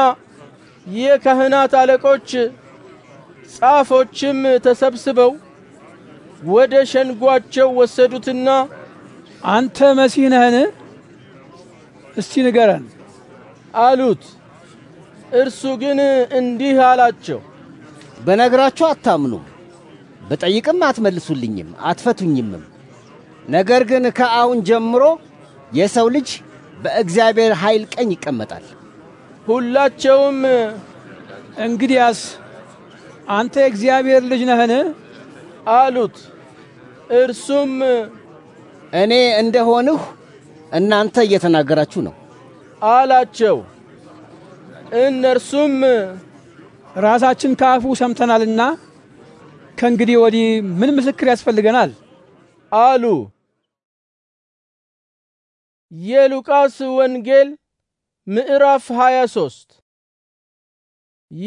የካህናት አለቆች ጻፎችም ተሰብስበው ወደ ሸንጓቸው ወሰዱትና አንተ መሲህ ነህን? እስቲ ንገረን አሉት። እርሱ ግን እንዲህ አላቸው፣ በነግራችሁ አታምኑም፣ በጠይቅም አትመልሱልኝም፣ አትፈቱኝምም። ነገር ግን ከአሁን ጀምሮ የሰው ልጅ በእግዚአብሔር ኃይል ቀኝ ይቀመጣል። ሁላቸውም እንግዲያስ አንተ የእግዚአብሔር ልጅ ነህን? አሉት። እርሱም እኔ እንደሆንሁ እናንተ እየተናገራችሁ ነው አላቸው። እነርሱም ራሳችን ከአፉ ሰምተናልና ከእንግዲህ ወዲህ ምን ምስክር ያስፈልገናል? አሉ። የሉቃስ ወንጌል ምዕራፍ 23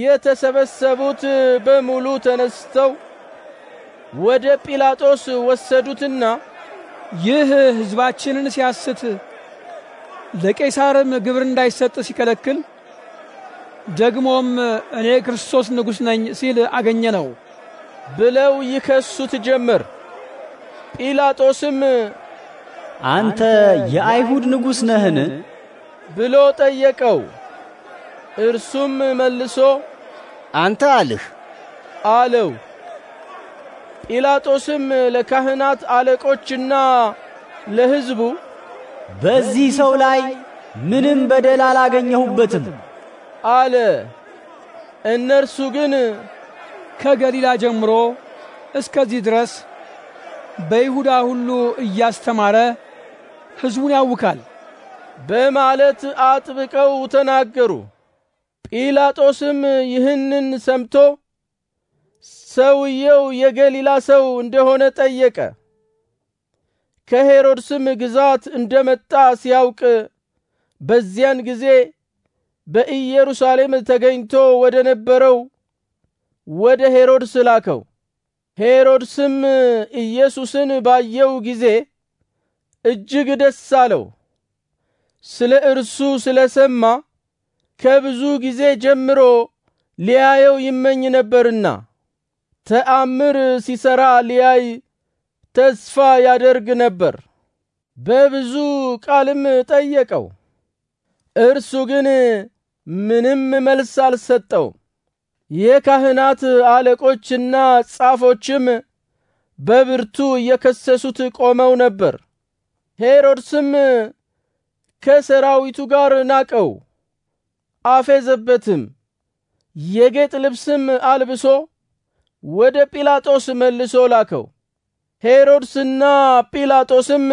የተሰበሰቡት በሙሉ ተነስተው ወደ ጲላጦስ ወሰዱትና ይህ ሕዝባችንን ሲያስት ለቄሳርም ግብር እንዳይሰጥ ሲከለክል ደግሞም እኔ ክርስቶስ ንጉሥ ነኝ ሲል አገኘ ነው ብለው ይከሱት ጀመር። ጲላጦስም አንተ የአይሁድ ንጉሥ ነህን ብሎ ጠየቀው። እርሱም መልሶ አንተ አልህ አለው። ጲላጦስም ለካህናት አለቆችና ለሕዝቡ በዚህ ሰው ላይ ምንም በደል አላገኘሁበትም አለ። እነርሱ ግን ከገሊላ ጀምሮ እስከዚህ ድረስ በይሁዳ ሁሉ እያስተማረ ሕዝቡን ያውካል በማለት አጥብቀው ተናገሩ። ጲላጦስም ይህንን ሰምቶ ሰውየው የገሊላ ሰው እንደሆነ ጠየቀ። ከሄሮድስም ግዛት እንደመጣ ሲያውቅ በዚያን ጊዜ በኢየሩሳሌም ተገኝቶ ወደ ነበረው ወደ ሄሮድስ ላከው። ሄሮድስም ኢየሱስን ባየው ጊዜ እጅግ ደስ አለው። ስለ እርሱ ስለ ሰማ ከብዙ ጊዜ ጀምሮ ሊያየው ይመኝ ነበርና ተአምር ሲሰራ ሊያይ ተስፋ ያደርግ ነበር። በብዙ ቃልም ጠየቀው፣ እርሱ ግን ምንም መልስ አልሰጠው! የካህናት አለቆችና ጻፎችም በብርቱ እየከሰሱት ቆመው ነበር። ሄሮድስም ከሰራዊቱ ጋር ናቀው፣ አፌዘበትም። የጌጥ ልብስም አልብሶ ወደ ጲላጦስ መልሶ ላከው። ሄሮድስና ጲላጦስም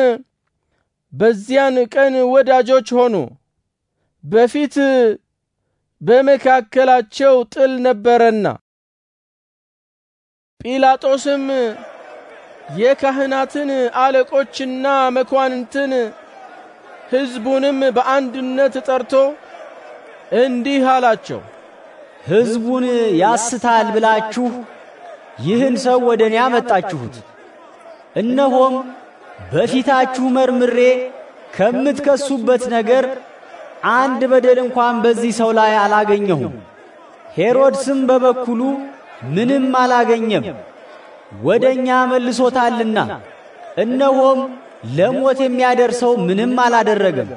በዚያን ቀን ወዳጆች ሆኑ። በፊት በመካከላቸው ጥል ነበረና። ጲላጦስም የካህናትን አለቆችና መኳንንትን ሕዝቡንም በአንድነት ጠርቶ እንዲህ አላቸው፣ ሕዝቡን ያስታል ብላችሁ ይህን ሰው ወደ እኔ አመጣችሁት። እነሆም በፊታችሁ መርምሬ ከምትከሱበት ነገር አንድ በደል እንኳን በዚህ ሰው ላይ አላገኘሁም። ሄሮድስም በበኩሉ ምንም አላገኘም፣ ወደ እኛ መልሶታልና እነሆም ለሞት የሚያደርሰው ምንም አላደረገም።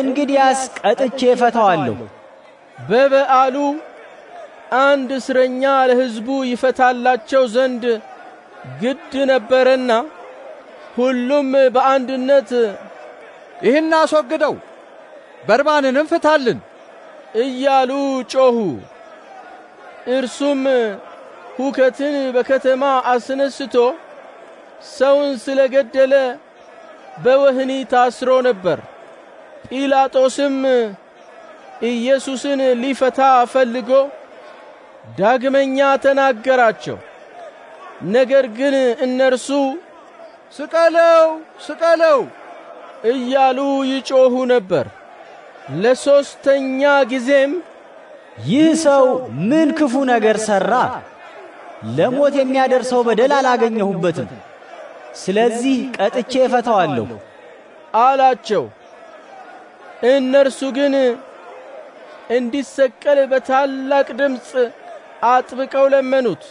እንግዲያስ ቀጥቼ እፈታዋለሁ። በበዓሉ አንድ እስረኛ ለሕዝቡ ይፈታላቸው ዘንድ ግድ ነበረና ሁሉም በአንድነት ይህን አስወግደው፣ በርባንንም ፍታልን እያሉ ጮኹ። እርሱም ሁከትን በከተማ አስነስቶ ሰውን ስለ ገደለ በወህኒ ታስሮ ነበር። ጲላጦስም ኢየሱስን ሊፈታ ፈልጎ ዳግመኛ ተናገራቸው። ነገር ግን እነርሱ ስቀለው፣ ስቀለው እያሉ ይጮኹ ነበር። ለሶስተኛ ጊዜም ይህ ሰው ምን ክፉ ነገር ሰራ? ለሞት የሚያደርሰው በደል አላገኘሁበትም ስለዚህ ቀጥቼ እፈታዋለሁ አላቸው። እነርሱ ግን እንዲሰቀል በታላቅ ድምፅ አጥብቀው ለመኑት።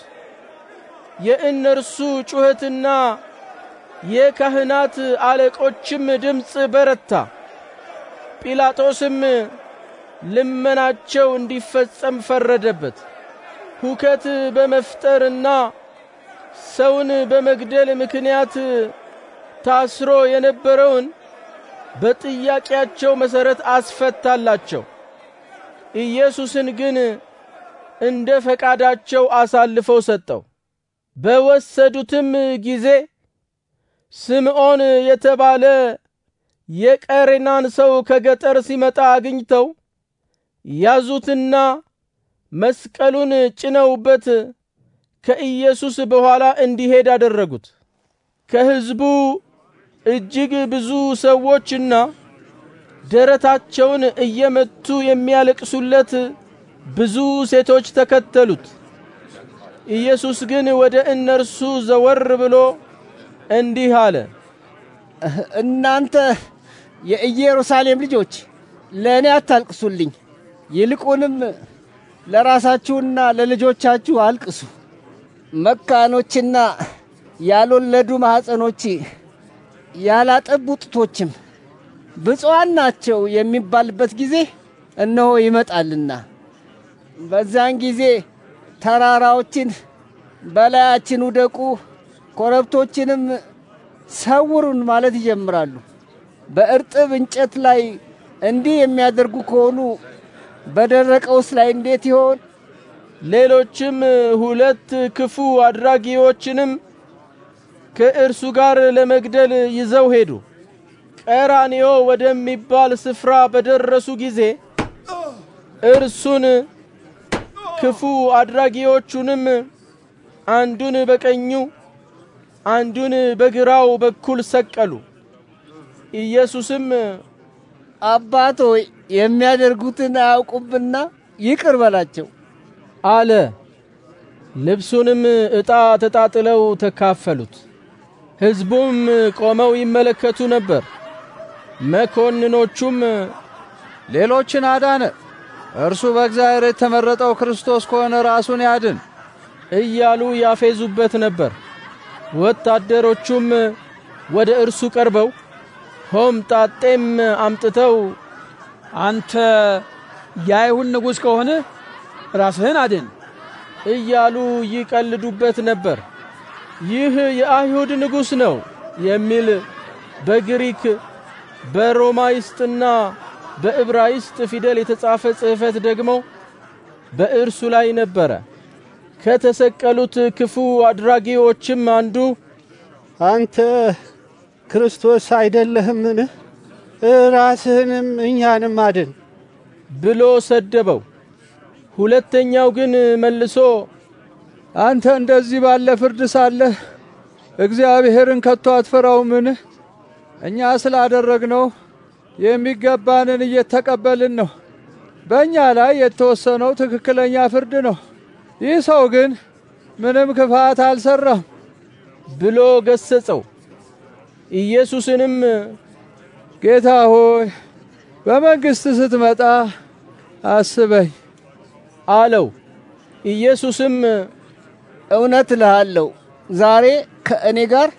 የእነርሱ ጩኸትና የካህናት አለቆችም ድምፅ በረታ። ጲላጦስም ልመናቸው እንዲፈጸም ፈረደበት። ሁከት በመፍጠርና ሰውን በመግደል ምክንያት ታስሮ የነበረውን በጥያቄያቸው መሰረት አስፈታላቸው። ኢየሱስን ግን እንደ ፈቃዳቸው አሳልፈው ሰጠው። በወሰዱትም ጊዜ ስምዖን የተባለ የቀሬናን ሰው ከገጠር ሲመጣ አግኝተው ያዙትና መስቀሉን ጭነውበት ከኢየሱስ በኋላ እንዲሄድ አደረጉት። ከሕዝቡ እጅግ ብዙ ሰዎችና ደረታቸውን እየመቱ የሚያለቅሱለት ብዙ ሴቶች ተከተሉት። ኢየሱስ ግን ወደ እነርሱ ዘወር ብሎ እንዲህ አለ፣ እናንተ የኢየሩሳሌም ልጆች ለእኔ አታልቅሱልኝ፣ ይልቁንም ለራሳችሁና ለልጆቻችሁ አልቅሱ። መካኖችና ያልወለዱ ማህፀኖች ያላጠቡ ጡቶችም ብፁዓን ናቸው የሚባልበት ጊዜ እነሆ ይመጣልና በዚያን ጊዜ ተራራዎችን በላያችን ውደቁ፣ ኮረብቶችንም ሰውሩን ማለት ይጀምራሉ። በእርጥብ እንጨት ላይ እንዲህ የሚያደርጉ ከሆኑ በደረቀውስ ላይ እንዴት ይሆን? ሌሎችም ሁለት ክፉ አድራጊዎችንም ከእርሱ ጋር ለመግደል ይዘው ሄዱ። ቀራንዮ ወደሚባል ስፍራ በደረሱ ጊዜ እርሱን ክፉ አድራጊዎቹንም አንዱን በቀኙ አንዱን በግራው በኩል ሰቀሉ። ኢየሱስም አባቶ የሚያደርጉትን አያውቁምና ይቅር በላቸው አለ። ልብሱንም እጣ ተጣጥለው ተካፈሉት። ሕዝቡም ቆመው ይመለከቱ ነበር። መኮንኖቹም ሌሎችን አዳነ፣ እርሱ በእግዚአብሔር የተመረጠው ክርስቶስ ከሆነ ራሱን ያድን እያሉ ያፌዙበት ነበር። ወታደሮቹም ወደ እርሱ ቀርበው ሆምጣጤም አምጥተው አንተ የአይሁድ ንጉሥ ከሆነ ራስህን አድን እያሉ ይቀልዱበት ነበር። ይህ የአይሁድ ንጉሥ ነው የሚል በግሪክ በሮማይስጥና በዕብራይስጥ ፊደል የተጻፈ ጽሕፈት ደግሞ በእርሱ ላይ ነበረ። ከተሰቀሉት ክፉ አድራጊዎችም አንዱ አንተ ክርስቶስ አይደለህምን? ራስህንም እኛንም አድን ብሎ ሰደበው። ሁለተኛው ግን መልሶ አንተ እንደዚህ ባለ ፍርድ ሳለህ እግዚአብሔርን ከቶ ምን እኛ ስላደረግነው የሚገባንን እየተቀበልን ነው። በእኛ ላይ የተወሰነው ትክክለኛ ፍርድ ነው። ይህ ሰው ግን ምንም ክፋት አልሰራም ብሎ ገሰጸው። ኢየሱስንም ጌታ ሆይ በመንግስት ስትመጣ አስበኝ አለው። ኢየሱስም እውነት እልሃለሁ ዛሬ ከእኔ ጋር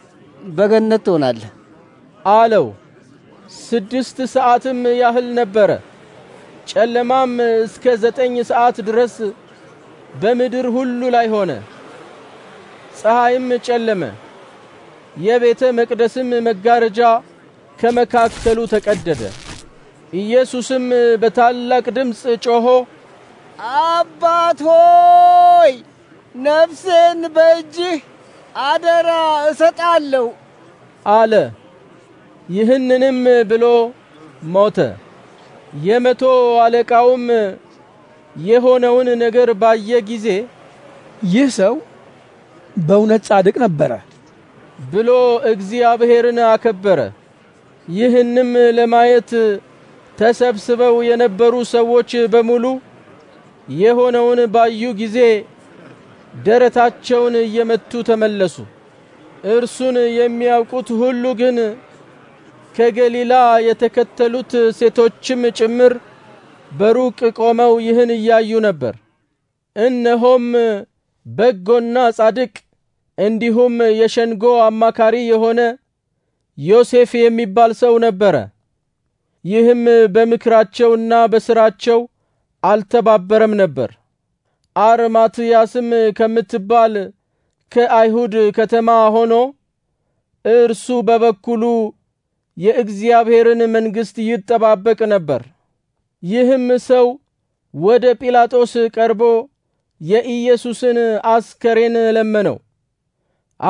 በገነት ትሆናለህ አለው። ስድስት ሰዓትም ያህል ነበረ። ጨለማም እስከ ዘጠኝ ሰዓት ድረስ በምድር ሁሉ ላይ ሆነ። ፀሐይም ጨለመ። የቤተ መቅደስም መጋረጃ ከመካከሉ ተቀደደ። ኢየሱስም በታላቅ ድምፅ ጮሆ አባት ሆይ ነፍሴን በእጅህ አደራ እሰጣለሁ አለ። ይህንንም ብሎ ሞተ። የመቶ አለቃውም የሆነውን ነገር ባየ ጊዜ ይህ ሰው በእውነት ጻድቅ ነበረ ብሎ እግዚአብሔርን አከበረ። ይህንም ለማየት ተሰብስበው የነበሩ ሰዎች በሙሉ የሆነውን ባዩ ጊዜ ደረታቸውን እየመቱ ተመለሱ። እርሱን የሚያውቁት ሁሉ ግን ከገሊላ የተከተሉት ሴቶችም ጭምር በሩቅ ቆመው ይህን እያዩ ነበር። እነሆም በጎና ጻድቅ እንዲሁም የሸንጎ አማካሪ የሆነ ዮሴፍ የሚባል ሰው ነበረ። ይህም በምክራቸውና በስራቸው አልተባበረም ነበር። አርማትያስም ከምትባል ከአይሁድ ከተማ ሆኖ እርሱ በበኩሉ የእግዚአብሔርን መንግሥት ይጠባበቅ ነበር። ይህም ሰው ወደ ጲላጦስ ቀርቦ የኢየሱስን አስከሬን ለመነው።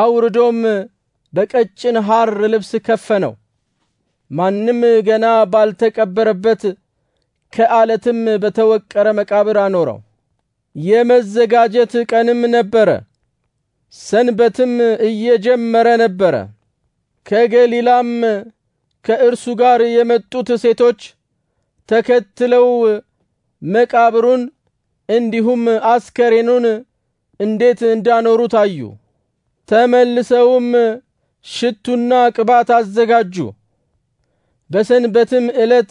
አውርዶም በቀጭን ሐር ልብስ ከፈነው። ማንም ገና ባልተቀበረበት ከአለትም በተወቀረ መቃብር አኖረው። የመዘጋጀት ቀንም ነበረ፣ ሰንበትም እየጀመረ ነበረ። ከገሊላም ከእርሱ ጋር የመጡት ሴቶች ተከትለው መቃብሩን እንዲሁም አስከሬኑን እንዴት እንዳኖሩት አዩ። ተመልሰውም ሽቱና ቅባት አዘጋጁ። በሰንበትም ዕለት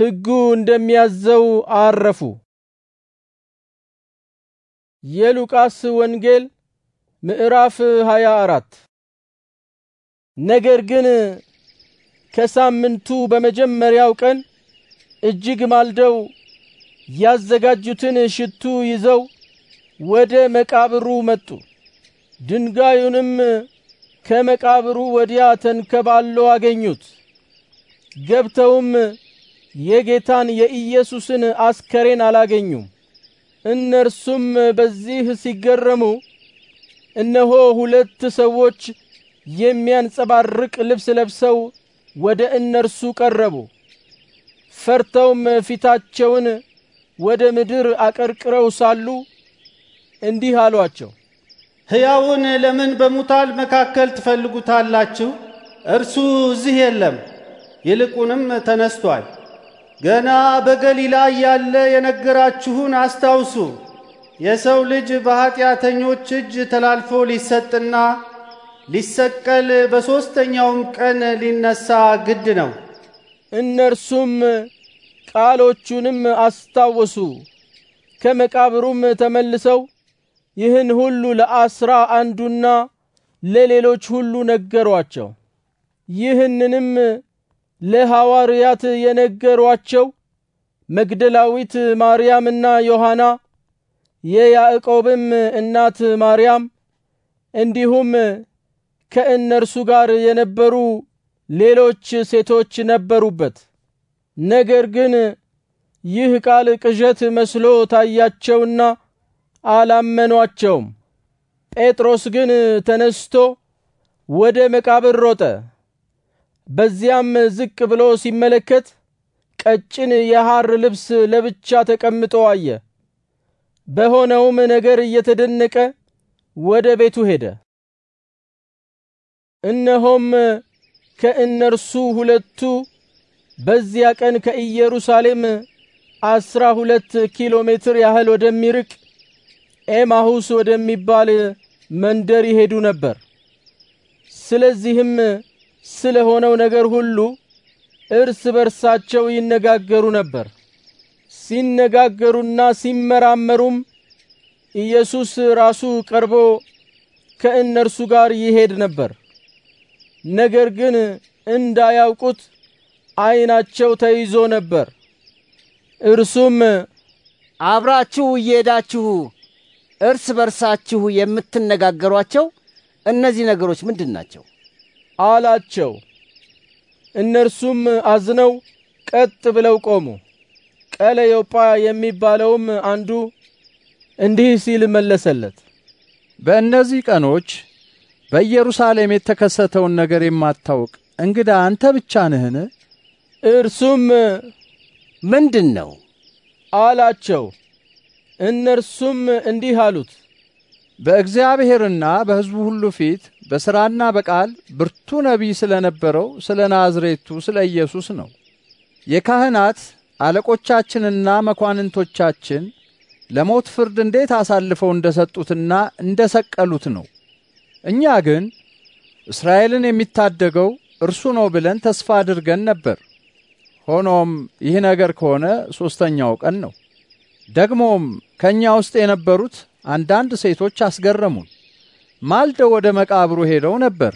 ሕጉ እንደሚያዘው አረፉ። የሉቃስ ወንጌል ምዕራፍ 24 ነገር ግን ከሳምንቱ በመጀመሪያው ቀን እጅግ ማልደው ያዘጋጁትን ሽቱ ይዘው ወደ መቃብሩ መጡ። ድንጋዩንም ከመቃብሩ ወዲያ ተንከባሎ አገኙት። ገብተውም የጌታን የኢየሱስን አስከሬን አላገኙም። እነርሱም በዚህ ሲገረሙ እነሆ ሁለት ሰዎች የሚያንጸባርቅ ልብስ ለብሰው ወደ እነርሱ ቀረቡ። ፈርተውም ፊታቸውን ወደ ምድር አቀርቅረው ሳሉ እንዲህ አሏቸው፣ ሕያውን ለምን በሙታል መካከል ትፈልጉታላችሁ? እርሱ እዚህ የለም፣ ይልቁንም ተነስቷል። ገና በገሊላ እያለ የነገራችሁን አስታውሱ። የሰው ልጅ በኀጢአተኞች እጅ ተላልፎ ሊሰጥና ሊሰቀል በሦስተኛውም ቀን ሊነሳ ግድ ነው። እነርሱም ቃሎቹንም አስታወሱ። ከመቃብሩም ተመልሰው ይህን ሁሉ ለአስራ አንዱና ለሌሎች ሁሉ ነገሯቸው። ይህንንም ለሐዋርያት የነገሯቸው መግደላዊት ማርያምና ዮሐና የያዕቆብም እናት ማርያም እንዲሁም ከእነርሱ ጋር የነበሩ ሌሎች ሴቶች ነበሩበት። ነገር ግን ይህ ቃል ቅዠት መስሎ ታያቸውና አላመኗቸውም። ጴጥሮስ ግን ተነስቶ ወደ መቃብር ሮጠ። በዚያም ዝቅ ብሎ ሲመለከት ቀጭን የሐር ልብስ ለብቻ ተቀምጦ አየ። በሆነውም ነገር እየተደነቀ ወደ ቤቱ ሄደ። እነሆም ከእነርሱ ሁለቱ በዚያ ቀን ከኢየሩሳሌም አስራ ሁለት ኪሎ ሜትር ያህል ወደሚርቅ ኤማሁስ ወደሚባል መንደር ይሄዱ ነበር። ስለዚህም ስለ ሆነው ነገር ሁሉ እርስ በርሳቸው ይነጋገሩ ነበር። ሲነጋገሩና ሲመራመሩም ኢየሱስ ራሱ ቀርቦ ከእነርሱ ጋር ይሄድ ነበር። ነገር ግን እንዳያውቁት ዓይናቸው ተይዞ ነበር። እርሱም አብራችሁ እየሄዳችሁ እርስ በርሳችሁ የምትነጋገሯቸው እነዚህ ነገሮች ምንድን ናቸው? አላቸው። እነርሱም አዝነው ቀጥ ብለው ቆሙ። ቀለዮጳ የሚባለውም አንዱ እንዲህ ሲል መለሰለት፣ በእነዚህ ቀኖች በኢየሩሳሌም የተከሰተውን ነገር የማታውቅ እንግዳ አንተ ብቻ ነህን? እርሱም ምንድን ነው አላቸው። እነርሱም እንዲህ አሉት፣ በእግዚአብሔርና በሕዝቡ ሁሉ ፊት በሥራና በቃል ብርቱ ነቢይ ስለነበረው ስለ ናዝሬቱ ስለ ኢየሱስ ነው። የካህናት አለቆቻችንና መኳንንቶቻችን ለሞት ፍርድ እንዴት አሳልፈው እንደሰጡትና እንደሰቀሉት ነው። እኛ ግን እስራኤልን የሚታደገው እርሱ ነው ብለን ተስፋ አድርገን ነበር። ሆኖም ይህ ነገር ከሆነ ሶስተኛው ቀን ነው። ደግሞም ከእኛ ውስጥ የነበሩት አንዳንድ ሴቶች አስገረሙን። ማልደው ወደ መቃብሩ ሄደው ነበር።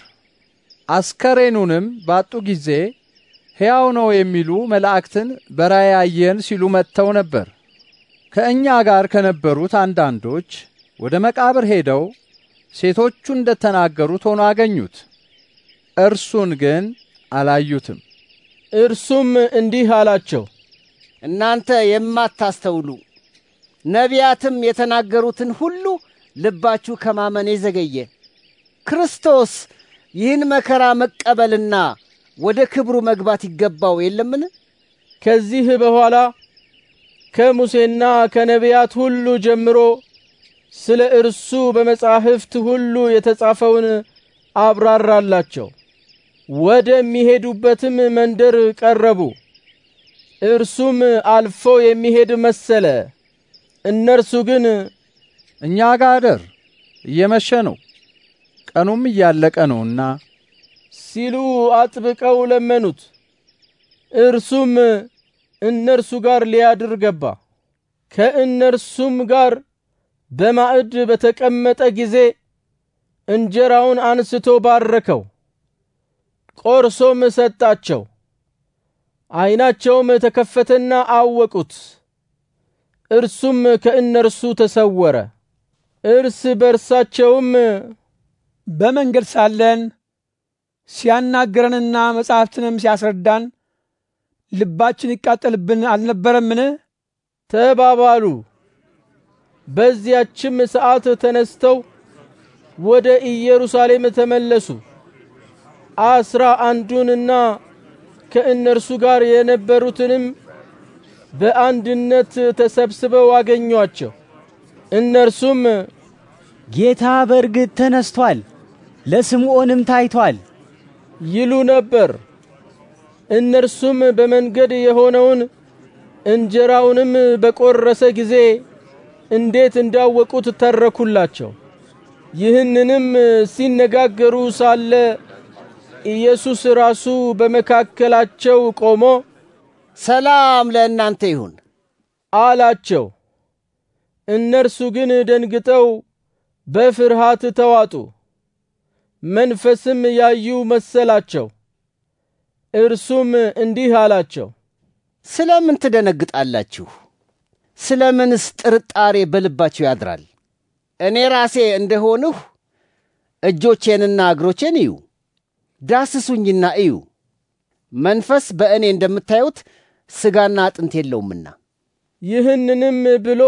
አስከሬኑንም ባጡ ጊዜ ሕያው ነው የሚሉ መላእክትን በራእይ አየን ሲሉ መጥተው ነበር። ከእኛ ጋር ከነበሩት አንዳንዶች ወደ መቃብር ሄደው ሴቶቹ እንደተናገሩት ሆኖ አገኙት። እርሱን ግን አላዩትም። እርሱም እንዲህ አላቸው፣ እናንተ የማታስተውሉ ነቢያትም የተናገሩትን ሁሉ ልባችሁ ከማመን የዘገየ ክርስቶስ ይህን መከራ መቀበልና ወደ ክብሩ መግባት ይገባው የለምን? ከዚህ በኋላ ከሙሴና ከነቢያት ሁሉ ጀምሮ ስለ እርሱ በመጻሕፍት ሁሉ የተጻፈውን አብራራላቸው። ወደሚሄዱበትም መንደር ቀረቡ። እርሱም አልፎ የሚሄድ መሰለ። እነርሱ ግን እኛ ጋር አደር፣ እየመሸ ነው፣ ቀኑም እያለቀ ነውና ሲሉ አጥብቀው ለመኑት። እርሱም እነርሱ ጋር ሊያድር ገባ። ከእነርሱም ጋር በማዕድ በተቀመጠ ጊዜ እንጀራውን አንስቶ ባረከው፣ ቆርሶም ሰጣቸው። ዓይናቸውም ተከፈተና አወቁት። እርሱም ከእነርሱ ተሰወረ። እርስ በርሳቸውም በመንገድ ሳለን ሲያናግረንና መጻሕፍትንም ሲያስረዳን ልባችን ይቃጠልብን አልነበረምን? ተባባሉ። በዚያችም ሰዓት ተነስተው ወደ ኢየሩሳሌም ተመለሱ። አስራ አንዱንና ከእነርሱ ጋር የነበሩትንም በአንድነት ተሰብስበው አገኟቸው። እነርሱም ጌታ በእርግጥ ተነስቷል፣ ለስምዖንም ታይቷል ይሉ ነበር። እነርሱም በመንገድ የሆነውን እንጀራውንም በቆረሰ ጊዜ እንዴት እንዳወቁት ተረኩላቸው። ይህንንም ሲነጋገሩ ሳለ ኢየሱስ ራሱ በመካከላቸው ቆሞ ሰላም ለእናንተ ይሁን አላቸው። እነርሱ ግን ደንግጠው በፍርሃት ተዋጡ፣ መንፈስም ያዩ መሰላቸው። እርሱም እንዲህ አላቸው፣ ስለምን ትደነግጣላችሁ? ምንስ ጥርጣሬ በልባችሁ ያድራል? እኔ ራሴ እንደሆንሁ እጆቼንና እግሮቼን እዩ፣ ዳስሱኝና እዩ። መንፈስ በእኔ እንደምታዩት ሥጋና አጥንት የለውምና። ይህንንም ብሎ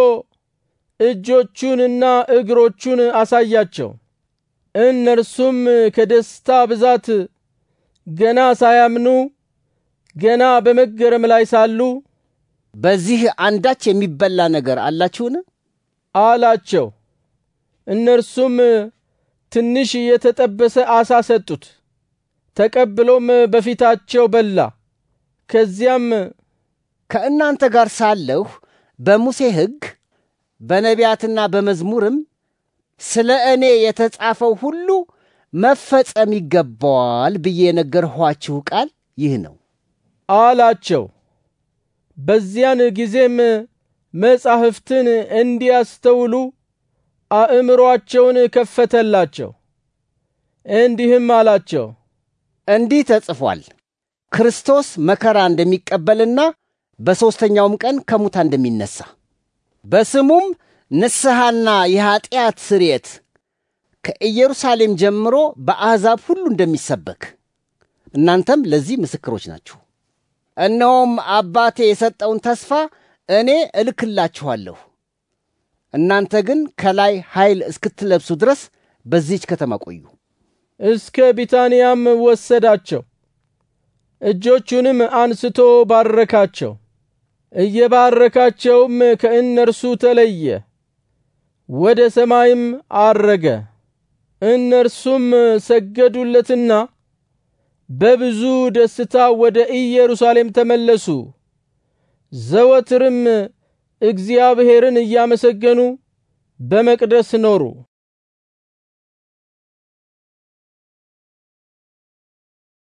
እጆቹንና እግሮቹን አሳያቸው። እነርሱም ከደስታ ብዛት ገና ሳያምኑ ገና በመገረም ላይ ሳሉ በዚህ አንዳች የሚበላ ነገር አላችሁን? አላቸው። እነርሱም ትንሽ የተጠበሰ አሳ ሰጡት። ተቀብሎም በፊታቸው በላ። ከዚያም ከእናንተ ጋር ሳለሁ በሙሴ ሕግ በነቢያትና በመዝሙርም ስለ እኔ የተጻፈው ሁሉ መፈጸም ይገባዋል ብዬ የነገርኋችሁ ቃል ይህ ነው አላቸው። በዚያን ጊዜም መጻሕፍትን እንዲያስተውሉ አእምሮአቸውን ከፈተላቸው፣ እንዲህም አላቸው፣ እንዲህ ተጽፏል፣ ክርስቶስ መከራ እንደሚቀበልና በሦስተኛውም ቀን ከሙታን እንደሚነሣ በስሙም ንስሐና የኀጢአት ስርየት ከኢየሩሳሌም ጀምሮ በአሕዛብ ሁሉ እንደሚሰበክ እናንተም ለዚህ ምስክሮች ናችሁ። እነሆም አባቴ የሰጠውን ተስፋ እኔ እልክላችኋለሁ። እናንተ ግን ከላይ ኃይል እስክትለብሱ ድረስ በዚች ከተማ ቆዩ። እስከ ቢታንያም ወሰዳቸው፣ እጆቹንም አንስቶ ባረካቸው። እየባረካቸውም ከእነርሱ ተለየ፣ ወደ ሰማይም አረገ። እነርሱም ሰገዱለትና በብዙ ደስታ ወደ ኢየሩሳሌም ተመለሱ። ዘወትርም እግዚአብሔርን እያመሰገኑ በመቅደስ ኖሩ።